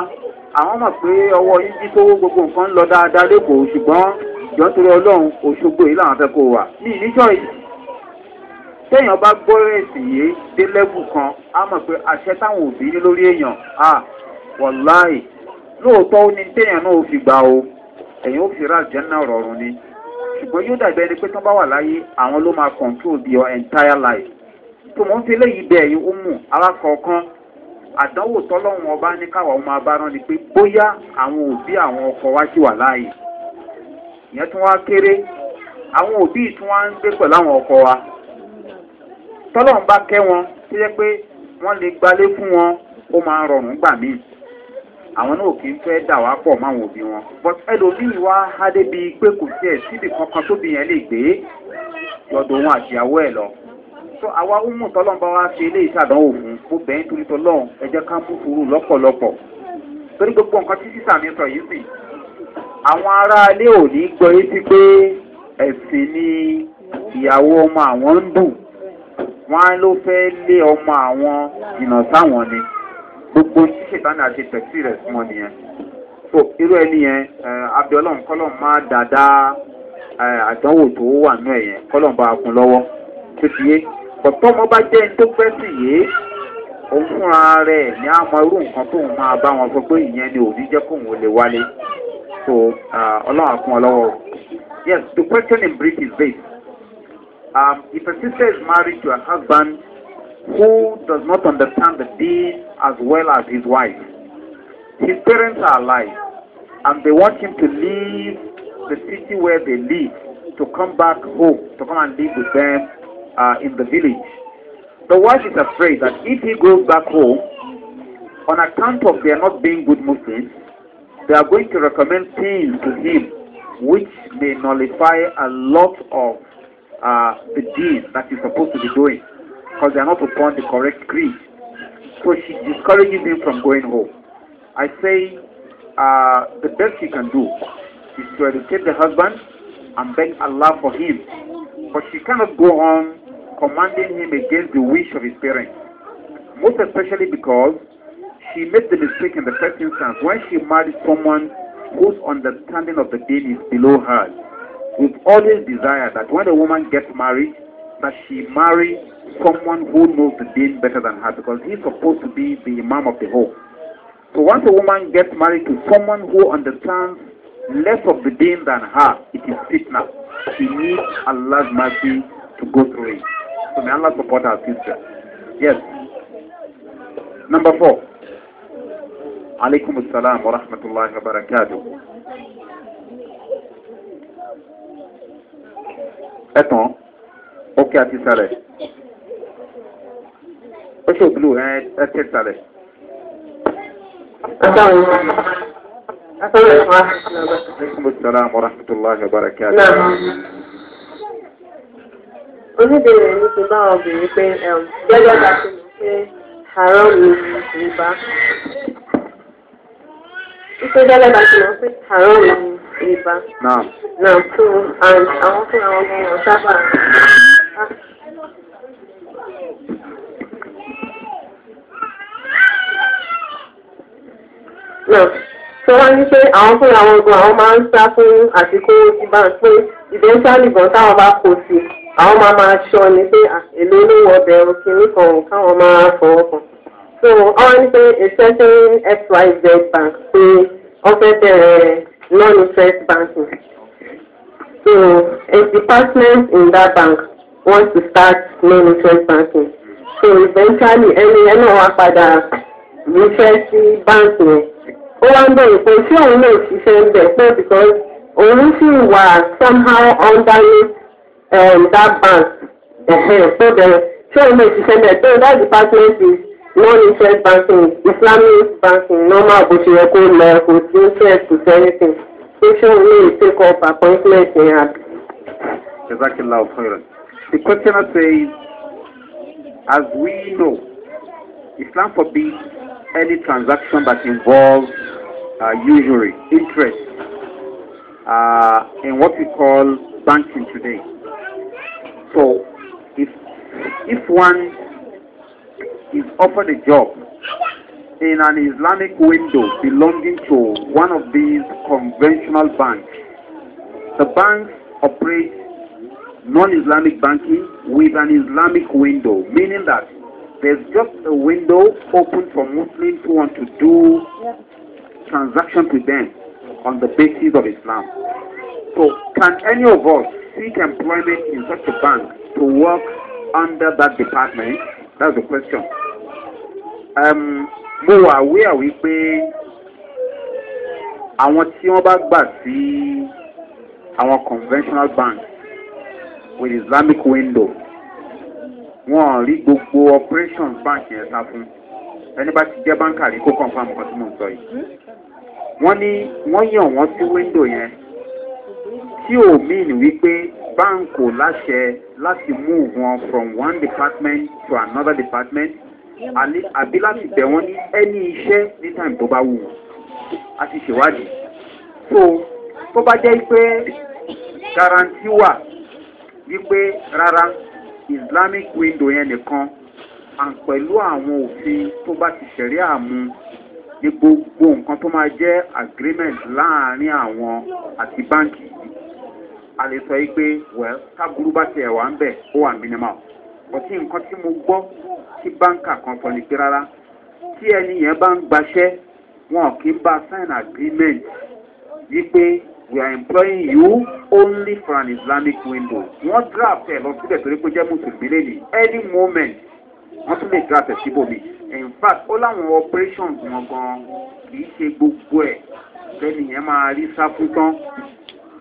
àwọn mọ̀ pé ọwọ́ yín jí tó gbogbo nǹkan ń lọ dáadáa lẹ́kọ̀ọ́ ṣùgbọ́n ìjọ́ntorí ọlọ́run òṣogbo yìí làwọn fẹ́ kó wà ní ìníjọ́ yìí téèyàn bá gbọ́ ẹ̀sìn yìí dé lẹ́bù kan á mọ̀ pé àṣẹ táwọn òbí ní lórí èèyàn à wọ̀láì lóòótọ́ ó ní téèyàn náà ó fi gbà o ẹ̀yìn ó rọrùn ni ṣùgbọ́n yóò dàgbẹ́ ẹni pé tán bá wà láyé àwọn ló máa control your entire life láàyè ìyẹn tún wá kéré àwọn òbí tọ́lọ́run bá kẹ́ wọn tó yẹ pé wọ́n lè gbalé fún wọn ó máa rọrùn gbà míì àwọn náà kì í fẹ́ dà wá pọ̀ máwọn òbí wọn but ẹlòmíì wá hádé bíi pé kò sí ẹ̀ síbi kankan tóbi yẹn lè gbé yọ̀dọ̀ òun àtìyàwó ẹ̀ lọ so àwa umu tọ́lọ́n bá wá ṣe ilé ìṣàdánwò fún mo bẹ̀yìn torí tọ́lọ́n ẹ jẹ́ ká mú furu lọ́pọ̀lọpọ̀ torí gbogbo nǹkan tí sísà mi sọ yìí sì àwọn aráalé ò ní gbọ́ yé sí pé ẹ̀sìn ni ìyàwó ọmọ àwọn ń dùn wọn á ló fẹ́ lé ọmọ àwọn ìnà sáwọn ni gbogbo ṣíṣètánì àti tẹ̀sí rẹ̀ súnmọ́ nìyẹn so irú ẹni yẹn abiọlọ́run kọ́lọ́n má dáadáa àdánwò tó wà nú ẹ̀ yẹn kọ́lọ́n bá a kún lọ́wọ́ tó ti yé ọ̀tọ́ ọmọ bá jẹ́ tó pẹ́ sí yìí òun fúnra rẹ̀ ní àmọ́ irú nǹkan tóun máa bá wọn sọ pé ìyẹn ni òbí jẹ́ kóun ò lè wálé so ọlọ́run àkún ọ lọ́wọ́ yes the question in brief is this. Um, if a sister is married to a husband who does not understand the deen as well as his wife, his parents are alive and they want him to leave the city where they live to come back home, to come and live with them uh, in the village. The wife is afraid that if he goes back home, on account of they are not being good Muslims, they are going to recommend things to him which may nullify a lot of uh, the deed that you're supposed to be doing because they are not upon the correct creed. So she discourages him from going home. I say uh, the best she can do is to educate the husband and beg Allah for him. But she cannot go on commanding him against the wish of his parents. Most especially because she made the mistake in the first instance when she married someone whose understanding of the deen is below hers. We've always desired that when a woman gets married, that she marry someone who knows the deen better than her because he's supposed to be the imam of the home. So once a woman gets married to someone who understands less of the deen than her, it is fitna. She needs Allah's mercy to go through it. So may Allah support our sister. Yes. Number four. Alaykum as-salam wa rahmatullahi wa barakatuh. ẹ̀tàn ókè àti ìsàlẹ̀ ó ṣe òbúlù ẹ̀ẹ́tẹ̀ ìsàlẹ̀. Assalamu Oníbèrè ní ti bá obìnrin pé gẹ́gẹ́ bá ti mọ̀ pé haram ni ìbá. Ipe gẹ́gẹ́ bá ti mọ̀ pé haram ni riba. Naam. Naam so and want to àwọn ọmọ wọn sábà. Naam so wọ́n ní pé àwọn fún àwọn ọgbọ̀n àwọn máa ń sá fún àsìkò ìbá pé ìdẹ́sálì gan táwọn bá kó sí àwọn máa máa ṣọ ni pé èlò olówó ọbẹ̀ òkìní kan káwọn máa fọwọ́ kan. So wọ́n ní pé a certain xyz bank pé wọ́n fẹ́ bẹ̀rẹ̀ non-interest banking. So a department in that bank wants to start non-interest banking. So eventually any ẹ náà wá padà ríṣẹ́ sí báǹkì yẹn. Ó wá ń bẹ̀rẹ̀ pé ṣé òun náà because only she was somehow under um, that bank. Ẹ̀hẹ̀n pé bẹ̀rẹ̀ ṣé òun náà ṣiṣẹ́ ń bẹ̀ pé that department is non-interest banking islamic banking normal bó ṣe yẹ kó lọ kò sí interest kò sí anything station lè take up appointment ní àbí. jazakallah khairan the questioner says as we know islam forbids any transaction that involves uh, usury interest uh, in what we call banking today so if if one is offered a job in an Islamic window belonging to one of these conventional banks. The banks operate non-Islamic banking with an Islamic window, meaning that there's just a window open for Muslims who want to do transactions with them on the basis of Islam. So can any of us seek employment in such a bank to work under that department? that's the question. Um, mo wà aware wípé àwọn tí wọ́n bá gbà sí àwọn conventional banks with islamic window wọn rí gbogbo operations bank yẹn sá fún ẹni bá ti jẹ́ báńkà rí kó confam kan tí mò ń sọ yìí wọ́n ní wọ́n yàn wọ́n sí window yẹn tí ò míìn wípé báńkò láṣẹ láti move wọn from one department to another department àbí láti bẹ̀ wọ́n ní ẹni iṣẹ́ ní time tó bá wù wọ́n a ti ṣèwádìí so tó bá jẹ́ pé garanti wà wípé rárá islamic window yẹn nìkan and pẹ̀lú àwọn òfin tó bá ti ṣẹ̀rí àmú ní gbogbo nǹkan tó máa jẹ́ agreement láàrin àwọn àti báńkì yìí a lè sọ yìí pé wẹ́ẹ́ káburú bá tiẹ̀ wà ń bẹ̀ ó wà mínímọ̀ ọtí nǹkan tí mo gbọ́ tí báńkà kan sọ ní pé rárá tí ẹni yẹn bá ń gbaṣẹ́ wọn kì í bá sign agreement wípé we are employing you only for an islamic window wọ́n draft ẹ̀ lọ síbẹ̀ torí pé jẹ́ mùsùlùmí lẹ́yìn any moment wọ́n tún lè draft ẹ̀ síbòmí in fact ó láwọn operations wọn gan kì í ṣe gbogbo ẹ̀ lẹ́nu yẹn máa rí sáfún tán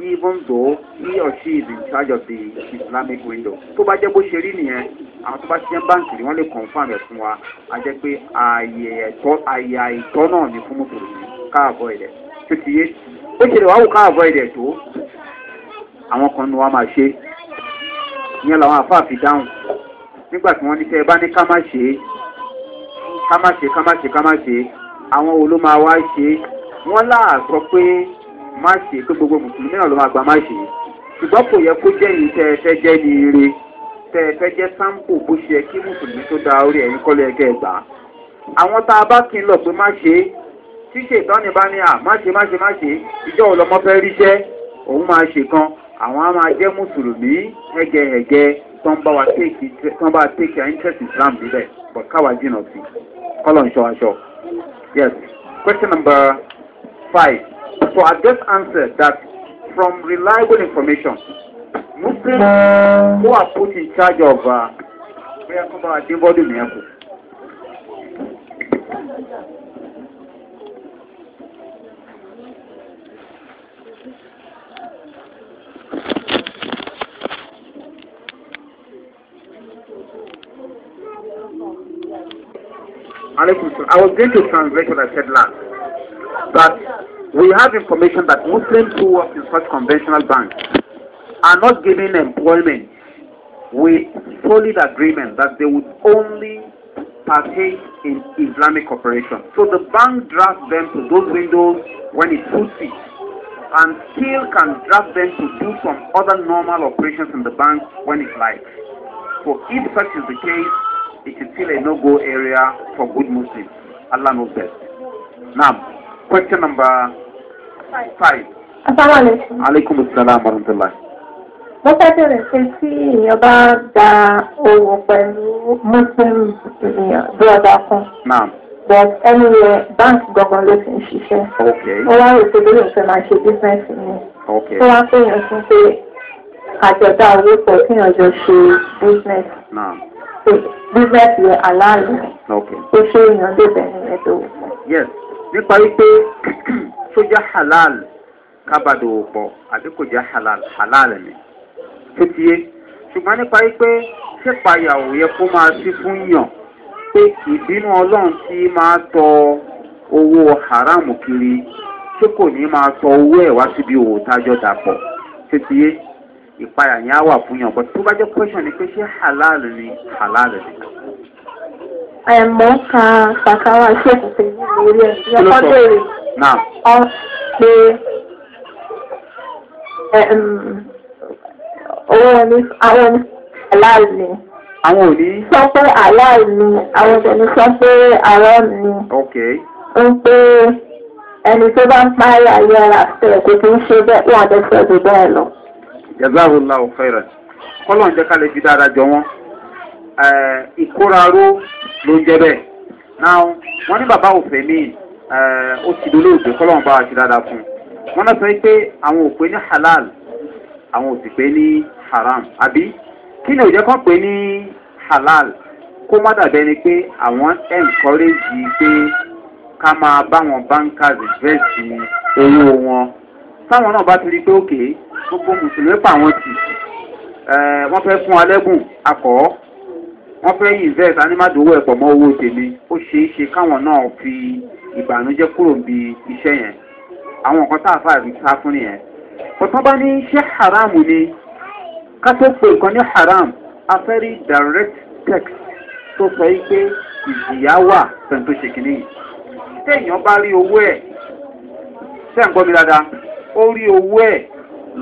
even though he or she is in charge of the islamic window tó bá jẹ́ bó ṣe rí nìyẹn àwọn tó bá ṣiṣẹ́ báǹkì ni wọ́n lè confam ẹ̀ fún wa a jẹ́ pé ààyè ẹ̀tọ́ ààyè àìtọ́ náà ni fún mùsùlùmí káàbọ̀ ilẹ̀ tó ti yé ó ṣe lè wá wò káàbọ̀ ilẹ̀ tó àwọn kan ni wọ́n máa ṣe ìyẹn làwọn àfáà fi dáhùn nígbà tí wọ́n ní sẹ́ ẹ bá ní ká má ṣe é ká má ṣe ká má ṣe ká má ṣe àwọn wo ló máa wá ṣe é wọ́n láà sọ pé máàṣì pé gbogbo mùsùlùmí náà ló máa gba máàṣì yìí ṣùgbọ́n kò yẹ kó jẹ́ yìí tẹ́ ẹ fẹ́ jẹ́ ní ire tẹ́ ẹ fẹ́ jẹ́ sáǹpù bó ṣe yẹ kí mùsùlùmí tó da orí ẹ̀yìn kọ́lé ẹgẹ́ gbà á. àwọn tá a bá kí n lọ pé má ṣe tí ṣètọ́ni bá ní à má ṣe má ṣe má ṣe ìjọ ọlọmọ fẹ́ ríṣẹ́ òun máa ṣe kan àwọn á máa jẹ́ mùsùlùmí ẹgẹẹgẹ tó ń bá wa tèkì tó ń bá wa tèkì interest islam bíbẹ̀ but káwa jìnnà sí kọ́lọ̀ ń ṣọ aṣọ. yes question number five. So I just answered that from reliable information, Muslims who are put in charge of Biakuba Adibodi Miyaku. I was going to translate what I said last. But We have information that Muslims who work in such conventional banks are not given employment with solid agreement that they would only partake in Islamic cooperation. So the bank drafts them to those windows when it suits it and still can draft them to do some other normal operations in the bank when it likes. So if such is the case, it is still a no-go area for good Muslims. Allah knows best. Now, question number five. asalaamualeykum. aleykum salaam wa rahmatulah. mo fẹ́ bẹ̀rẹ̀ pé tí èèyàn bá da owó pẹ̀lú muslim brother kan. naam. but anyway bank gbọ̀ngàn ló ti ń ṣiṣẹ́. ok. mo wá rò pé lóyún fẹ́ máa ṣe business mi. ok. tó wá pé èèyàn fún pé àjọ̀dá owó pọ̀ kí èèyàn jọ ṣe business. naam. So, business yẹn aláàlú. ok. ó ṣe èèyàn lè bẹ̀rẹ̀ ẹ̀dọ̀. yes nípa wípé tó jẹ́ halal kábàdòwò pọ̀ àbí kò jẹ́ halal halal ni tó ti yé ṣùgbọ́n nípa wípé ṣèpayàwó yẹ kó máa sí fún yàn pé ìbínú ọlọ́run tí máa tọ owó haram kiri tí kò ní máa tọ owó ẹ̀ wá síbi òwò tájọ́ dàpọ̀ tó ti yé ìpayà yẹn á wà fún yàn bọ́ tó bá jẹ́ question ni pé ṣé halal ni halal ni. ẹ̀mọ́ kan kàkàwá ṣèkùtì lórí ẹ̀ lọ́kọ́ bèrè ọ pé owó ní àwọn aláìní. àwọn ò ní. sọ pé aláìní àwọn ọ̀dọ́ni sọ pé àwọn ni. ok. ń pé ẹni tó bá ń pààyà yára fẹ́ kò kí ń ṣe bẹ́ẹ̀ wọ́n àdé sọ jù bẹ́ẹ̀ lọ. jazakallah khairan kọ́lọ̀ ń jẹ́ ká lè fi dáadáa jọ wọ́n ìkóraró ló jẹ́ bẹ́ẹ̀ náà wọ́n ní bàbá òfin míì. Eh, ó ti dolóògbé kọ́lọ́run bá aṣọ dáadáa fún un wọ́n náà sọ pé àwọn ò pé ní halal àwọn ò sì pé ní haram àbí kí ni òjẹ́ kan pé ní halal kó má dàbẹ́ ni pé àwọn ẹ̀ǹkọ́rẹ́jì pé ká máa bá wọn bankers vẹ́ẹ̀sì owó wọn táwọn náà bá ti rí pé òkè gbogbo mùsùlùmí pa àwọn tì eh, wọ́n fẹ́ fún alẹ́gùn akọ́ wọ́n fẹ́ invest animal dowó ẹ̀pọ̀ mọ́ owó tèmi ó ṣeé ṣe káwọn náà fi ìbànújẹ́ kúrò bí iṣẹ́ yẹn àwọn nǹkan tá a fà rí sá fún nìyẹn ọ̀tọ́ bá ní ṣé haramu ni ká tó pe nǹkan ní haram a fẹ́ rí direct text tó sọ yìí pé ìjìyà wà pẹ̀lú tó ṣe kìíní yìí téèyàn bá rí owó ẹ̀ ṣé ń gbọ́ mi dáadáa ó rí owó ẹ̀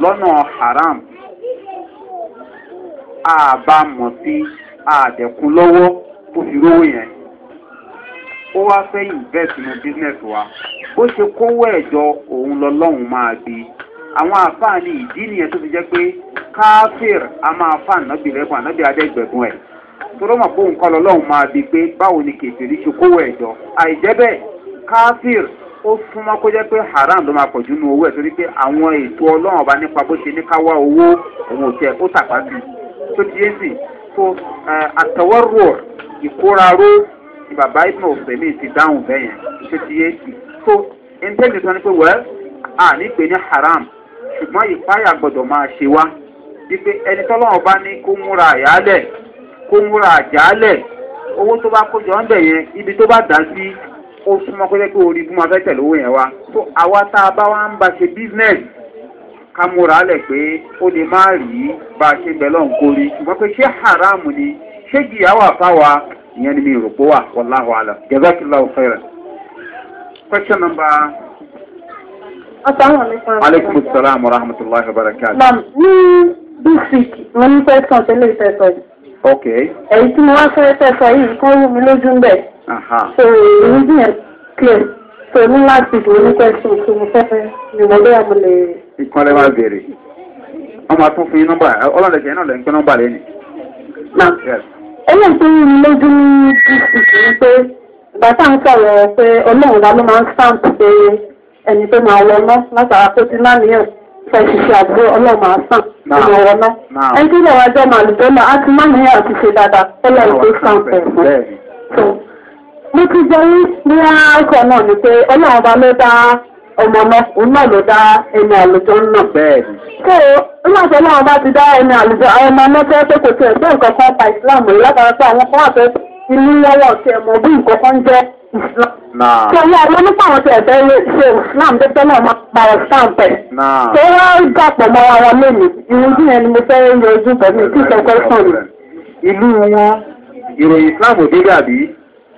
lọ́nà haram àbámọ̀ sí àdẹ̀kùn lọ́wọ́ tó fi rówó yẹn. ó wá fẹ́ invest wa bó ṣe kówó ẹ̀jọ òun lọ́lọ́run máa gbé àwọn àfààní ìdí nìyẹn tó fi jẹ́ pé káfíìr a máa fà nábì lẹ́kùn ànábì adẹ́gbẹ̀gùn ẹ̀ tóró mọ̀ pé òun kọ́ máa bi pé báwo ni kèfèrí ṣe kówó ẹ̀jọ àìjẹ́ bẹ́ẹ̀ káfíìr ó súnmọ́ kó jẹ́ haram ló máa pọ̀jù owó ẹ̀ torí pé àwọn ètò ọlọ́run ọba nípa bó ṣe ní ká wá owó òun ò bàbá ìmọ̀ òfèmí ti dáhùn bẹ́ẹ̀ yẹn tó ti yé tó intanet sọ ni pé wẹ́ẹ́ à ní ní haram ṣùgbọ́n ìpáyà gbọ́dọ̀ máa ṣe wá wípé ẹni tọ́lọ́wọ́n bá ní kó múra àyálẹ̀ kó múra àjálẹ̀ owó tó bá kójọ ọ́ndẹ̀ yẹn ibi tó bá dá sí ó súnmọ́ pé pé orí búmọ́ fẹ́ tẹ̀lé owó yẹn wá tó àwa tá a bá wá ń ba ṣe business ká múra lẹ̀ pé ó lè má rí bá a ṣe bẹ̀ lọ́nkórí ṣùgbọ́n pé ṣé haram ni ṣé jìyà wà ìyẹn ni mi rò pé wà wàláhù àlà jẹ́bẹ́kìlá òfẹ́rẹ̀. question number. asalaamualeykum. aleykum salaam wa rahmatulahi wa barakatu. naam ní this week mo ní question tẹ́lẹ̀ ìfẹ́sọ̀ yìí. ok. èyí tí mo wá fẹ́ fẹ́sọ̀ yìí kó wù mí lójú ń bẹ̀. so èyí dìyẹn clear so ní láti ìdúró ní question tí mo fẹ́ fẹ́ ni mo bẹ́ẹ̀ mo lè. ìkànnì máa bèrè wọ́n máa tún fún yín nọ́mbà ọlọ́dẹ̀kẹ́ lẹ́yìn pé nọ́mbà lẹ́yìn. naam. yes. ẹlẹ́yìn tó ń lójú ní dìsìkì ni pé bàtà ń sọ̀rọ̀ pé ọlọ́run la máa ń stamp pé ẹni tó máa wọ ná látara tó ti láníyàn fẹ́ ṣiṣẹ́ àdúgbò ọlọ́run máa sàn tó máa wọ ná ẹni tó lọ́wọ́ ajọ́ màálù tó náà á ti láníyàn àti ṣe dáadáa ọlọ́run tó ẹ̀ fún. mo ti náà ni pé ọlọ́run ọba ló dá ọmọ lọ òun náà ló dá ẹni àlùjọ náà. bẹ́ẹ̀ ni. kó o nígbà tí ọlọ́run bá ti dá ẹni àlùjọ àwọn ọmọ náà fẹ́ pé kò tiẹ̀ gbé nǹkan kan pa ìsìláàmù yìí látara pé àwọn kan wà fẹ́ ilé lọ́wọ́ ti ẹ̀ mọ̀ bí nǹkan kan jẹ́ ìsìláàmù. tó yẹ àwọn nípa àwọn ti ẹ̀fẹ́ ṣe ìsìláàmù tó tẹ́lẹ̀ máa pa ọ̀sán pẹ̀. tó wá dàpọ̀ mọ́ ara lónìí ìrújú yẹn ni mo fẹ́ yọjú pẹ̀lú ìtìsẹ̀kọ́ sọ̀rọ̀. ìlú wọn ìròyìn ìsìláàmù dé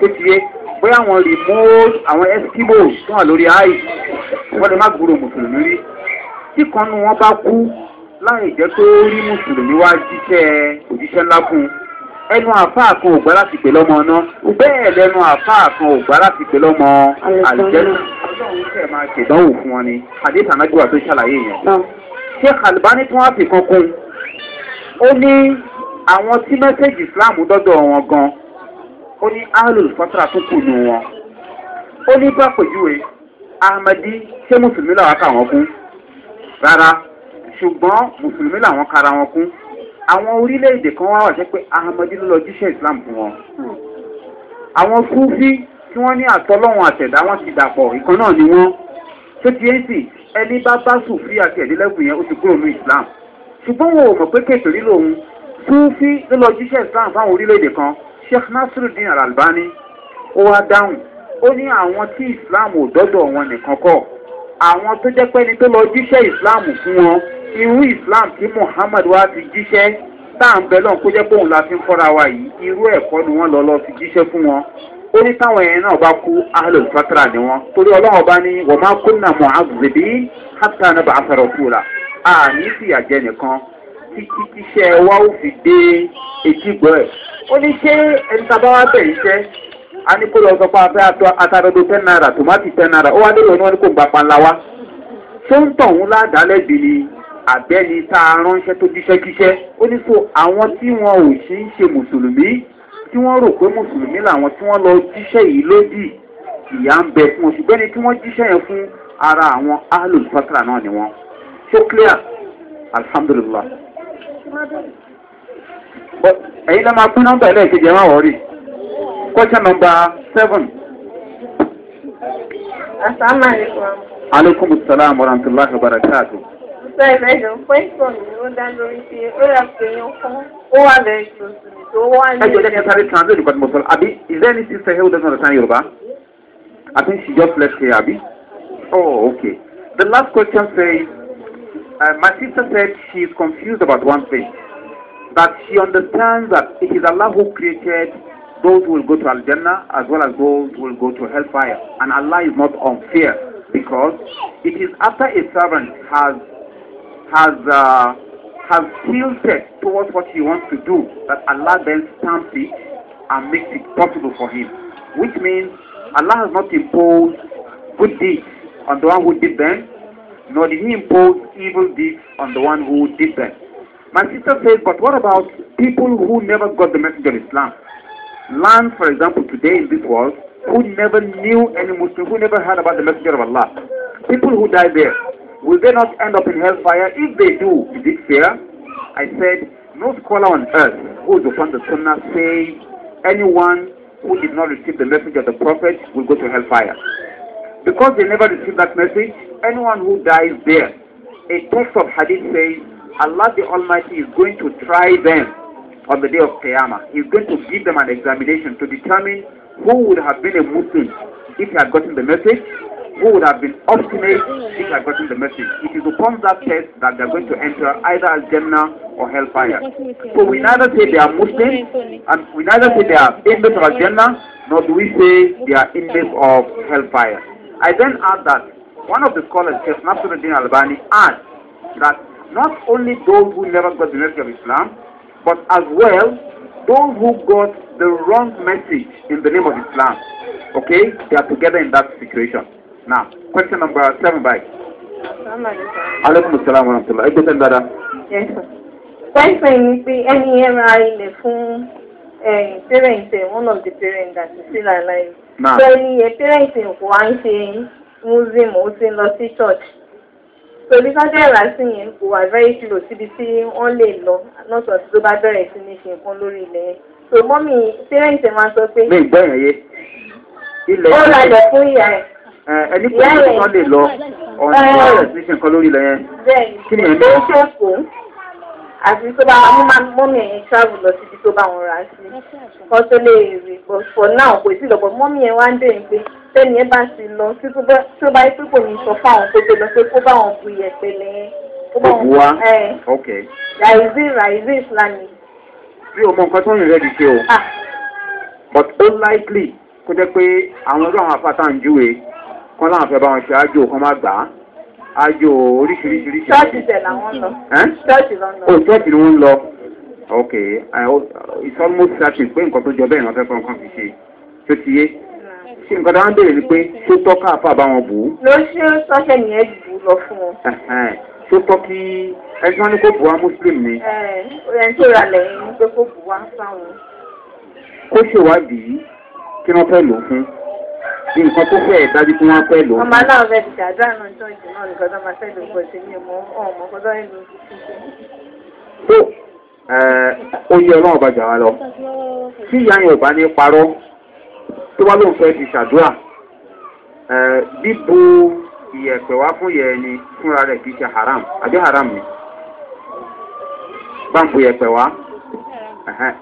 kékeré bóyá àwọn remote àwọn eskimos tó wà lórí ayé wọ́n lè má gbúrò mùsùlùmí rí tí kan nu wọn bá kú láì jẹ́ pé ó rí mùsùlùmí wá jíṣẹ́ òjíṣẹ́ ńlá fún un ẹnu àfáà kan ò gbá láti pè lọ́mọ ọ̀nà bẹ́ẹ̀ lẹnu àfáà kan ò gbá láti pè lọ́mọ àlùjẹ́nu ọlọ́run fẹ́ máa ṣèdánwò fún wọn ni àdéhùn anájúwà tó ṣàlàyé yẹn. ṣé kàlùbáni tí wọ́n fi kan ó ní àwọn tí mẹ́sẹ̀gì islam dọ́dọ̀ wọn gan-an ó ní ahlul fatra tó kù nù wọn ó ní bá pèjúwe ahmadi ṣé mùsùlùmí làwọn kà wọn kún rárá ṣùgbọ́n mùsùlùmí làwọn kara wọn kún àwọn orílẹ̀-èdè kan wá wà jẹ́ pé ahmadi ló lọ jíṣẹ́ islam fún wọn àwọn sufi tí wọ́n ní àtọ́lọ́wọ̀n àtẹ̀dá wọn ti dàpọ̀ ìkan náà ni wọ́n tó ti ń sì ẹni bá bá sufi àti ẹ̀dínlẹ́gùn yẹn ó ti kúrò ní islam ṣùgbọ́n wọn ò mọ̀ pé kékeré lòun sufi ló lọ jíṣẹ́ islam fáwọn orílẹ̀-èdè kan sheikh nasiruddin alalbani ó wá dáhùn ó ní àwọn tí islam ò dọ́dọ̀ wọn nìkan kọ́ àwọn tó jẹ́ pẹ́ni tó lọ jíṣẹ́ islam fún wọn irú islam tí muhammad wá ti jíṣẹ́ tá à ń bẹ lọ́n kó jẹ́ pé la fi ń fọ́ra wa yìí irú ẹ̀kọ́ ni wọ́n lọ lọ fi jíṣẹ́ fún wọn ó ní táwọn ẹ̀yẹn náà bá kú ahlul fatra ni wọn torí ọlọ́wọ́n bá ní wọ́n máa kó nà muhammed hàtà náà bá a fẹ́ràn kú la àní fìyà jẹ nìkan títí tíṣẹ́ wa ó fi dé etígbọ́ ẹ̀ ó ní ṣé ẹni tàbá wá bẹ̀ iṣẹ́ a ní kó lọ sọ pé afẹ́ atadodo ten naira tòmátì ten naira ó wá dé ìròyìn wọn ní kò gbà panla wá ṣé ń tọ̀hún ládàálẹ̀bì ni àbẹ́ni tá a ránṣẹ́ tó jíṣẹ́ jíṣẹ́ ó ní so àwọn tí wọn ò sí ń ṣe mùsùlùmí tí wọ́n rò pé mùsùlùmí làwọn tí wọ́n lọ jíṣẹ́ yìí lódì ìyá ń bẹ fún oṣù gbẹ́ni tí wọ́n jíṣẹ́ yẹn fún ara àwọn ahlul fatra náà ni wọ́n ṣó clear alhamdulilah èyí lọ́ máa pín nọ́mbà ẹlẹ́ẹ̀kejì ẹ̀ máa wọ̀ rí question number seven. asalaamualeykum. aleykum warahmatullahi wa rahmatulahi wa barakatu. sọ ìbẹ́jọ dá lórí pé ó yà pé yín fún ó wà lẹ́yìn tó sì tó wà ní. ẹ jẹ́ jẹ́ kí n sáré translate nǹkan tí mo sọ àbí is there any sister here who doesn't understand yorùbá i think she just left here àbí. oh okay the last question says uh, my sister said she is confused about one thing that she understands that it is Allah who created those who will go to Al Jannah as well as those who will go to Hellfire. And Allah is not unfair because it is after a servant has has uh, has tilted towards what he wants to do that Allah then stamps it and makes it possible for him. Which means Allah has not imposed good deeds on the one who did them, nor did he impose evil deeds on the one who did them. My sister says, but what about people who never got the message of Islam? Land, for example, today in this world, who never knew any Muslim, who never heard about the messenger of Allah. People who die there, will they not end up in hellfire? If they do, is it fair? I said, no scholar on earth who is upon the sunnah says anyone who did not receive the message of the prophet will go to hellfire. Because they never received that message, anyone who dies there, a text of hadith says, Allah the Almighty is going to try them on the day of Qiyamah. He's going to give them an examination to determine who would have been a Muslim if he had gotten the message, who would have been obstinate if he had gotten the message. It is upon that test that they're going to enter either as Jannah or hellfire. So we neither say they are Muslims, and we neither say they are inmates of Jannah, nor do we say they are inmates of hellfire. I then add that one of the scholars, Sheikh Nasruddin Albani, adds that not only those who never got the message of Islam, but as well those who got the wrong message in the name of Islam. Okay? They are together in that situation. Now, question number seven by. Aleykum salaam wa rahmatulah. Ẹ gbẹ́sẹ̀ dáadáa. Question ni pé ẹni e ẹ ra ilẹ̀ parent one of the parents that is still alive. Bẹ́ẹ̀ni ẹ parent kò wá ń ṣe Muslim ó ti church. So pẹ̀lú sunday rising yẹn kò wà very close síbi tí wọ́n lè lọ lọ́sọ̀ tí ó bá bẹ̀rẹ̀ sí ní ṣe nǹkan lórí ilẹ̀ yẹn so mọ́mì parents ẹ̀ máa sọ pé. mi ìgbọ́ yẹn yé ilẹ̀ yẹn. ó lajọ fún ìyá ẹ̀. ẹni pẹ̀lú sunday lọ ọ̀nà ìwà rẹ̀ sí ṣe nǹkan lórí ilẹ̀ yẹn. bẹ́ẹ̀ ni kí ni ẹ̀ lọ àti tó bá wọn mú mọ́mí ẹ̀yìn travel lọ síbi tó bá wọn rà sí kọ́ tó lè rí but for now kò sí lọ́pọ̀ mọ́mí ẹ̀ wá ń dè ní pé tẹ́ni ẹ bá ti lọ tí ó bá yẹ pé kò ní sọ fáwọn tó lọ pé kó bá wọn bu iyẹ̀pẹ̀ lẹ́yìn kó bá wọn bu ẹ̀ ràìzí bí o mọ nǹkan tó ń rẹ̀ di ṣe o ah. but ó kó jẹ́ pé àwọn ọlọ́run afáta ń júwe kán láwọn fẹ́ bá wọn ṣe àjò kan má gbà á ayò oríṣiríṣiríṣi. ṣọ́ọ̀ṣì tẹ̀ làwọn lọ. ṣọ́ọ̀ṣì lọ. o oh, ṣọ́ọ̀ṣì ni wọ́n ń lọ. ok it's almost certain pé nǹkan tó jọ bẹ́ẹ̀ ni wọ́n fẹ́ fọ́n kan fi ṣe tó ti yé. ṣé nǹkan tó wá ń béèrè ni pé ṣó tọ́ káàfà bá wọn bù ú. ló ṣe sọ́ṣẹ̀ nìyẹn jù lọ fún wọn. ṣó tọ́ kí ẹjọ́ ní kó bù wá muslim ni. ẹ ẹ tó ra lẹ́yìn pé kó bù wá fáwọn. kó ṣèwádìí kí wọ́n fẹ́ lò ó fún. nǹkan tó fẹ́ dájú kí wọ́n pẹ́ lò. ọmọ aláwọ̀ rẹ̀ ti dàdú àná náà nìkan tó máa fẹ́ sí ní ọmọ ọmọ ọgọ́dọ̀ ìlú. tó ó yẹ ọlọ́run bàjẹ́ lọ tí ìyá yẹn ò bá ní parọ́ lóun fẹ́ ti ṣàdúrà bíbo ìyẹ̀pẹ̀ wá fún yẹ haram àbí haram ni báńkù wá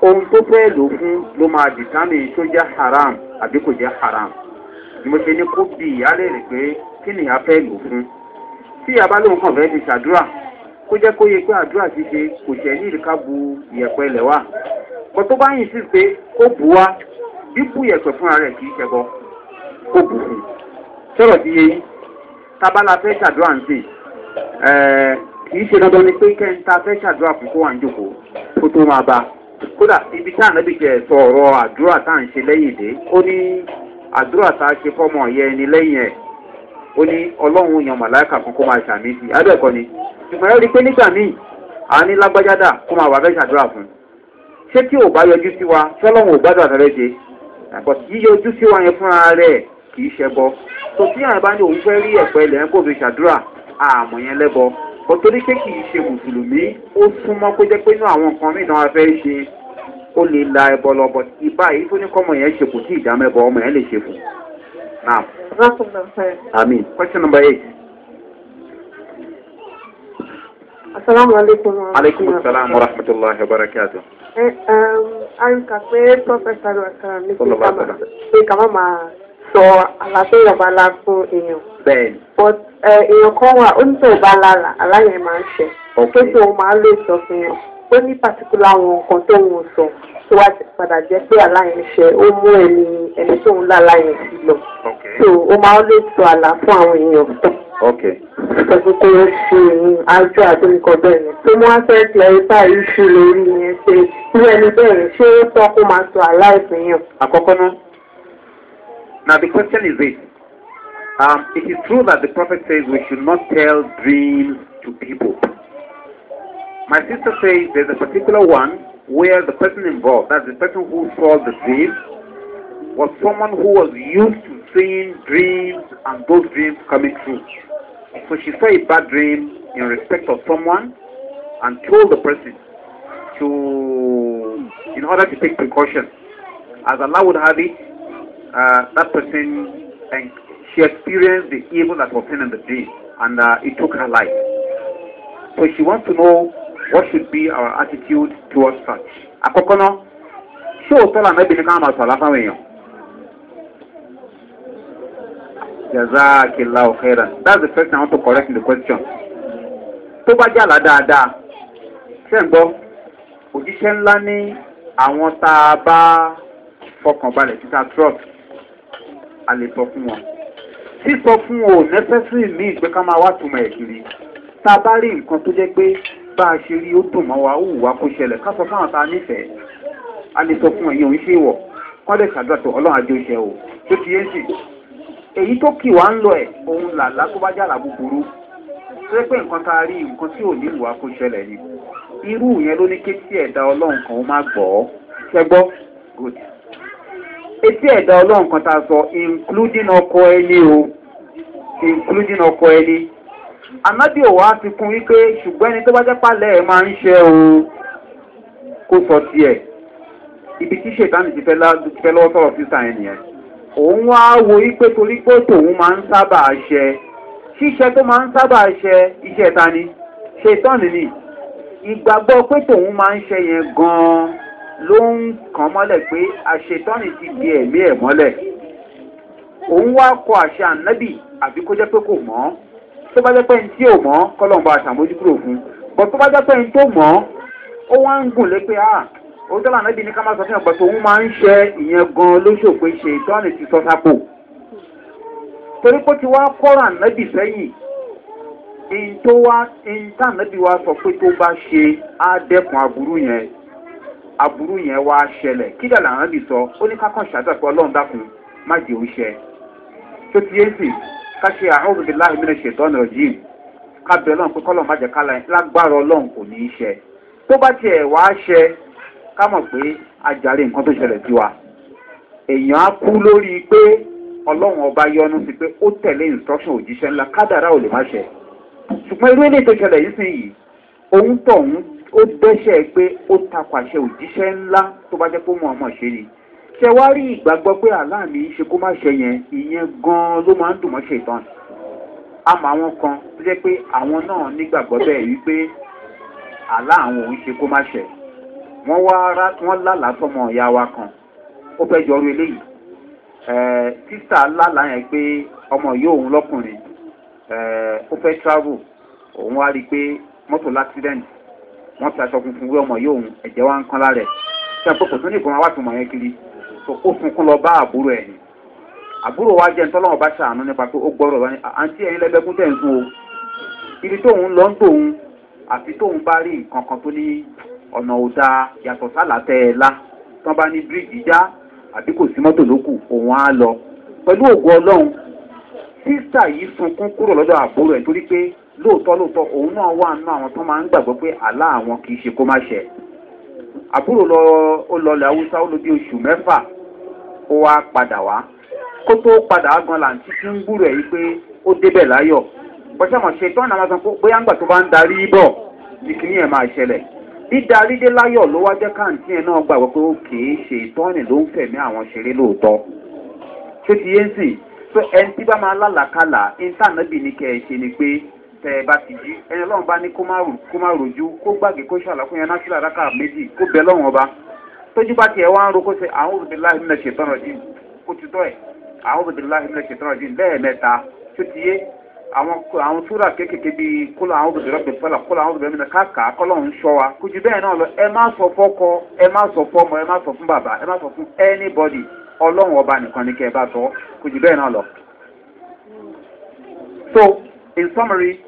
ohun tó fẹ́ lò fún ló máa haram àbí haram. mo ṣe ní kó bì í alẹ́rìí pé kí ni a fẹ́ lò fún tí a bá lóun kàn fẹ́ ti ṣàdúrà kó jẹ́ kó yẹ pé àdúrà ṣíṣe kò ṣẹ̀ ní ìdíkà bu ìyẹ̀pẹ̀ ilẹ̀ wa kò tó bá yìn sí pé kó bu wa bíbú ìyẹ̀pẹ̀ fúnra rẹ̀ kì í ṣẹbọ kó bù fún sọ̀rọ̀ ti yẹ yín tábàlà fẹ́ ṣàdúrà ń sè eh, kì í ṣe dandan ni pé kẹ́ńtà fẹ́ ṣàdúrà fún kó wà ń jòkó kó tó máa ba kódà ibi táà náà bìí ọ̀rọ̀ àdúrà táà ń ṣe lẹ́yìn dé ó ní àdúrà tá a ṣe fọmọ ọ̀yẹ ẹni lẹ́yìn ẹ̀ ó ní ọlọ́run yan màláìkà kan kó máa ṣàmì sí abẹ́ẹ̀kọ́ ni ṣùgbọ́n ẹ rí i pé nígbà míì a ní lágbájádà kó máa wà fẹ́ ṣàdúrà fún ṣé tí ò bá yọjú sí wa ṣọlọ́run ò gbádùn àtàrẹ́ ṣe yíyọjú sí wa yẹn fúnra rẹ̀ kì í ṣẹbọ tó tí àyàn bá ní òun fẹ́ rí ẹ̀pẹ́ ilẹ̀ ẹ̀ fi ṣàdúrà àmọ̀ yẹn lẹ́bọ kò torí pé kì í ṣe mùsùlùmí ó súnmọ́ pé jẹ́ pé inú àwọn nǹkan mìíràn a fẹ́ ṣe ó lè la ẹbọ lọ bọ ìbá yìí tó ní kọ́mọ yẹn ṣe kò tí ìjà mẹ́bọ ọmọ yẹn lè ṣe fún. Now, Amin. Question number eight. Asalaamualeykum. Aleykum salaam wa rahmatulahi wa barakatu. Ẹ eh, um, pé Prophet Sadu Asalaam ní kí máa pé ká máa sọ àlàfo ìyọ̀bá la fún èèyàn. Bẹ́ẹ̀ni. But eh, èèyàn kan wà ó ní tó bá lára aláyẹ̀ máa ń ṣe. Ó kéde òun máa lè sọ fún yàn ó ní pàtíkùlà àwọn nǹkan tó ń sọ tó wá padà jẹ́ pé aláyẹn ó mú ẹni ẹni tó ń lá aláyẹn sí lọ so ó máa ń lè sọ àlá fún àwọn èèyàn sọ pé kó o ṣe àjọ àti nǹkan ni tó wọ́n fẹ́ clarify iṣu lórí yẹn ṣe irú ẹni bẹ́ẹ̀ ṣé ó tọ́ kó máa sọ àlá ìpínyàn. àkọ́kọ́ náà now the question is this um, it is true that the prophet says we should not tell dreams to people. My sister says there's a particular one where the person involved, that's the person who saw the dream, was someone who was used to seeing dreams and those dreams coming true. So she saw a bad dream in respect of someone and told the person to, in order to take precaution. As Allah would have it, uh, that person, and she experienced the evil that was seen in the dream and uh, it took her life. So she wants to know what should be our attitude towards such. àkọ́kọ́ náà ṣé òótọ́ làmọ́ ẹbí ni ká máa sọ̀rọ̀ fáwọn èèyàn. jazakillahu khairan that's the first thing i want to correct in the question. tó bá jàlá dáadáa ṣe ń gbọ́ òjíṣẹ́ ńlá ní àwọn tá a bá fọkàn balẹ̀ títa trust a lè sọ fún wọn. sísọ fún o necessary means pé ká máa wá túmọ̀ ẹ̀ kiri tá a bá rí nǹkan tó jẹ́ pé bá a ṣe rí ó dùn mọ́ wa ó wù wá kó ṣẹlẹ̀ ká sọ fáwọn tá a nífẹ̀ẹ́ a lè sọ fún ẹ̀yin òun ṣe wọ̀ kọ́lẹ̀ ṣàdúràtọ̀ ọlọ́run àjọ ìṣẹ́ o tó ti yé sí èyí tó kì wá ń lọ ẹ̀ òun làlá tó bá jàlá búburú tó pé nǹkan tá a rí nǹkan tí ò ní wù kó ṣẹlẹ̀ ni irú yẹn ló ní kétí ẹ̀dá ọlọ́run kan ó má gbọ́ ṣẹgbọ́ good etí ẹ̀dá ọlọ́run kan tá a sọ including ọkọ ẹni o including ọkọ ẹni ànábì ò wá fi kún wípé ṣùgbọ́n ẹni tó bá jẹ́ pálẹ̀ ẹ̀ máa ń ṣe o kó sọ tiẹ̀ ibi tí ṣètánì ti fẹ́ lọ́wọ́ sọ̀rọ̀ sísà yẹn nìyẹn òun wá wo wípé torí pé tòun máa ń sábà ṣe ṣíṣe tó máa ń sábà ṣe iṣẹ́ ta ni ṣètánì ni ìgbàgbọ́ pé tòun máa ń ṣe yẹn gan-an ló ń kàn mọ́lẹ̀ pé àṣetánì ti di ẹ̀mí ẹ̀ mọ́lẹ̀ òun wá kọ àṣà ànábì àbí kó jẹ́ pé kò mọ́ tó bá jẹ́ pé ní tí ò mọ́ kọ́lọ̀ ń bá aṣàmójúkúrò fún bọ̀ tó bá jẹ́ pé ní tó mọ́ ó wá ń gùn lé pé ah òótọ́ làná ibi ní ká má sọ fún ọ̀pọ̀ tòun máa ń ṣe ìyẹn gan lóṣòpin ṣe ìtọ́ni ti sọ sápò torí pé tí wá kọ́ra ànábì sẹ́yìn èyí tó wá èyí tá ànábì wá sọ pé tó bá ṣe á dẹ́kun aburú yẹn aburú yẹn wá ṣẹlẹ̀ kí dàlà ànábì sọ ó ní ká kàn ọlọ́run dákun má jẹ́ òṣẹ tó ti yé sí ká ṣe àhóòrò bíi láì mílẹ̀ ṣètò ọ̀nà yìí ká bẹ ọlọ́run pé kọ́lọ́run má jẹ́ ká lágbára ọlọ́run kò ní í ṣe tó bá tiẹ̀ wá ṣe ká mọ̀ pé ajáre nǹkan tó ṣẹlẹ̀ sí wa èèyàn á kú lórí pé ọlọ́run ọba yọnu sí pé ó tẹ̀lé instruction òjíṣẹ́ ńlá kádàrá ò lè má ṣe ṣùgbọ́n irú eléyìí tó ṣẹlẹ̀ yìí sìn yìí òun tọ̀hún ó dẹ́ṣẹ̀ pé ó takò àṣẹ òjíṣẹ́ ńlá tó bá jẹ́ pé ó mọ̀ ọmọ ṣe ni ṣẹwárí ìgbàgbọ́ pé aláàmì ṣe kó má ṣe yẹn ìyẹn gan-an ló máa ń dùn mọ́ ṣètàn àmọ́ àwọn kan tó jẹ́ pé àwọn náà nígbàgbọ́ bẹ́ẹ̀ wípé aláàwọn òun ṣe kó má ṣe wọ́n wá ara wọ́n lálàá sọmọ ìyá wa kan ó fẹ́ jọrú eléyìí sísà lálàá yẹn pé ọmọ yìí òun lọ́kùnrin ó fẹ́ travel òun wá rí i pé mọ́tò l'accident wọ́n fi aṣọ funfun wé ọmọ yìí òun ẹ̀jẹ̀ wá ń kán lára ẹ̀ ṣe àpòkò tó ní ìbọn wá tó mọ̀ yẹn kiri so ó sunkún lọ bá àbúrò ẹ̀ ni àbúrò wa jẹ́ ntọ́lọ́wọ́ bá ṣàánú nípa pé ó gbọ́rọ̀ wá ní àǹtí ẹ̀yin lẹ́gbẹ́kún tẹ̀ ń o ibi tóun lọ ń àfi tóun bá rí nǹkan kan tó ní ọ̀nà òda yàtọ̀ sálàtẹ̀ ẹ̀ la tán bá ní bíríìjì já àbí kò sí mọ́tò lókù òun á lọ pẹ̀lú sunkún kúrò lọ́dọ̀ àbúrò ẹ̀ torí pé lóòótọ́ lóòótọ́ òun náà wà nínú àwọn tó máa ń gbàgbọ́ pé àlá àwọn kì í ṣe kó kó wá padà wá kó tó padà wá gan làǹtí tí ń gbúrò ẹ̀ yìí pé ó débẹ̀ láyọ̀ bọ́sẹ̀mọ̀ ṣe tọ́nà máa sọ pé bóyá tó bá ń darí bọ̀ ní ẹ̀ máa ṣẹlẹ̀ dídarí dé láyọ̀ ló wá jẹ́ káàntì ẹ̀ náà gbàgbọ́ pé ó kìí ṣe ìtọ́ni ló ń fẹ̀mí àwọn ṣeré lóòótọ́ ṣé ti yé ń sìn pé ẹni tí bá máa lálàkàlà íńtánẹ́bì ní kẹ́ ẹ ṣe ni pé tẹ ẹ bá ti jí ẹni ọlọ́run bá ní kó má rojú kó gbàgbé kó ṣàlàkùn yẹn náà sílẹ̀ àdákà méjì kó bẹ lọ́run ọba tójú bá tiẹ̀ wá ń ro ṣe àwọn anybody ọlọ́run ọba nìkan ni kẹ́ bá sọ kó ju bẹ́ẹ̀ náà lọ. so in summary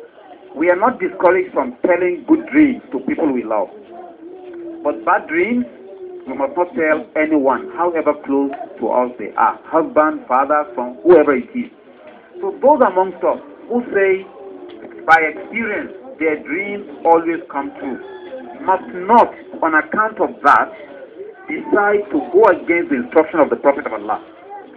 we are not discouraged from telling good dreams to people we love but bad dreams we must not tell anyone, however close to us they are, husband, father, son, whoever it is. So those amongst us who say, by experience, their dreams always come true, must not, on account of that, decide to go against the instruction of the Prophet of Allah.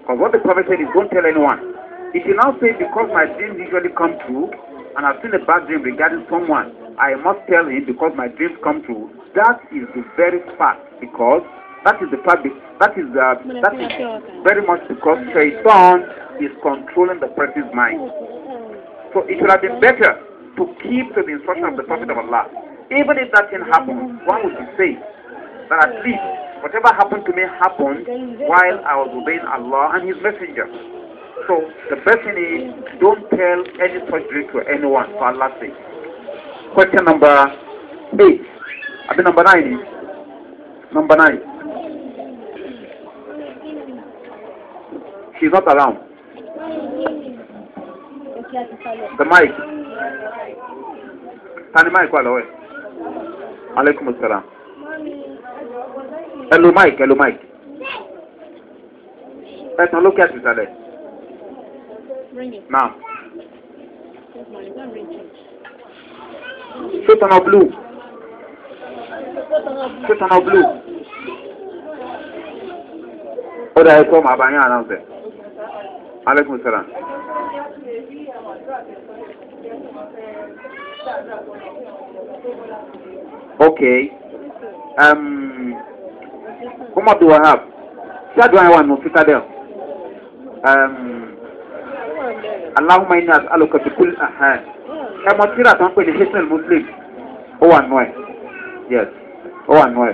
Because what the Prophet said is, don't tell anyone. If you now say, because my dreams usually come true, and I've seen a bad dream regarding someone, I must tell him because my dreams come true, That is the very part because that is the part that is uh, that is very much because Shaitan is controlling the person's mind. So it would have been better to keep to the instruction of the Prophet of Allah. Even if that thing happened, one would be safe. But at least whatever happened to me happened while I was obeying Allah and His Messenger. So the best thing is don't tell any such dream to anyone for Allah's sake. Question number eight. àbí number nine. ni nọmba náì she is not around the mic tani mic wà lọ́wọ́ ẹ̀ aleykum salaam mic Hello, mic ẹ tán lókè àti ìsàlẹ̀ náà ṣé tọ́nà blue. Sotana blue. Ó dà ẹ̀kọ́ màá bá yín àrán fẹ̀. Alaikum salaam. Ok. Um, Umar Abdul Wahab. Ṣé àdúrà wà nù Citadel? Um, Allahumma inna as'aluka bi kulli ahad. Ẹ mọ tíra tó ń pè ní Hasan Muslim. Ó wà nù ẹ̀. Yes ó wà nú ẹ̀.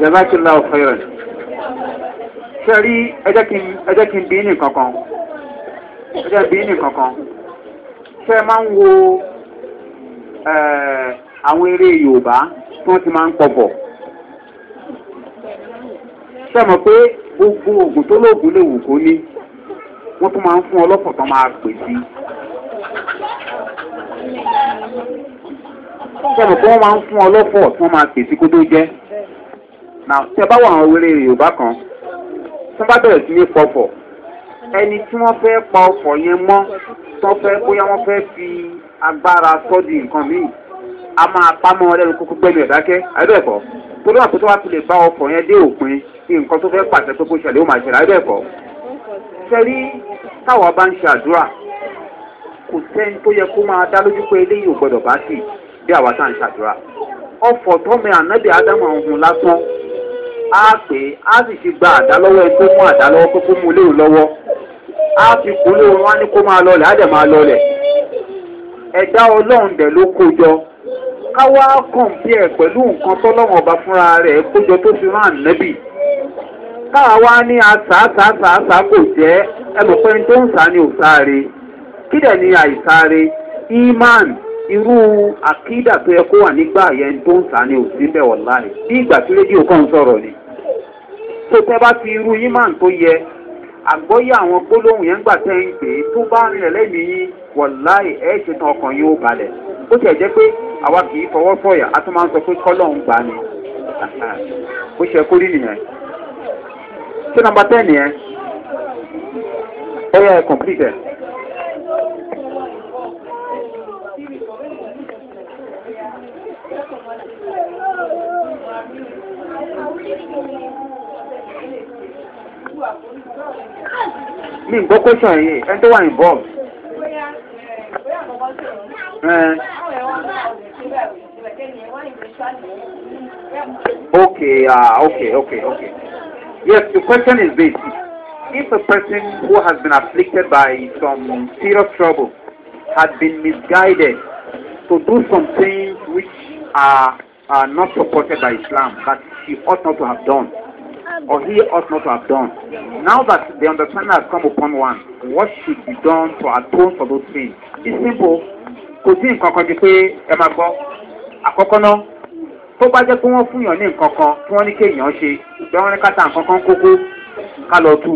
Jazakallah khairan. Sẹ́rí ẹjẹ́ kí n bí ní kankan. Ẹjẹ́ bí ní kankan. Ṣé ẹ máa ń wo àwọn eré Yorùbá tí wọ́n ti máa ń pọ̀ bọ̀? sẹ́mọ̀ pé gbogbo oògùn tó lóògùn lè wù kó ní wọ́n tún máa ń fún ọlọ́pọ̀ tó máa pè sí. sẹ́mọ̀ pé wọ́n máa ń fún ọlọ́pọ̀ tó máa pè sí kó tó jẹ́. tẹ bá wà àwọn wẹ́rẹ́ yorùbá kan tó bá bẹ̀rẹ̀ sí ní pọ̀pọ̀ ẹni tí wọ́n fẹ́ pa ọkọ̀ yẹn mọ́ tó fẹ́ bóyá wọ́n fẹ́ fi agbára sọ́ọ̀dì nǹkan míì a máa pamọ́ ọlẹ́nu kúkú gbẹ́nu ẹ̀dákẹ́ àbẹ́ẹ̀kọ́. torí tó wa ti lè bá ọkọ̀ yẹn dé òpin kí nǹkan tó fẹ́ pàṣẹ tó kó ṣẹlẹ̀ ó máa ṣẹlẹ̀ àbẹ̀kọ́. sẹ́rí táwa bá ń kò sẹ́ni tó yẹ kó máa dá lójú pé eléyìí ò gbọ́dọ̀ bá sì bí àwa tá à ń lásán á pè gba àdá lọwọ àdá pé kó mú léwu á fi kú á ní kó máa á máa jọ ká wá kọ̀m̀pì ẹ̀ pẹ̀lú nǹkan tọ́lọ́mọ̀ ọba fúnra rẹ̀ kójọ tó fi rán ànábì káwa wá ní àtàtàtàtà kò jẹ́ ẹlòpẹ́ tó ń sá ní òsáre kí dẹ̀ ní àìsáre iman irú àkídà tó yẹ kó wà nígbà yẹn tó ń sá ní òsínbẹ̀ ọ̀la rẹ̀ bí ìgbà tí rédíò kan sọ̀rọ̀ ni tó tẹ́ bá fi irú iman tó yẹ àgbọ́yé àwọn gbólóhùn yẹn gbà tẹ́ ń pè é tó bá ń rìn lẹ́mìí wọ̀láì ẹ̀ ọkàn yóò balẹ̀. bó tiẹ̀ jẹ́ pé àwa kì í fọwọ́ fọ̀yà a tún máa ń sọ pé kọ́lọ̀ ń gbà ni bó ṣe kórì nìyẹn ṣé nọmba ten yẹn ó yẹ ẹ complete mi n gbọ́ kóṣọ̀ yìí ẹni tó wà involved. Eh. Okay, uh, okay, okay, okay. Yes, the question is this. If a person who has been afflicted by some serious trouble had been misguided to do some things which are, are not supported by Islam, that she ought not to have done, or he ought not to have done, now that the understanding has come upon one, what should be done to atone for those things? ìsìnbò kò sí nǹkan kan ju pé ẹ máa gbọ́ àkọ́kọ́ náà tó bá jẹ́ pé wọ́n fún yàn ní nǹkan kan tí wọ́n ní kéèyàn ṣe ìgbà wọn ní káta nǹkan kan kókó ká lọ tú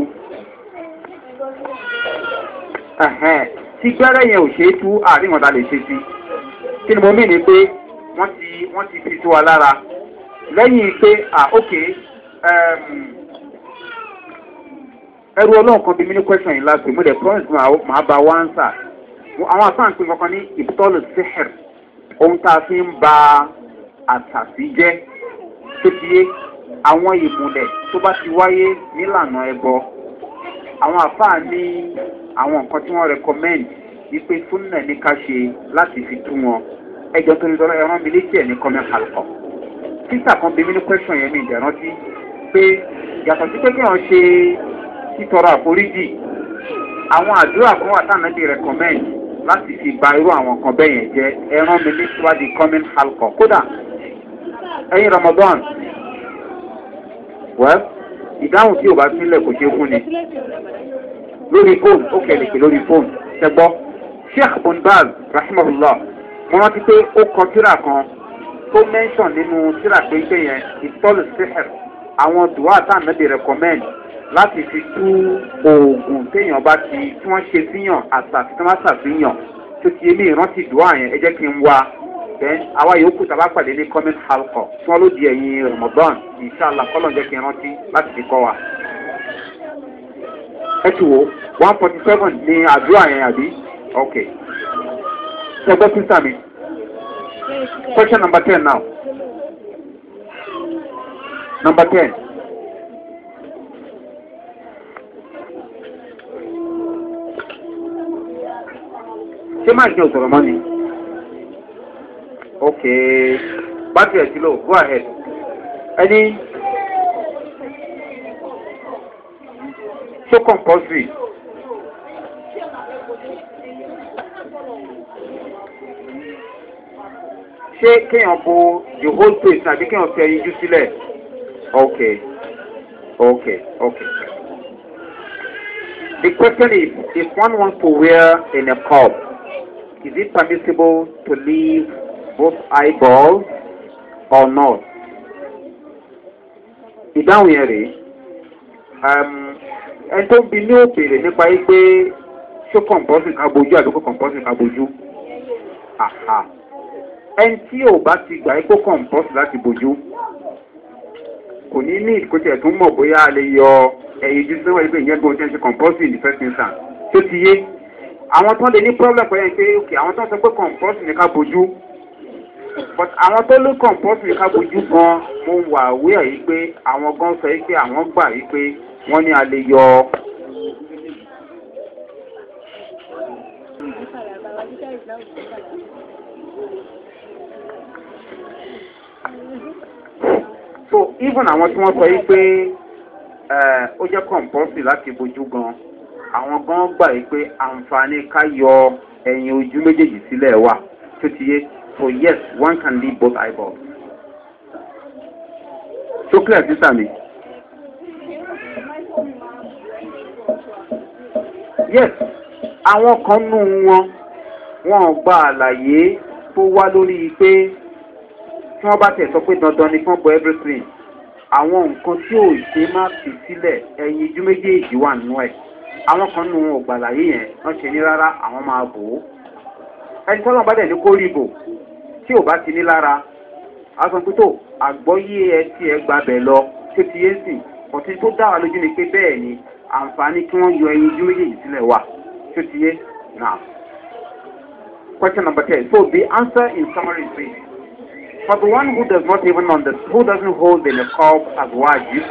tí gbẹ́rẹ́ yẹn ò ṣeé tú àárín ìwọ̀nba lè ṣe sí kí ni mo mí ni pé wọ́n ti wọ́n ti fi tú wa lára lẹ́yìn pé à ókè ẹrú ọlọ́run kan bí mi ní kwẹ́sàn yìí láti mo dẹ̀ promise màá bá wá ń sà àwọn àtàn pé kankan ní ìtọ́lù sihir ohun tá a fi ń ba àtàfi jẹ́ tó ti yé àwọn ìmùlẹ̀ tó bá ti wáyé nílànà ẹbọ àwọn àfáà ní àwọn nǹkan tí wọ́n recommend wípé súnà ní ká ṣe láti fi tú wọn ẹjọ́ tó ní tọ́lá ẹran mi létí ẹ̀ ní comment alcohol títà kan bí mi ní question yẹn ní ìdẹ̀rántí pé yàtọ̀ sí pé kí wọ́n ṣe títọrọ àforíjì àwọn àdúrà kan wà táwọn ẹbí recommend láti fi ba irú àwọn kan bẹ́ẹ̀ yẹn jẹ́ ẹran mi ní síwájú coming halkọ kódà ẹyin ramadan well ìdáhùn tí o bá sílẹ̀ kò ṣe fún ni lórí fóònù ó kẹlẹ̀ pé lórí fóònù ṣẹgbọ́ sheikh bonbaz rahimahullah mo rántí pé ó kọ tíra kan tó mẹ́ńsàn nínú tíra pé iṣẹ́ yẹn ìtọ́lù síhẹ̀r àwọn dùwà tá à ń mẹ́bí láti fi tú oògùn téèyàn bá ti tí wọ́n ṣe fíyàn àtàkì tí wọ́n ṣàfihàn tó ti ilé ìrántí ìdúrà yẹn ẹ jẹ́ kí n wá then àwa yòókù tá a bá pàdé ní comment halkọ tí wọ́n ló di ẹ̀yìn ramadan inshallah kọ́lọ̀ jẹ́ kí n rántí láti fi kọ́ wa. ẹ ti wo one forty seven ni àdúrà yẹn àbí ok ṣẹgbẹ́ sísá mi question number ten now number ten. ṣé máa ṣe òsòrò mọ́ ni. ok battery ẹ̀ ti lò go ahead. ẹni so compulsory. ṣé kéèyàn bo the whole place àbí kéèyàn fi ẹyin jú sílẹ̀ ok ok ok. The question is, if one wants to wear in a niqab, is it permissible to leave both eyeballs or not? Ìdáhùn yẹn rèé. Um, Ẹ tó bi ní òkèèrè nípa yí pé ṣó compulsion abojú àbí kò compulsion abojú. Ẹni tí ò bá ti gbà kó compulsion láti bojú. Kò ní ní ìkóṣẹ̀ tó mọ̀ bóyá a lè yọ ẹ̀yìn jù sínú ẹgbẹ́ ìyẹn gbọ́n tí wọ́n ṣe compulsion in the first instance. Ṣé ti yé? àwọn tó lè ní problem pẹ̀lú ẹ̀ ok àwọn tó sọ pé compost ní ká bójú but àwọn tó lé compost ní ká bójú gan mo wà wíyà yìí pé àwọn gan sọ yìí pé àwọn gbà yìí pé wọ́n ní a lè yọ. so even àwọn tí wọ́n sọ yìí pé eh, ó jẹ́ compost láti bójú gan àwọn gan gbà yìí pé àǹfààní ká yọ ẹ̀yìn ojú méjèèjì sílẹ̀ wà tó ti yé so yes one can leave both eyeballs. So clear sísà mi. yes àwọn kan nù wọn wọn gba àlàyé tó wá lórí pé tí wọ́n bá tẹ̀ sọ pé dandan ni kán bọ everything àwọn nǹkan tí ò ṣe má fi sílẹ̀ ẹ̀yin ojú méjèèjì wà nínú ẹ̀ àwọn kan nù ọ̀gbàlàyé yẹn wọ́n ṣe ní rárá àwọn máa bò ó ẹni tí wọ́n bá dẹ̀ ní kó rí bò tí ò bá ti ní lára asọ̀npútó àgbọ́yé ẹ tí ẹ gbabẹ̀ lọ tó ti yé sìn ọ̀tí tó dára lójú ni pé bẹ́ẹ̀ ni àǹfààní kí wọ́n yọ ẹyin ojú méjèèjì sílẹ̀ wà tó ti yé now question number ten so the answer in summary is this for the one who does not even understand who doesn't hold the niqab as wajib.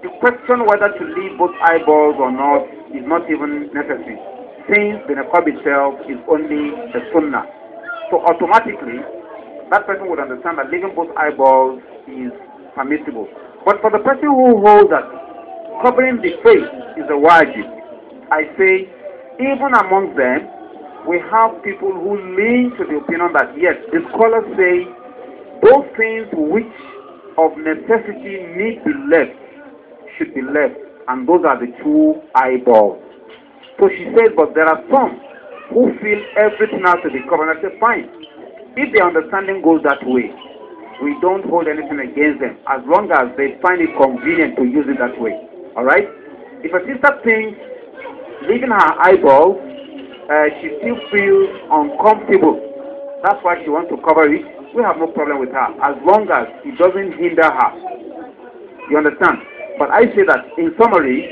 The question whether to leave both eyeballs or not is not even necessary, since the niqab itself is only a sunnah. So automatically, that person would understand that leaving both eyeballs is permissible. But for the person who holds that covering the face is a wajib, I say, even among them, we have people who lean to the opinion that yes, the scholars say those things which of necessity need be left should be left, and those are the two eyeballs. So she said, but there are some who feel everything has to be covered. I said, fine. If the understanding goes that way, we don't hold anything against them as long as they find it convenient to use it that way. All right? If a sister thinks leaving her eyeball, uh, she still feels uncomfortable. That's why she wants to cover it. We have no problem with her as long as it doesn't hinder her. You understand? But I say that in summary,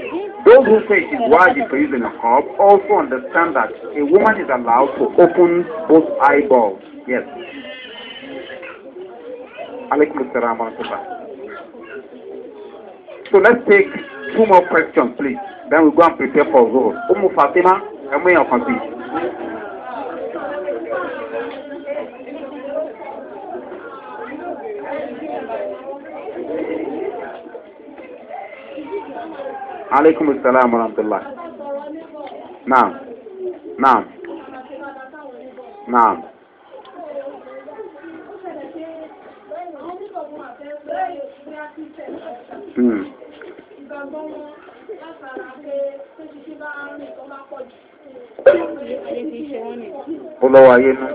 those who say it is wise to use a hub also understand that a woman is allowed to open both eyeballs. Yes. So let's take two more questions, please. Then we we'll go and prepare for Zohar. Umu Fatima, am I on aleykum salaam wa rahmatulah naam naam naam. Hmm. ó lọ́wọ́ ayé nú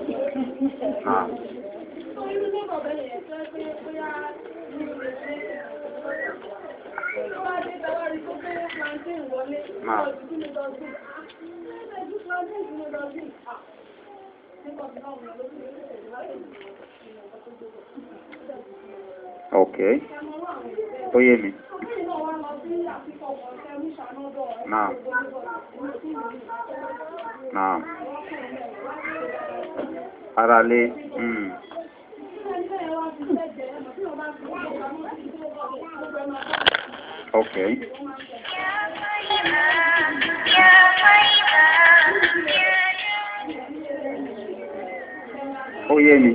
ok ó yé mi. náà ara lé. Mm. ok ó yé mi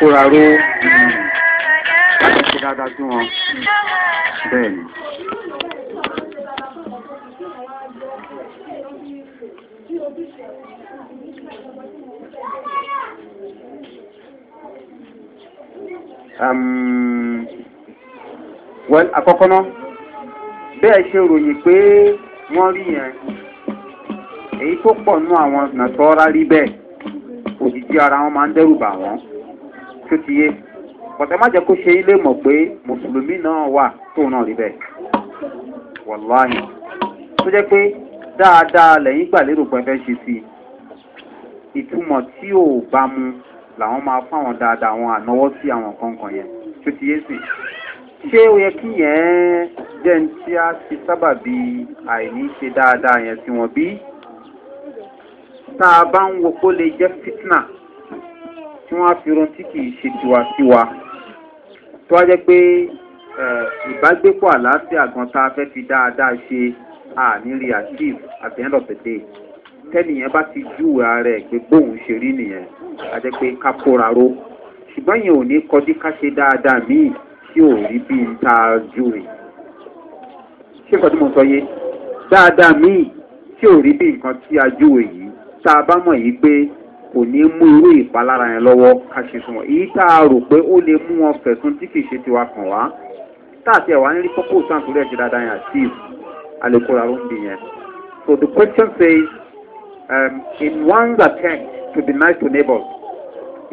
ró ṣe dáadáa sí wọn bẹ́ẹ̀ ni. Um well àkọ́kọ́ náà bẹ́ẹ̀ ṣe ròyìn pé wọ́n rí yẹn èyí tó pọ̀ nú àwọn nàtọ́ra rí bẹ́ẹ̀ òjijì ara wọn máa ń dẹ́rù bà wọ́n tó ti yé pọ̀tẹ́ má jẹ́ kó ṣe ilé mọ̀ pé mùsùlùmí náà wà tóun náà rí bẹ́ẹ̀ wàláhì tó jẹ́ pé dáadáa lẹ́yìn gbàlérò pé fẹ́ ṣe sí i ìtumọ̀ tí ò bá mu làwọn máa fún àwọn dáadáa àwọn ànáwọ́ sí àwọn kankan yẹn tó ti yé sí i ṣé ó yẹ kí yẹn jẹ́ ní tí a ṣe sábàbí àìní ṣe dáadáa yẹn sí wọn bí? tá a bá ń wo kó lè jẹ́ fitna tí wọ́n á fi ran tí kìí ṣe tiwa sí wa tó wá jẹ́ pé ìbágbépọ̀ àlàáfíà gan tá a fẹ́ fi dáadáa ṣe àníri achieve at the end of the day tẹ́nìyẹn bá ti júwe ara ẹ̀ pé bóun ṣe rí nìyẹn a jẹ́ pé ká ró ṣùgbọ́n yẹn ò ní kọjú ká ṣe dáadáa míì tí ò rí bí n ta júwe ṣé nǹkan mo sọ yé dáadáa míì tí ò rí bí nǹkan tí a júwe yìí tá a bá mọ̀ yìí pé kò ní mú irú ìpalára yẹn lọ́wọ́ ká ṣe sùn èyí tá a rò pé ó lè mú wọn fẹ̀sùn tí kìí ṣe tiwa kàn wá tá àti ẹ̀wà ń rí kókó sáǹtúrú ẹ̀ ṣe dáadáa yẹn àti àlékòrà ló ń bì yẹn. So the question says, um, in one attempt to be nice to neighbors,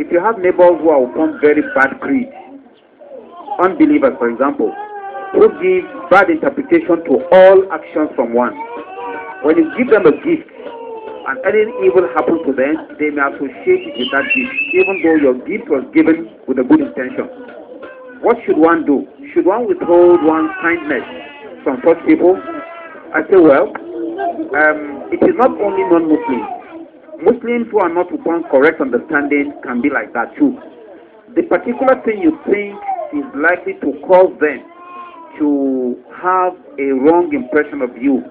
if you have neighbors who are upon very bad creed, unbelievers, for example, who give bad interpretation to all actions from one. When you give them a gift and anything evil happens to them, they may associate it with that gift, even though your gift was given with a good intention. What should one do? Should one withhold one's kindness from such people? I say, well, um, it is not only non Muslims. Muslims who are not upon correct understanding can be like that too. The particular thing you think is likely to cause them to have a wrong impression of you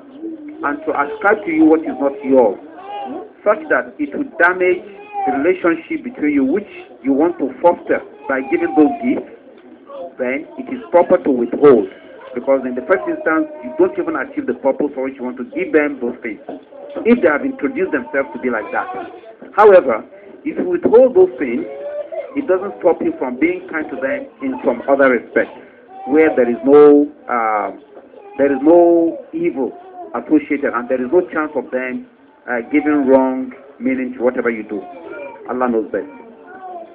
and to ascribe to you what is not yours, such that it would damage the relationship between you, which you want to foster by giving those gifts, then it is proper to withhold. Because in the first instance, you don't even achieve the purpose for which you want to give them those things, if they have introduced themselves to be like that. However, if you withhold those things, it doesn't stop you from being kind to them in some other respect, where there is no uh, there is no evil associated, and there is no chance of them uh, giving wrong meaning to whatever you do. Allah knows best.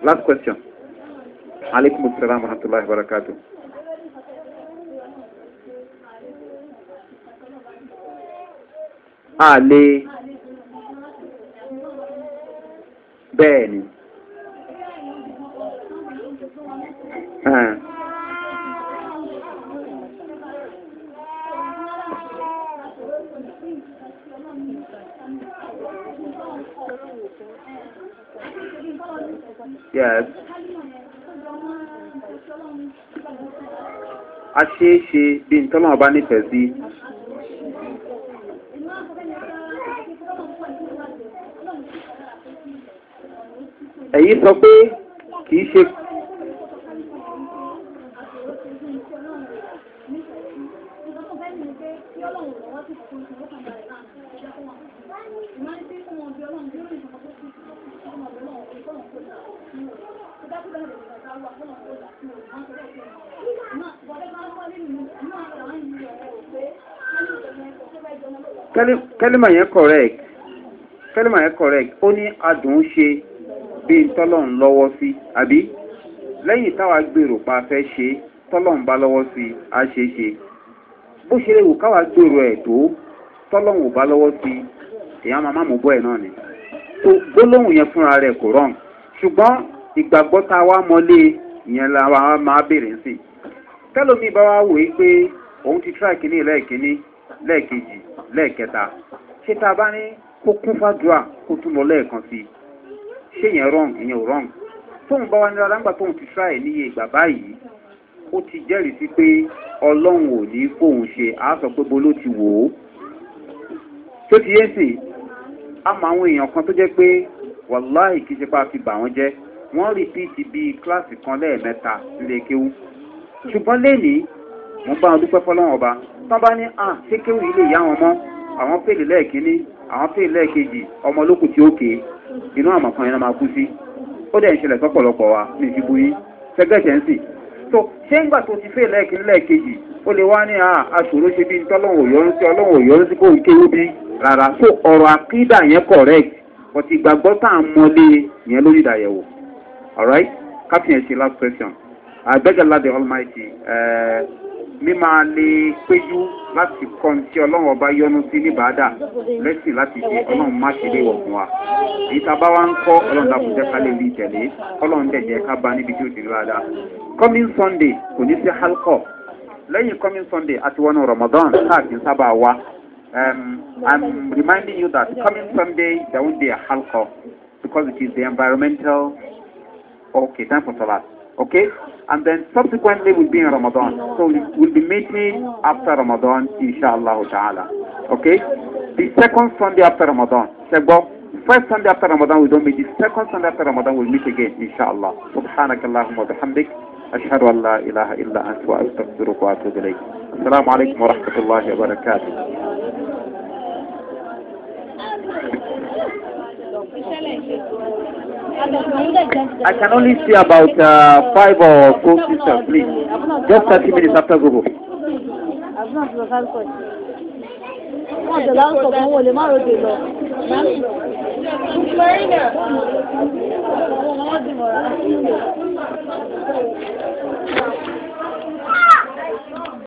Last question. assalam wa rahmatullahi wa barakatuh. Ali. Yes. A ṣe é ṣe bí n tọ́lọ́mọ bá nífẹ̀ẹ́ sí. Ẹ̀yin sọ pé kì ṣe kẹ́límà yẹn correct kẹ́límà yẹn correct ó ní adùn ṣe bí tọ́lọ̀n lọ́wọ́ sí àbí lẹ́yìn táwa gbèrò pa fẹ́ ṣe tọ́lọ̀n bá lọ́wọ́ sí a ṣe ṣe bó ṣe lè wò káwa gbèrò ẹ̀ tó tọ́lọ́hùn ò bá lọ́wọ́ sí èèyàn máa má mú bọ́ ẹ̀ náà ni tó gbólóhùn yẹn fúnra rẹ̀ kò rọrùn ṣùgbọ́n ìgbàgbọ́ tá wá mọ́lé ìyẹn la wa máa bèrè ń sìn tẹ́lómi bá wá wòye pé òun ti tíra ìkíní lẹ́ẹ̀kíní lẹ́ẹ̀kejì lẹ́ẹ̀kẹta ṣé tá a bá ní kó kún fàdúrà kó tún lọ lẹ́ẹ̀kan sí i ṣé yẹn wrong ìyẹn ò wrong tóun bá wá ní rárá tóun ti tíra ẹ̀ níye ìgbà báyìí ó ti jẹ́rìí sí pé ọlọ́run ò ní fóun ṣe á sọ pé bolo ti wò ó tó ti yé sìn á mọ àwọn èèyàn kan tó jẹ́ pé wàláì kì í ṣe pa fi bà wọ́n jẹ́ wọ́n rìpíìtì bíi kíláàsì kan lẹ́ẹ̀mẹ́ta nílé kéwú ṣùgbọ́n lénìí wọ́n bá wọn dúpẹ́ fọlọ́wọ́n ọba tán bá ní à ṣé kéwú yìí lè yá wọn mọ́ àwọn fèlè lẹ́ẹ̀kínní àwọn fèlè lẹ́ẹ̀kejì ọmọ olókùn tí ó ké inú àmọ̀kan yẹn máa kú sí ó dẹ̀ ń ṣẹlẹ̀ sọ́pọ̀lọpọ̀ wa ní ìṣubú yìí fẹ́gẹ́tẹ̀ ń sìn so ṣé ń gbà tó ti fẹ́ lẹ́ẹ̀kí lẹ́ẹ̀kejì ó lè wá ní àṣòro ṣe bí tọ́lọ́wọ̀ yọrù sí ọlọ́wọ̀ yọrù sí kò ń kéwú bí rárá so ọ̀rọ̀ àkídà yẹn correct but ìgbàgbọ́ tá à ń mọlé yẹn lórí ìdàyẹ̀wò alright captain ẹ̀ ṣe last question àgbẹ̀gẹ̀ ládẹ almighty ẹ̀ẹ́. Uh, eh, mímá lè péjú láti kọ́ tí ọlọ́run ọba yọnu sí níbàádà lẹ́sìn láti ṣe ọlọ́run má ṣe lè wọ̀ wa èyí tá a bá wá ń kọ́ ọlọ́run dàpọ̀ jẹ́ ká lè rí ìtẹ̀lé ọlọ́run dẹ̀ ká ba níbi tí ó ti rí dáadáa coming sunday kò ní sí halkọ lẹ́yìn coming sunday àti wọnú ramadan káàkiri sábà wá I'm reminding you that coming Sunday there won't be a halqa because it is the environmental. Okay, time for salat. Okay, and then subsequently will be in Ramadan. So we'll be meeting after Ramadan, inshallah ta'ala. Okay? The second Sunday after Ramadan. first Sunday after Ramadan we don't meet. The second Sunday after Ramadan we'll meet again, inshallah. سبحانك اللهم وبحمدك أشهد أن لا إله إلا أنت وأستغفرك وأتوب إليك. السلام عليكم ورحمة الله وبركاته. I can only see about uh, five or four sisters, please. Just 30 minutes after Google.